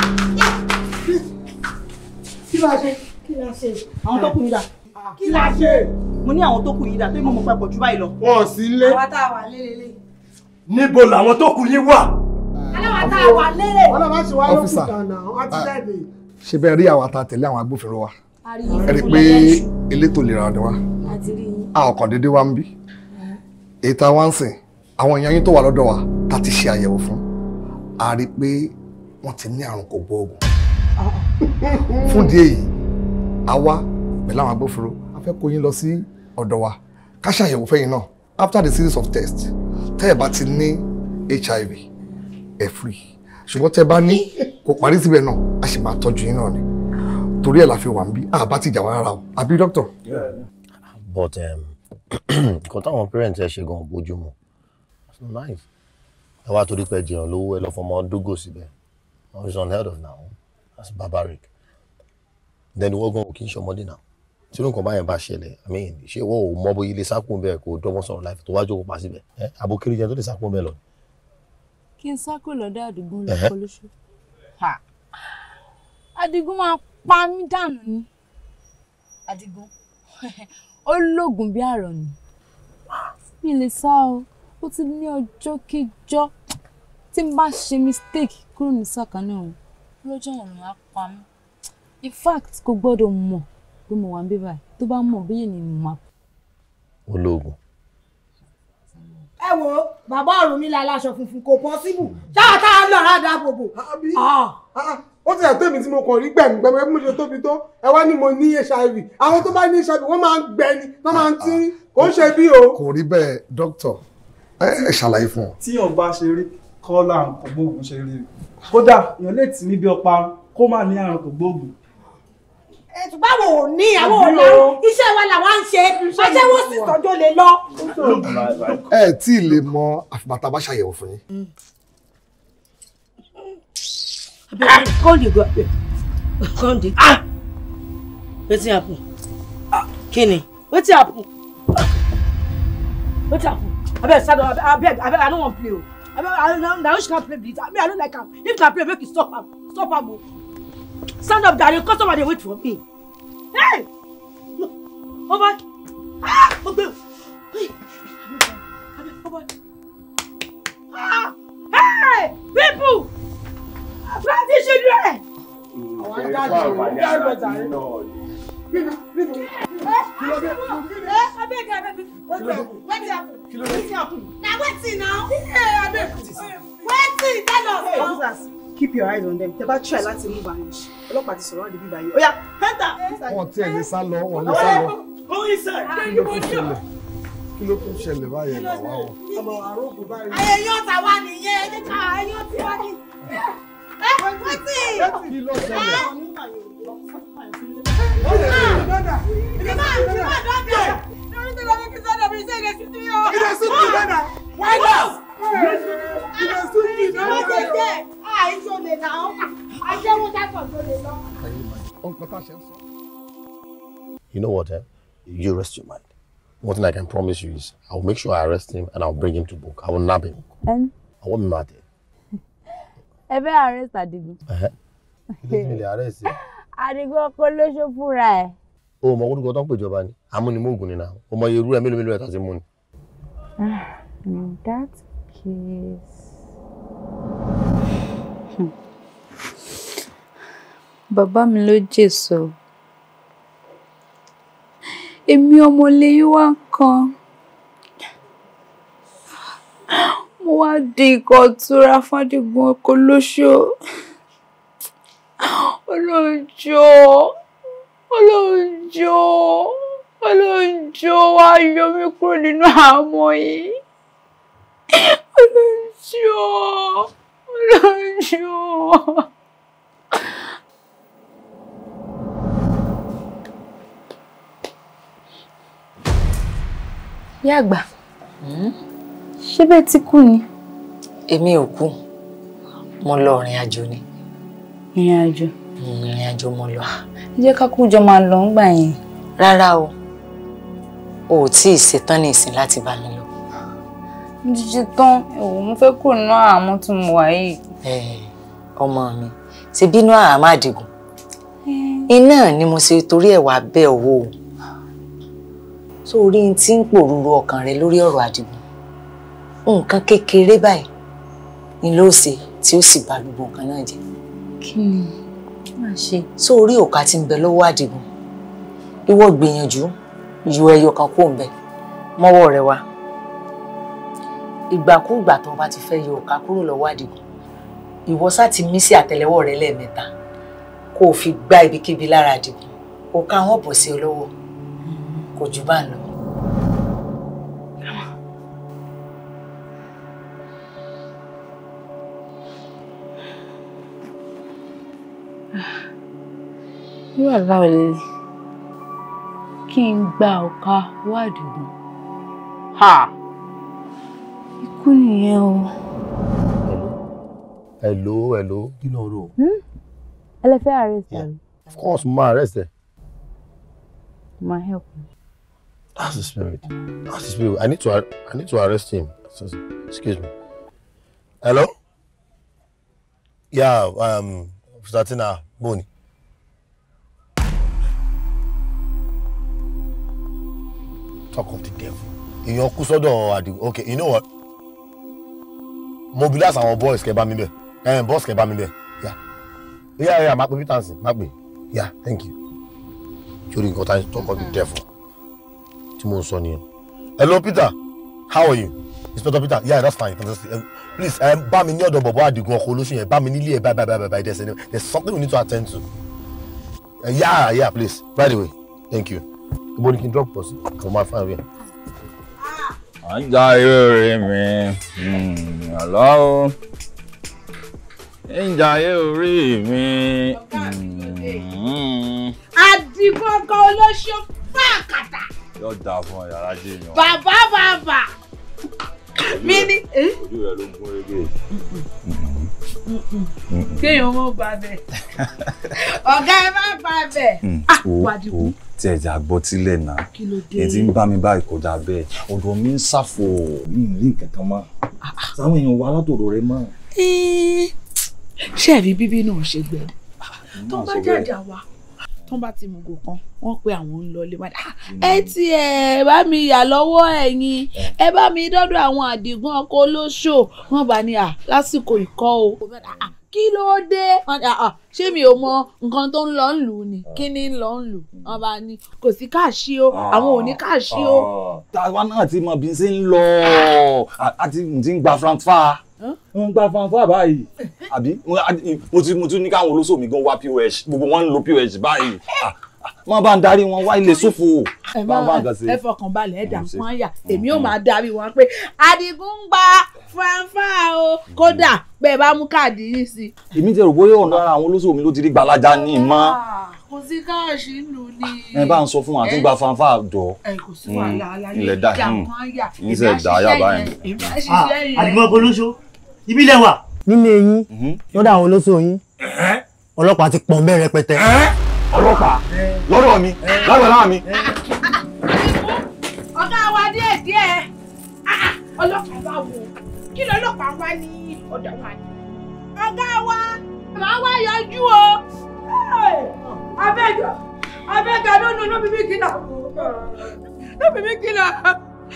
kí la ṣe kí la ṣe àwọn tó kù yìí dà kí la ṣe mo ní àwọn tó kù yìí dà tó yẹ mo mọ̀ papọ̀ jù báyìí lọ. wọn ò sí lé àwa tá a wà lélele. níbo làwọn tó kù yín wà. aláwa tá a wà lélẹ̀. ọlọ́wà ṣe wá lókùn kan náà wọ́n ti lẹ́bi. Ah, ṣe bẹ́ẹ̀ rí àwa tá a tẹ̀lé àwọn agbófinró wa ẹ rí i pé elétò ìlera ni wa a ọkàn déédéé wa ń bí èyí tá a wá ń sìn àwọn èèyàn yín tó wà lọ́dọ̀ wa tá a ti ṣe àyẹ̀wò fún a rí i pé wọ́n ti ní àrùn kò fún díẹ̀ yìí àwa pẹ̀lú àwọn agbófinró a fẹ́ kó yín lọ sí ọ̀dọ̀ wa ká ṣàyẹ̀wò fẹ́yìn náà after the series of tests tẹ́ ẹ̀ bá ti ní hiv ẹ̀ free ṣùgbọ́n tẹ́ ẹ bá ní kò parí síbẹ̀ náà a sì máa tọ́jú yín náà ni torí ẹ̀ la fi wà ń bí àbá ti jà wá rárá o àbí dókítà. but um, <clears throat> nǹkan táwọn parents ẹ ṣe gan-an bójú mu ẹ wá torí pé jẹun lówó ẹ lọ fọmọ dógò síbẹ̀ it's unheard of now that's barbaric then wọ́n gan òkè ìṣọmọdé náà tí ló ń kàn báyẹn bá ṣẹlẹ̀ i mean ṣé ìwọ ò mọ bóyá ilé sákùn bẹ́ẹ̀ kò dọ́gbọ́n sọ̀rọ̀ láìpẹ́ tó wá jókòó pa síbẹ̀ ẹ abo kiri jẹ tó lè sákùn bẹ́ẹ̀ lọ. kí n sákò lọ́dọ̀ àdìgún lọ́kọ́ lóṣù àdìgún máa pa mí dànù ni àdìgún <laughs> ó lóògùn bí àrọ̀ ni mi lè sá o ó ti ní ọjọ́ kíjọ́ tí n bá ṣe mistake kúrò ní sàkánná òun lọ́jọ́ ọ̀run á pa mí in fact kò gbọ́dọ̀ mọ̀ pé mo wà ń bí báyìí tó bá mọ̀ bí ènìyàn mo máa. olóògùn. ẹ wo bàbá ọ̀run mi la aláṣọ funfun kò pọ́síbù ṣáà tá a lọ ara dáàbòbò. àbí ah. ó ti yàtọ̀ èmi tí mo kàn rí gbẹ̀ngbẹ̀mọ ẹ mú ṣe tóbi tó ẹ wá ní mo ní hiv àwọn tó bá ní hiv wọ́n máa ń gbẹ wọ́n máa ń tí kò ń ṣe bí o. kò rí bẹ́ẹ̀ dókítà ẹ ṣàlàyé fún ọ. tí ọba ṣe rí kọ́lá nǹkan gbóògùn ṣe rí kódà èèyàn lè tì mí bí ọ̀pá kó má ní àrùn kògbóògùn. ẹ̀tù báwo ò ní àwọn ọ̀la iṣẹ́ wa làwa ń ṣe ọjọ́ wo sì tọ́jú lè lọ. ẹ tí ì lè mọ àfibàtà bá ṣàyẹ̀wò fún yín. kọ́ńdé mm. kọ́ńdé ah! wetin happen ah, kini wetin happen ah! wetin happen abeg sadu abeg abeg i no wan play o. I mean, now she can't play with it. I mean, I don't like him. If you can play, make you stop him? Stop him, o. Stand up, darling. Customer, somebody. wait for me. Hey! No. Oh boy. Ah! Oh boy. Hey! Oh boy. Ah! Hey! People! Plenty children! Àwọn adájọ́ ìdájọ́ ìdájọ́. Bíbí bíbí. Kí ló dé? Ẹ abeg abeg. Wetin happen? Kí ló dé? Wetin happen? Na wetin na? Ẹ abeg. Wetin tell us? Officers keep your eyes on them. Tẹ́ bá try láti move and reach. Ọlọ́pàá ti sọ̀rọ̀ ọ́ di bíbá yìí. Oya enter. Wọ́n tiẹ̀ lè sá lọ, wọ́n lè sá lọ. Go inside. Kí ló tún ṣẹlẹ̀ báyẹn bàbá wọn? Ọmọ àrùn kò bá rí. Ayẹyẹ ọ̀tá wa nìyẹn, ẹni ká ayẹyẹ ọ̀tí wa ni. Ẹ wọ́n ti. Kí ló ṣẹlẹ̀? You know what, eh? You rest your mind. One thing I can promise you is I will make sure I arrest him and I'll bring him to book. I will nab him. And? I won't be mad. Ever arrest Adigun? Uh-huh. You arrest him. Àdìgún ọkọ lóṣó fúnra ẹ̀. O mọ orúkọ tó ń pèjọba ni, amúnimóògùn ni náà, o mọ irú ẹ̀ mélòó mélòó ẹ̀ tó ti mú ni. Ah, in that case. Hmm. Bàbá mi ló jèso. Èmi ọmọ lẹ́yìn wá kan. Mo wá di ìkọ̀ tura fún Àdìgún ọkọ olóòjọ́ olóòjọ́ olóòjọ́ wá yọ mí kúrò nínú àmọ́ yìí olóòjọ́ olóòjọ́. Ìyá hmm? ṣé bẹ́ẹ̀ ti kú ni? Èmi ò kú, mo lọ rìn àjò ni ìrìn àjò. ìrìn àjò mo lọ. jẹ́ ká kú jọ máa lọ ńgbà yẹn. rárá o o ò tí ì ṣetán ní ìsìn láti bá mi lọ. mo ti ṣe tán ẹ̀wò mo fẹ́ kúrò nínú àhámọ́ tí mo wà yìí. ọmọ mi ti bínú àhámọ́ àdìgún iná ni mo ṣe torí ẹ̀ wá bẹ́ẹ̀ wò ó sórí n tí ń pòrúru ọkàn rẹ lórí ọ̀rọ̀ àdìgún nǹkan kékeré báyìí ni ló ṣe tí ó sì bà gbogbo nǹkan náà jẹ́ kí ni máa ṣe. tó orí òka ti ń bẹ lọ́wọ́ àdìgún ìwọ gbìyànjú yọ ẹyọ kan kó ń bẹ mọ́wọ́ rẹ wá ìgbàkúùgbà tó bá ti fẹ́ yọ òka kúrò lọ́wọ́ àdìgún ìwọ sá ti mí sí àtẹ́lẹwọ́ rẹ lẹ́ẹ̀mẹ́ta kó o fi gbá ibikíbi lára àdìgún òka wọn bọ̀ sí ọ lọ́wọ́ kò jù bá lọ. irú àlá ò lè kí n gba ọ̀ka wá àdìgún ikú nìyẹn o. hello hello kí ló ń rò. Hmm? ẹ lè fẹ́ arrest ẹ. of course mo máa arrest ẹ. ma help me. that's the spirit that's the spirit i need to i need to arrest him excuse me hello yeah um. Susatina bò ni. Talk of the devil. Èèyàn kú sọ́dọ̀ Okay, you know what? Mobilize our boys kẹ́ bá mi bẹ̀. Eh, boss kẹ́ bá mi Yeah, Yà. Yà yà máa pe Peter Hansen, máa thank you. Sori nǹkan tá a talk of the devil. Tí mo ń sọ Hello Peter, how are you? inspector peter yeah that's fine fantastic um, please um, bá mi ní ọ̀dọ̀ bọ̀bọ̀ àdìgún ọkọ̀ olóṣù yẹn bá mi nílé ẹ̀ bye bye bye bye bye there's, any, there's something we need to attend to uh, yeah yeah please by the way thank you ibo ni kí n drop pọ̀ sí mo máa fún àwẹ̀. ajá eré mi àlọ́ o ìjà eré mi. àdìgún ọkọ̀ olóṣù pàkàtà. yóò dáa fún ọ yàrá jẹ́ èèyàn. bàbá bàbá mi ni. Eh? ojú rẹ ló gún régé. kéèyàn mọ bá bẹ ọgá ẹ má bá bẹ. Hmm. Ah, oh, wàdìbò oh, tí ẹ jà gbọ́ tílẹ̀ náà ẹ ti ń bá mi báyìí kọjá bẹ́ẹ̀ ọ̀dọ̀ mi ń ṣàfò mi ì rí nǹkan kan mọ́ sáwọn èèyàn wa látọ̀dọ̀ rẹ mọ́. Eh, ṣé ẹ̀rí bíbí náà ṣe gbẹ ah, tó bá jàjà wa tán bá ti mùgò kan wọ́n pe àwọn ń lọlé wá ah, ẹ ti ẹ bá mi yà lọ́wọ́ ẹ̀yin ẹ bá mi dọ́dọ̀ àwọn àdìgún ọkọ olóṣò wọ́n bá ní à ah, lásìkò ìkọ́ o ah, kí ló dé ṣé mi ò mọ nǹkan tó ń lọ ń lù ni kí ni ń lọ ń lù wọ́n bá ní kò sí káàṣí o àwọn ò ní káàṣí o. táwa náà ti mọ bí n ṣe ń lọ àti ti ń gba franfa ń gba fanfa báyìí. àbí mo ti mo ti ní káwọn olóṣò mi gan wá pos gbogbo wọn ń lo pos báyìí ah, ah, wọn bá ń darí wọn wá ilé ṣòfò. ẹ má ẹ fọkàn balẹ̀ ẹ dà wọ́n yà mm, èmi ò mm. máa darí wọn pé Adigun ń gba fanfa o kódà bẹ́ẹ̀ bá mú káàdì yìí sí. èmi ti rò bóyá ọ̀nà àwọn olóṣò mi ló ti rí gbalaja ní ah, ìmọ̀ kò sí káàṣì nù ni. ẹ bá ń sọ fún wa tó gba fanfa dọ. ẹ kò sí wàhálà aláyé ìjà kan yà ìbáṣiṣẹ́ yẹn ìbáṣiṣẹ́ yẹn ibi lẹ wà. nílé yín mhm. lọ́dọ̀ àwọn olóṣó yín ọlọ́pàá ti pọ̀ mẹ́rin rẹpẹtẹ. ọlọ́pàá lọ́dọ̀ mi lágbàá náà mi. ọ̀gá wa díẹ̀ díẹ̀ ah, ah, ọlọ́pàá bá wò kí lọ́lọ́pàá wá ní ọ̀dọ̀ wa ni. ọ̀gá wa màá wá yọjú o. abẹ́jọ́ abẹ́jọ́ ló nu lóbi mi kìlà. lóbi mi kìlà.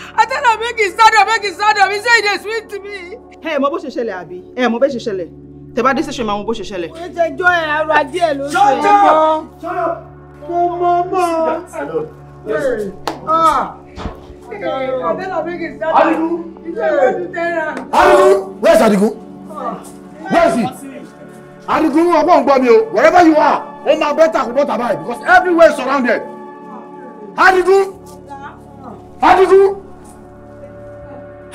I tell her make it sad, make it stand up. He say they sweet to me. Ẹ mọ bó ṣe ṣẹlẹ̀ àbí? Ẹ mọ bó ṣe ṣẹlẹ̀? Tẹ̀bá dé ṣẹṣẹ̀ máa mọ bó ṣe ṣẹlẹ̀. Wọ́n ti jọ ẹ̀ arọ ajé ẹ̀ ló ṣe. Ṣọ́jọ́! Ṣọ́jọ́! Mo mọ mọ. Ah. Adigun! Where's Adigun? Ah. Where's he? Adigun ọgbọ́n gbọ́ mi o, wherever you are, ó máa bẹ́tà kó bọ́tà báyìí because everywhere surrounded. Ah. Adigun! Adigun!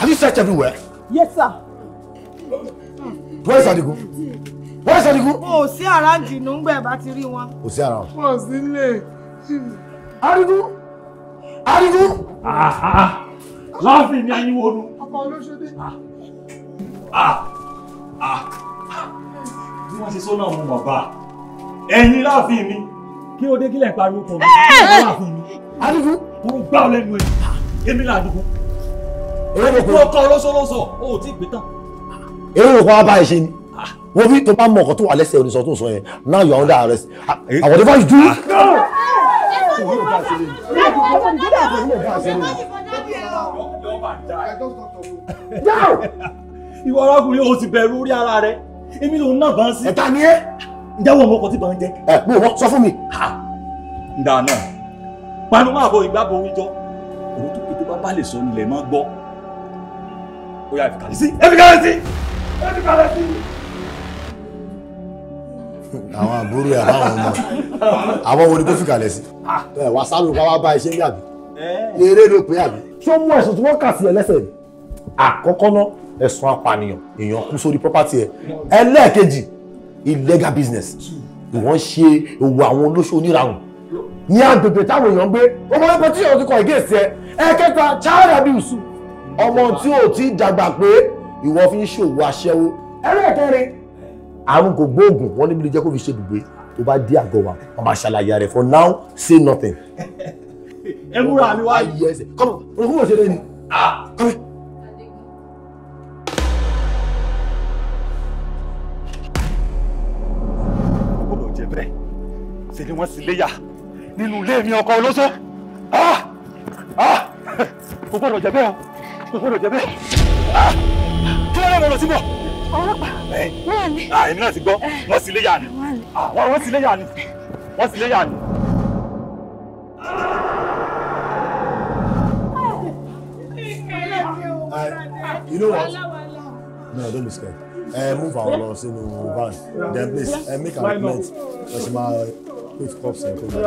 Have you searched everywhere? Yes, sir. Where is Adigun? Where is Adigun? Oh, see around nù ńgbẹ́ bá ti rí wọn. Ó sí around. Ó sí nílé. Adigun! Adigun! Láàfin Ah, ayín wọnú. Ọmọ olóṣèdè. Bí wọ́n ṣe sọ́nà ọmọ bàbá, ẹ̀yin láàfin mi. Kí ló dé kílẹ̀ pariwo kan mi? Láàfin mi. Adigun! Mo gbá ọ lẹ́nu ẹ̀. Èmi làdùkú èyí kò kọ́ lọ́sọ̀lọ́sọ̀ o ò tí ì gbé tán. èyí kò wá bá ẹ ṣe ni ah. wọ́n fi tó bá mọ ọkọ̀ tó wà lẹ́sẹ̀ oníṣọ́ tó ń sọ yẹn now you are under arrest and whatever you do. ìwọ arákùnrin o ti bẹ̀rù orí ara rẹ èmi lòun náà bá ń sí. ẹ̀ta ni ẹ́. ǹjẹ́ wọ́n mọ ọkọ̀ tí bá ń jẹ. ẹ mo wọ sọ fún mi. Ah. ǹda náà panu máa bọ ìgbàbọ̀ orí jọ òun tó kété bá bá lè sọ nílẹ̀ máa gbọ́ ó yá ìfikàlẹ̀ sí ìfikàlẹ̀ sí ìfikàlẹ̀ sí. àwọn àbúrò ẹ̀ báwọn ọmọ àwọn wo ni kò fìkàlẹ̀ sí. Ah. ẹ wà sáré òkú wa bá iṣẹ́ ní àbí eré ló pé àbí. ṣé ó mú ẹ̀sùn tí wọ́n kà sí ẹlẹ́sẹ̀ mi àkọ́kọ́ náà ẹ̀sùn apànìyàn èèyàn kú sórí property ẹ̀ ẹlẹ́ẹ̀kejì illegal business ìwọ́n ṣe òwò àwọn olóṣù oníràwọ̀n ní agbègbè táwọn èèyàn gbé ọmọ ẹgbẹ́ tí ìyàwó ti kọ ìgé ìsẹ́ ẹ̀kẹta child abuse ọmọ tí ò tí dàgbà pé ìwọ fi ń ṣòwò aṣẹ́wó. ẹlẹ́kẹ̀rin. àrùn kò gbóògùn wọn níbi lè jẹ́ kó fi ṣe bùgbé tó bá dé àgọ́ wa wọn máa ṣàlàyé rẹ̀ for now say nothing. ẹ múra mi wá yí ẹsẹ̀ kọ́mọ òun kúrò ṣe lé ni. kọ́mọ. Ah. gbọ́dọ̀ jẹ bẹ́ẹ̀ ṣe ni wọ́n sì léyà nínú ilé mi ọkọ olóṣó. Ah. Ah. kò gbọ́dọ̀ jẹ bẹ́ẹ̀ o kò jẹ bẹ́ẹ̀. kí ló dé mo lọ sí bọ̀. ọlọ́pàá wà ní. náà ti gbọ́ wọ́n sì léyà ah, ni wọ́n sì léyà ni wọ́n sì léyà ni. You know what? No, don't be scared. Uh, move our laws in the van. Then please uh, make an appointment. That's my quick cops and come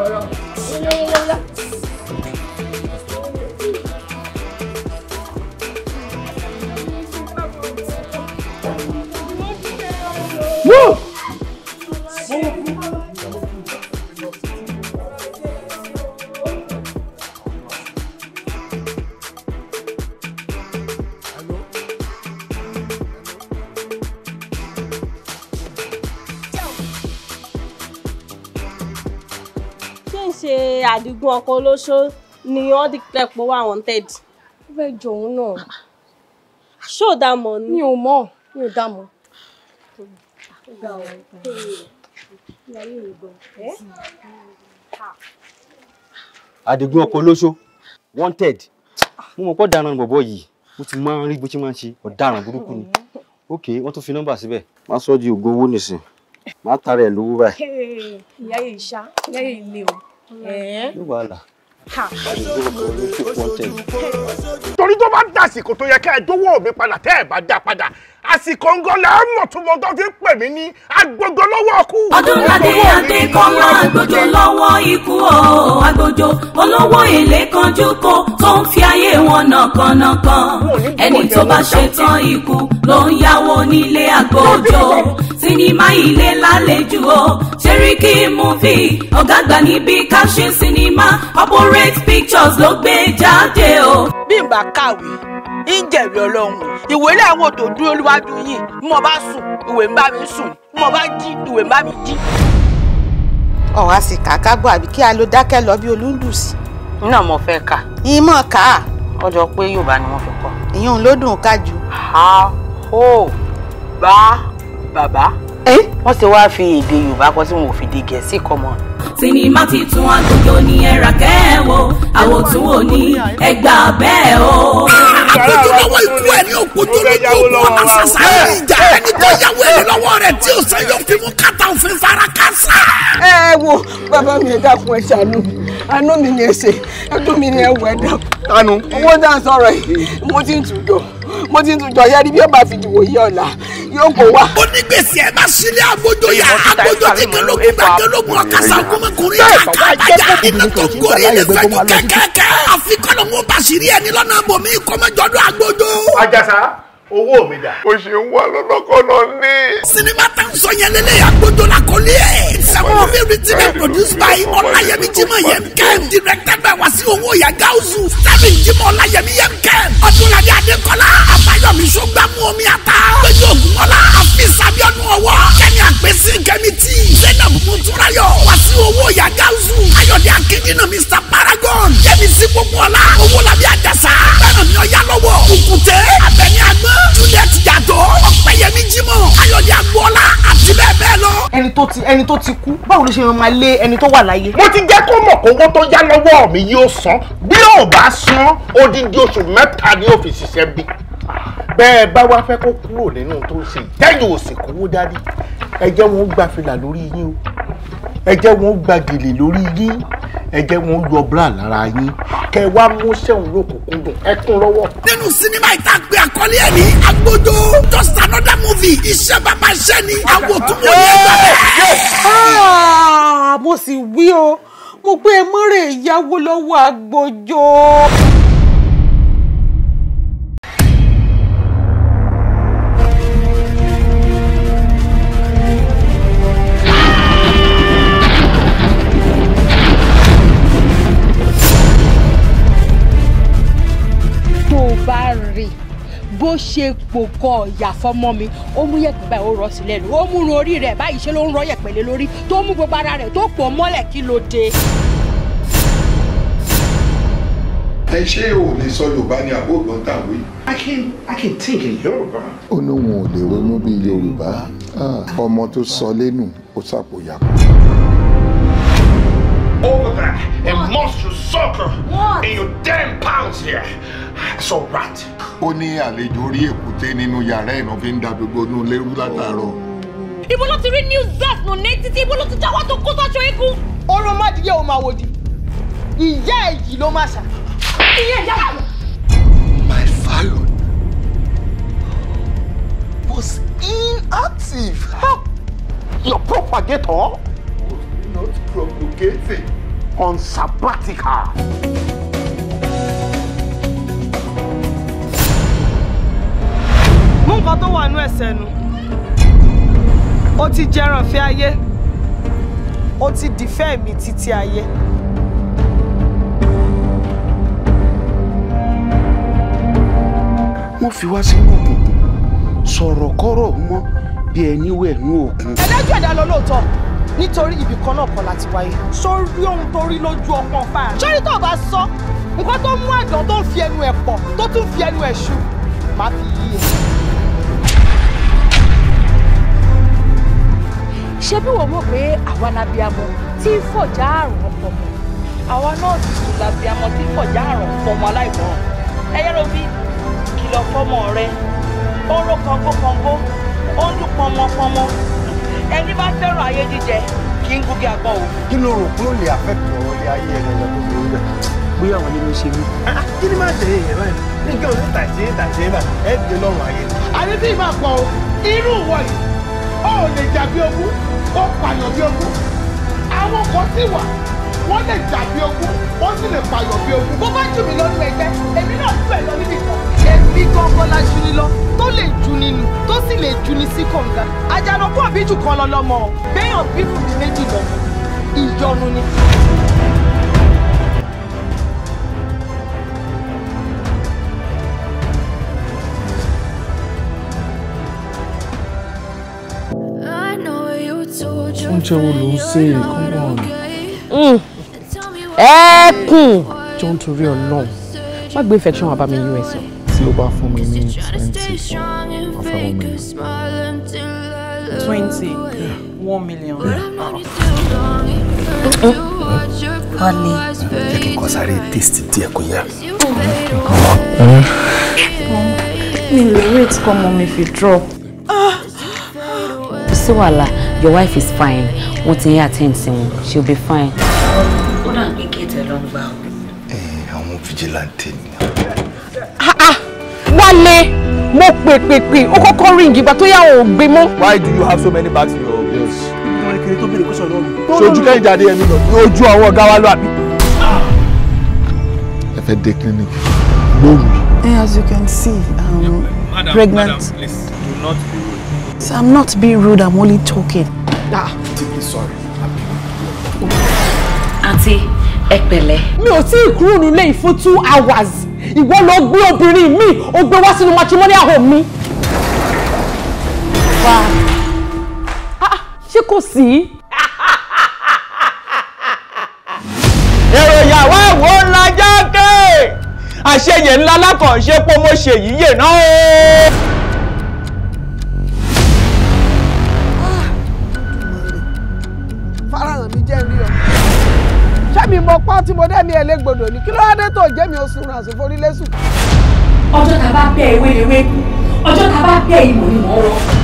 back. Woo! ṣe àdìgún ọkọ olóṣó ni wọn di pẹpọ wà wanted. ó fẹ́ jọ òun náà. ṣó o dá mọ̀ ni. mi ò mọ̀ mi ò dá mọ̀ ga ọ ọkọ olóṣó wanted mo mọ̀ pọ̀ daran bọ̀bọ̀ yìí mo ti máa ń rí bó ṣe máa ń ṣe ọ̀daràn burúkú ni ok wọ́n tún fi nọ́mbà síbẹ̀. má sọ di ògo owó nìsín má tara ẹ̀ lówó báyìí. ìyá yìí ṣá ìyá yìí le o. yóò wà torí tó bá dàsìkò tó yẹ ká ẹ dówó mi padà tẹ́ ẹ bá dá padà àsìkò ń gan la mọ̀ tó mọ tó fi pè mí ní agbójó lọ́wọ́ ikú. ọdúnládé adékọ́lá agbójó lọ́wọ́ ikú o agbójó olówó èlé kanjú kó tó ń fi ayé wọn nàkànnàkàn ẹni tó bá ṣetán ikú ló ń yáwó nílé agbójó sinimá ilé lálejò o ṣeríkì múfì ọ̀gá àgbà níbi ká sinimá operate pictures ló gbé jáde o. bí n bá kàwé ń jẹ̀rì ọlọ́run ìwé làwọn tó dúró lọ́wọ́ gbádùn yìí mo bá sùn ìwé ń bá mi sùn mo bá jí ìwé ń bá mi jí. ọ̀hún a sì kà á kágbọ́ àbí kí a ló dákẹ́ lọ bí olúndùsì. iná mo fẹ́ kà. ìmọ̀ kà á. ọjọ́ pé Yorùbá ni wọ́n fi kọ́. ìyún ló dùn ká jù. a ó bá bàbá. wọ́n ti wá fi èdè Yorùbá kọ́ sí wọn ò fi èdè Gẹ̀ẹ́sì kọ́ mọ́ sinimá ti tún àgbègbè òní ẹ̀rà kẹ́ẹ̀wò àwòtún òní ẹgbà bẹ́ẹ̀ o. àtúntúbí lọ́wọ́ ikú ẹni ògbótó lójú ogun ọ̀nà ìjà ẹni tó yàwó ẹni lọ́wọ́ rẹ̀ tí ò sàn yọ fífún kàtà òfin fara kásá. ẹ ẹ wo bàbá mi ẹ dákun ẹ ṣàánú àánú mi ni ẹ ṣe ẹdún mi ni ẹ wọ ẹ dákun. tanu owó dáhùn sọ̀rọ̀ yìí mo ti ń tù jọ mo ti tún jọ yẹrí bí ó bá fi dìbò yí ọ̀la yóò kó wa. ó ní gbèsè ẹ má sílé agbójó yá agbójó tí kẹlógún gbà kẹlógún ọkàsá ọkọmọkùnrin iná tó ń gorí ilé fẹjú kẹkẹkẹ àfikọ́nà wọn bá sírí ẹni lọ́nà bòmí kọ́mọjọ́dún agbójó. ajásá owó mi dà. o ṣe ń wá lọ́lọ́kọ́ náà ní. sinimá tá n sọ yẹn lélẹ̀ àgbójọ la kọ́lé ẹ̀. sẹ́wọ̀n fíìmù ti bẹ̀ produced by ọláyẹmí jimoh yẹn kẹ́m. directed by wasiu owó yẹn gáúsù. sábì jimoh ọláyẹmí yẹn kẹ́m. ọdúnladé adékọlá àbáyọmí sọgbàmù omi ata. péjọ ògùnmọ́lá àfisàbíọ́nù ọwọ́. kẹ́mi àgbèsí kẹ́mi tí. zainab muturayọ wasiu owó yẹn mr paragon. kẹ́mi sí gbogbo ọ̀la owó làbí àjàsà. fẹ́ràn mi ọ̀yá Juliet Jàdó Ọ̀pẹ̀yẹmí Jímọ̀ Ayọ̀dé Agboola àti bẹ́ẹ̀ bẹ́ẹ̀ lọ. ẹni tó ti ẹni tó ti kú báwo ló ṣe máa lé ẹni tó wà láyé. mo ti jẹ́ kó mọ̀ kó owó tó yá lọ́wọ́ mi yóò san bí ò bá san odidi oṣù mẹ́ta ni yóò fi ṣiṣẹ́ bí bẹ́ẹ̀ bá wá fẹ́ kó kúrò nínú tó ṣe jẹ́yìn òsìnkú wó dádì ẹ jẹ́ wọn ó gbàfilà lórí yín o ẹ jẹ́ wọn gba gèlè lórí yín ẹ jẹ́ wọn yọ bra lára yín kẹ wá mú sẹ́wọ̀n lókùnkùn dùn ẹ kún lọ́wọ́. nínú sinimá ìta àkọlé ẹ agbójó just another movie iṣẹ́ bàbá iṣẹ́ ni àwọn òkú mo ní ẹgbẹ́ bẹ́ẹ̀. Ah, mo sì wí o mo gbé e mọ́rẹ̀ ìyàwó lọ́wọ́ agbójó. bó ṣe pòkọ ìyà fọmọ mi ó mú yẹ̀pẹ̀ báyìí ó rọ sí lẹ́nu ó mú orí rẹ̀ báyìí ṣe ló ń rọ yẹ̀pẹ̀ lé lórí tó mú gbogbo ara rẹ̀ tó pọ̀ mọ́lẹ̀ kí ló dé. ẹ ṣé o lè sọ yorùbá ní àbóògbọ́n tàwé. I can I can think in Yorùbá. ó ò lè ronú bí yorùbá ah, ọmọ tó sọ lẹ́nu ó sàpòyàpò. Over there, a monstrous Soccer. What? in your damn pounds here. So rat. Ó ní àlejò orí èkúté nínú yàrá ẹ̀nà fi ń da gbogbo inú lérú látàárọ̀. Ìwọ oh. ló ti rí new zealand nù ní títí ìwọ ló ti jáwọ́ tó kó sọ́ṣọ eégún. Oró má dìde o máa wòdì. Ìyá èyí ló máa ṣà. Ìyá ìyá rẹ̀. My Fallon was inactive. Your propagator? Was not propagating on sabbatical. mú nǹkan tó wà nú ẹsẹ̀ nu ó ti jẹran fẹ́ ayé ó ti dìfẹ́ mi titi ayé. wọ́n fi wá sí kùkùn sọ̀rọ̀ kọ́rọ̀ mọ́ bí ẹni wẹ̀ ní òkun. lọ lóòótọ́ nítorí ibì kan náà kọ́ láti wáyé sórí ohun tó rí lójú ọpọ́n fáà. sórí tó bá sọ nǹkan tó mú àgbọn tó ń fi ẹnu ẹ̀ pọ̀ tó tún fi ẹnu ẹ̀ ṣù má fi yí ẹ. ṣé bí wọ́n mọ̀ pé àwa la bí amọ̀ tí ń fọ̀já àrùn ọ̀pọ̀ mọ̀ àwa náà sì sùn la bí amọ̀ tí ń fọ̀já àrùn ọ̀pọ̀ mọ̀ aláìmọ̀ràn ẹyẹ ló bí kìlọ̀ fọ́mọ rẹ ó ró kọ̀ǹgó kọ̀ǹgó ó ń dún pọnmọpọnmọ ẹni bá fẹ́ràn ayé jíjẹ kí n gúgé agbọ́ o. kí ló rò kúrò lè àfẹ́kù ọ̀rọ̀ lè ayé ẹni ẹ̀yà tó fi rẹ̀ bóyá àwọn nínú ṣe mí. Ah, ah, kí ni máa ṣe èèyàn báyìí nígbà òní tàṣe tàṣe bá ẹ dé lọ́rùn ayé. àyè tí ì máa pọ̀ o irú ìwọ yìí ó lè jà bí ogún ó pààyàn bí ogún àwọn kan sì wà wọ́n lè jà bí ogún wọ́n sì lè pààyàn bí ogún. bó bá jù mí lọ́dún ẹgbẹ́ èmi náà jù ẹ̀ lọ níbi kan èmi gangan la jù ni lọ tó lè jù ni nù tó sì lè jù ni sí kànga àjànàkú àbí jù kan lọ lọmọ ọ bí fùdí méjì lọ ìyọnu ni. oúnjẹ wo ló ń ṣe nǹkan náà. ẹkùn. jọ ń torí ọ náà má gbé infection wá bá mi us o tí ó bá fún mi ní twenty àfàwọn million. twenty one million. Honey. Jẹ́ kí n kọ́ sáré taste díẹ̀ kó yá. Mm-hmm. Mm-hmm. Mi lè mi fi drop. Ah. Sí wàhálà, your wife is fine. What in ń attend She'll be fine. Ó dà ń gbé gate ẹ̀ lọ́gbà. Eh, àwọn fìjìláńtì ni le mo pè pè pè ó kọ́kọ́ ríǹgì ìgbà tó yà ò gbé mọ́. why do you have so many bags in your ears. ìrìnkiri tó bèrè kó sọ̀rọ̀ lọ́rùn. sojú kẹ́hìn jáde ẹ̀mí lọ ojú àwọn ọ̀gá wa lọ àbí. ẹ fẹ́ dé clinic lóru. Eh, as you can see I'm um, madam, pregnant. madam please do not be rude. so I'm not being rude I'm only talking. ah deeply sorry. Auntie, Ekpele. pẹ̀lẹ́. mi ò tí ì kúrò nílé yìí fún two hours ìwọ ló gbé obìnrin mi ó gbé wá sínú matrimonial home mi. wá ah, ah, ṣé kò sí. èrò ìyàwó àwọ̀ ńlá jákè àṣeyẹ ńlá lákànṣe pé mo ṣèyí yè náà. ọ̀pọ̀ tí mo dẹ́ mi ẹ̀ légbodò ni kí ló dé tó jẹ́ mi oṣù ràn sí forí lẹ́sùn. ọjọ́ ta bá bẹ́ ewé ewé ọjọ́ ta bá bẹ́ ìmọ̀ ìmọ̀ rọ.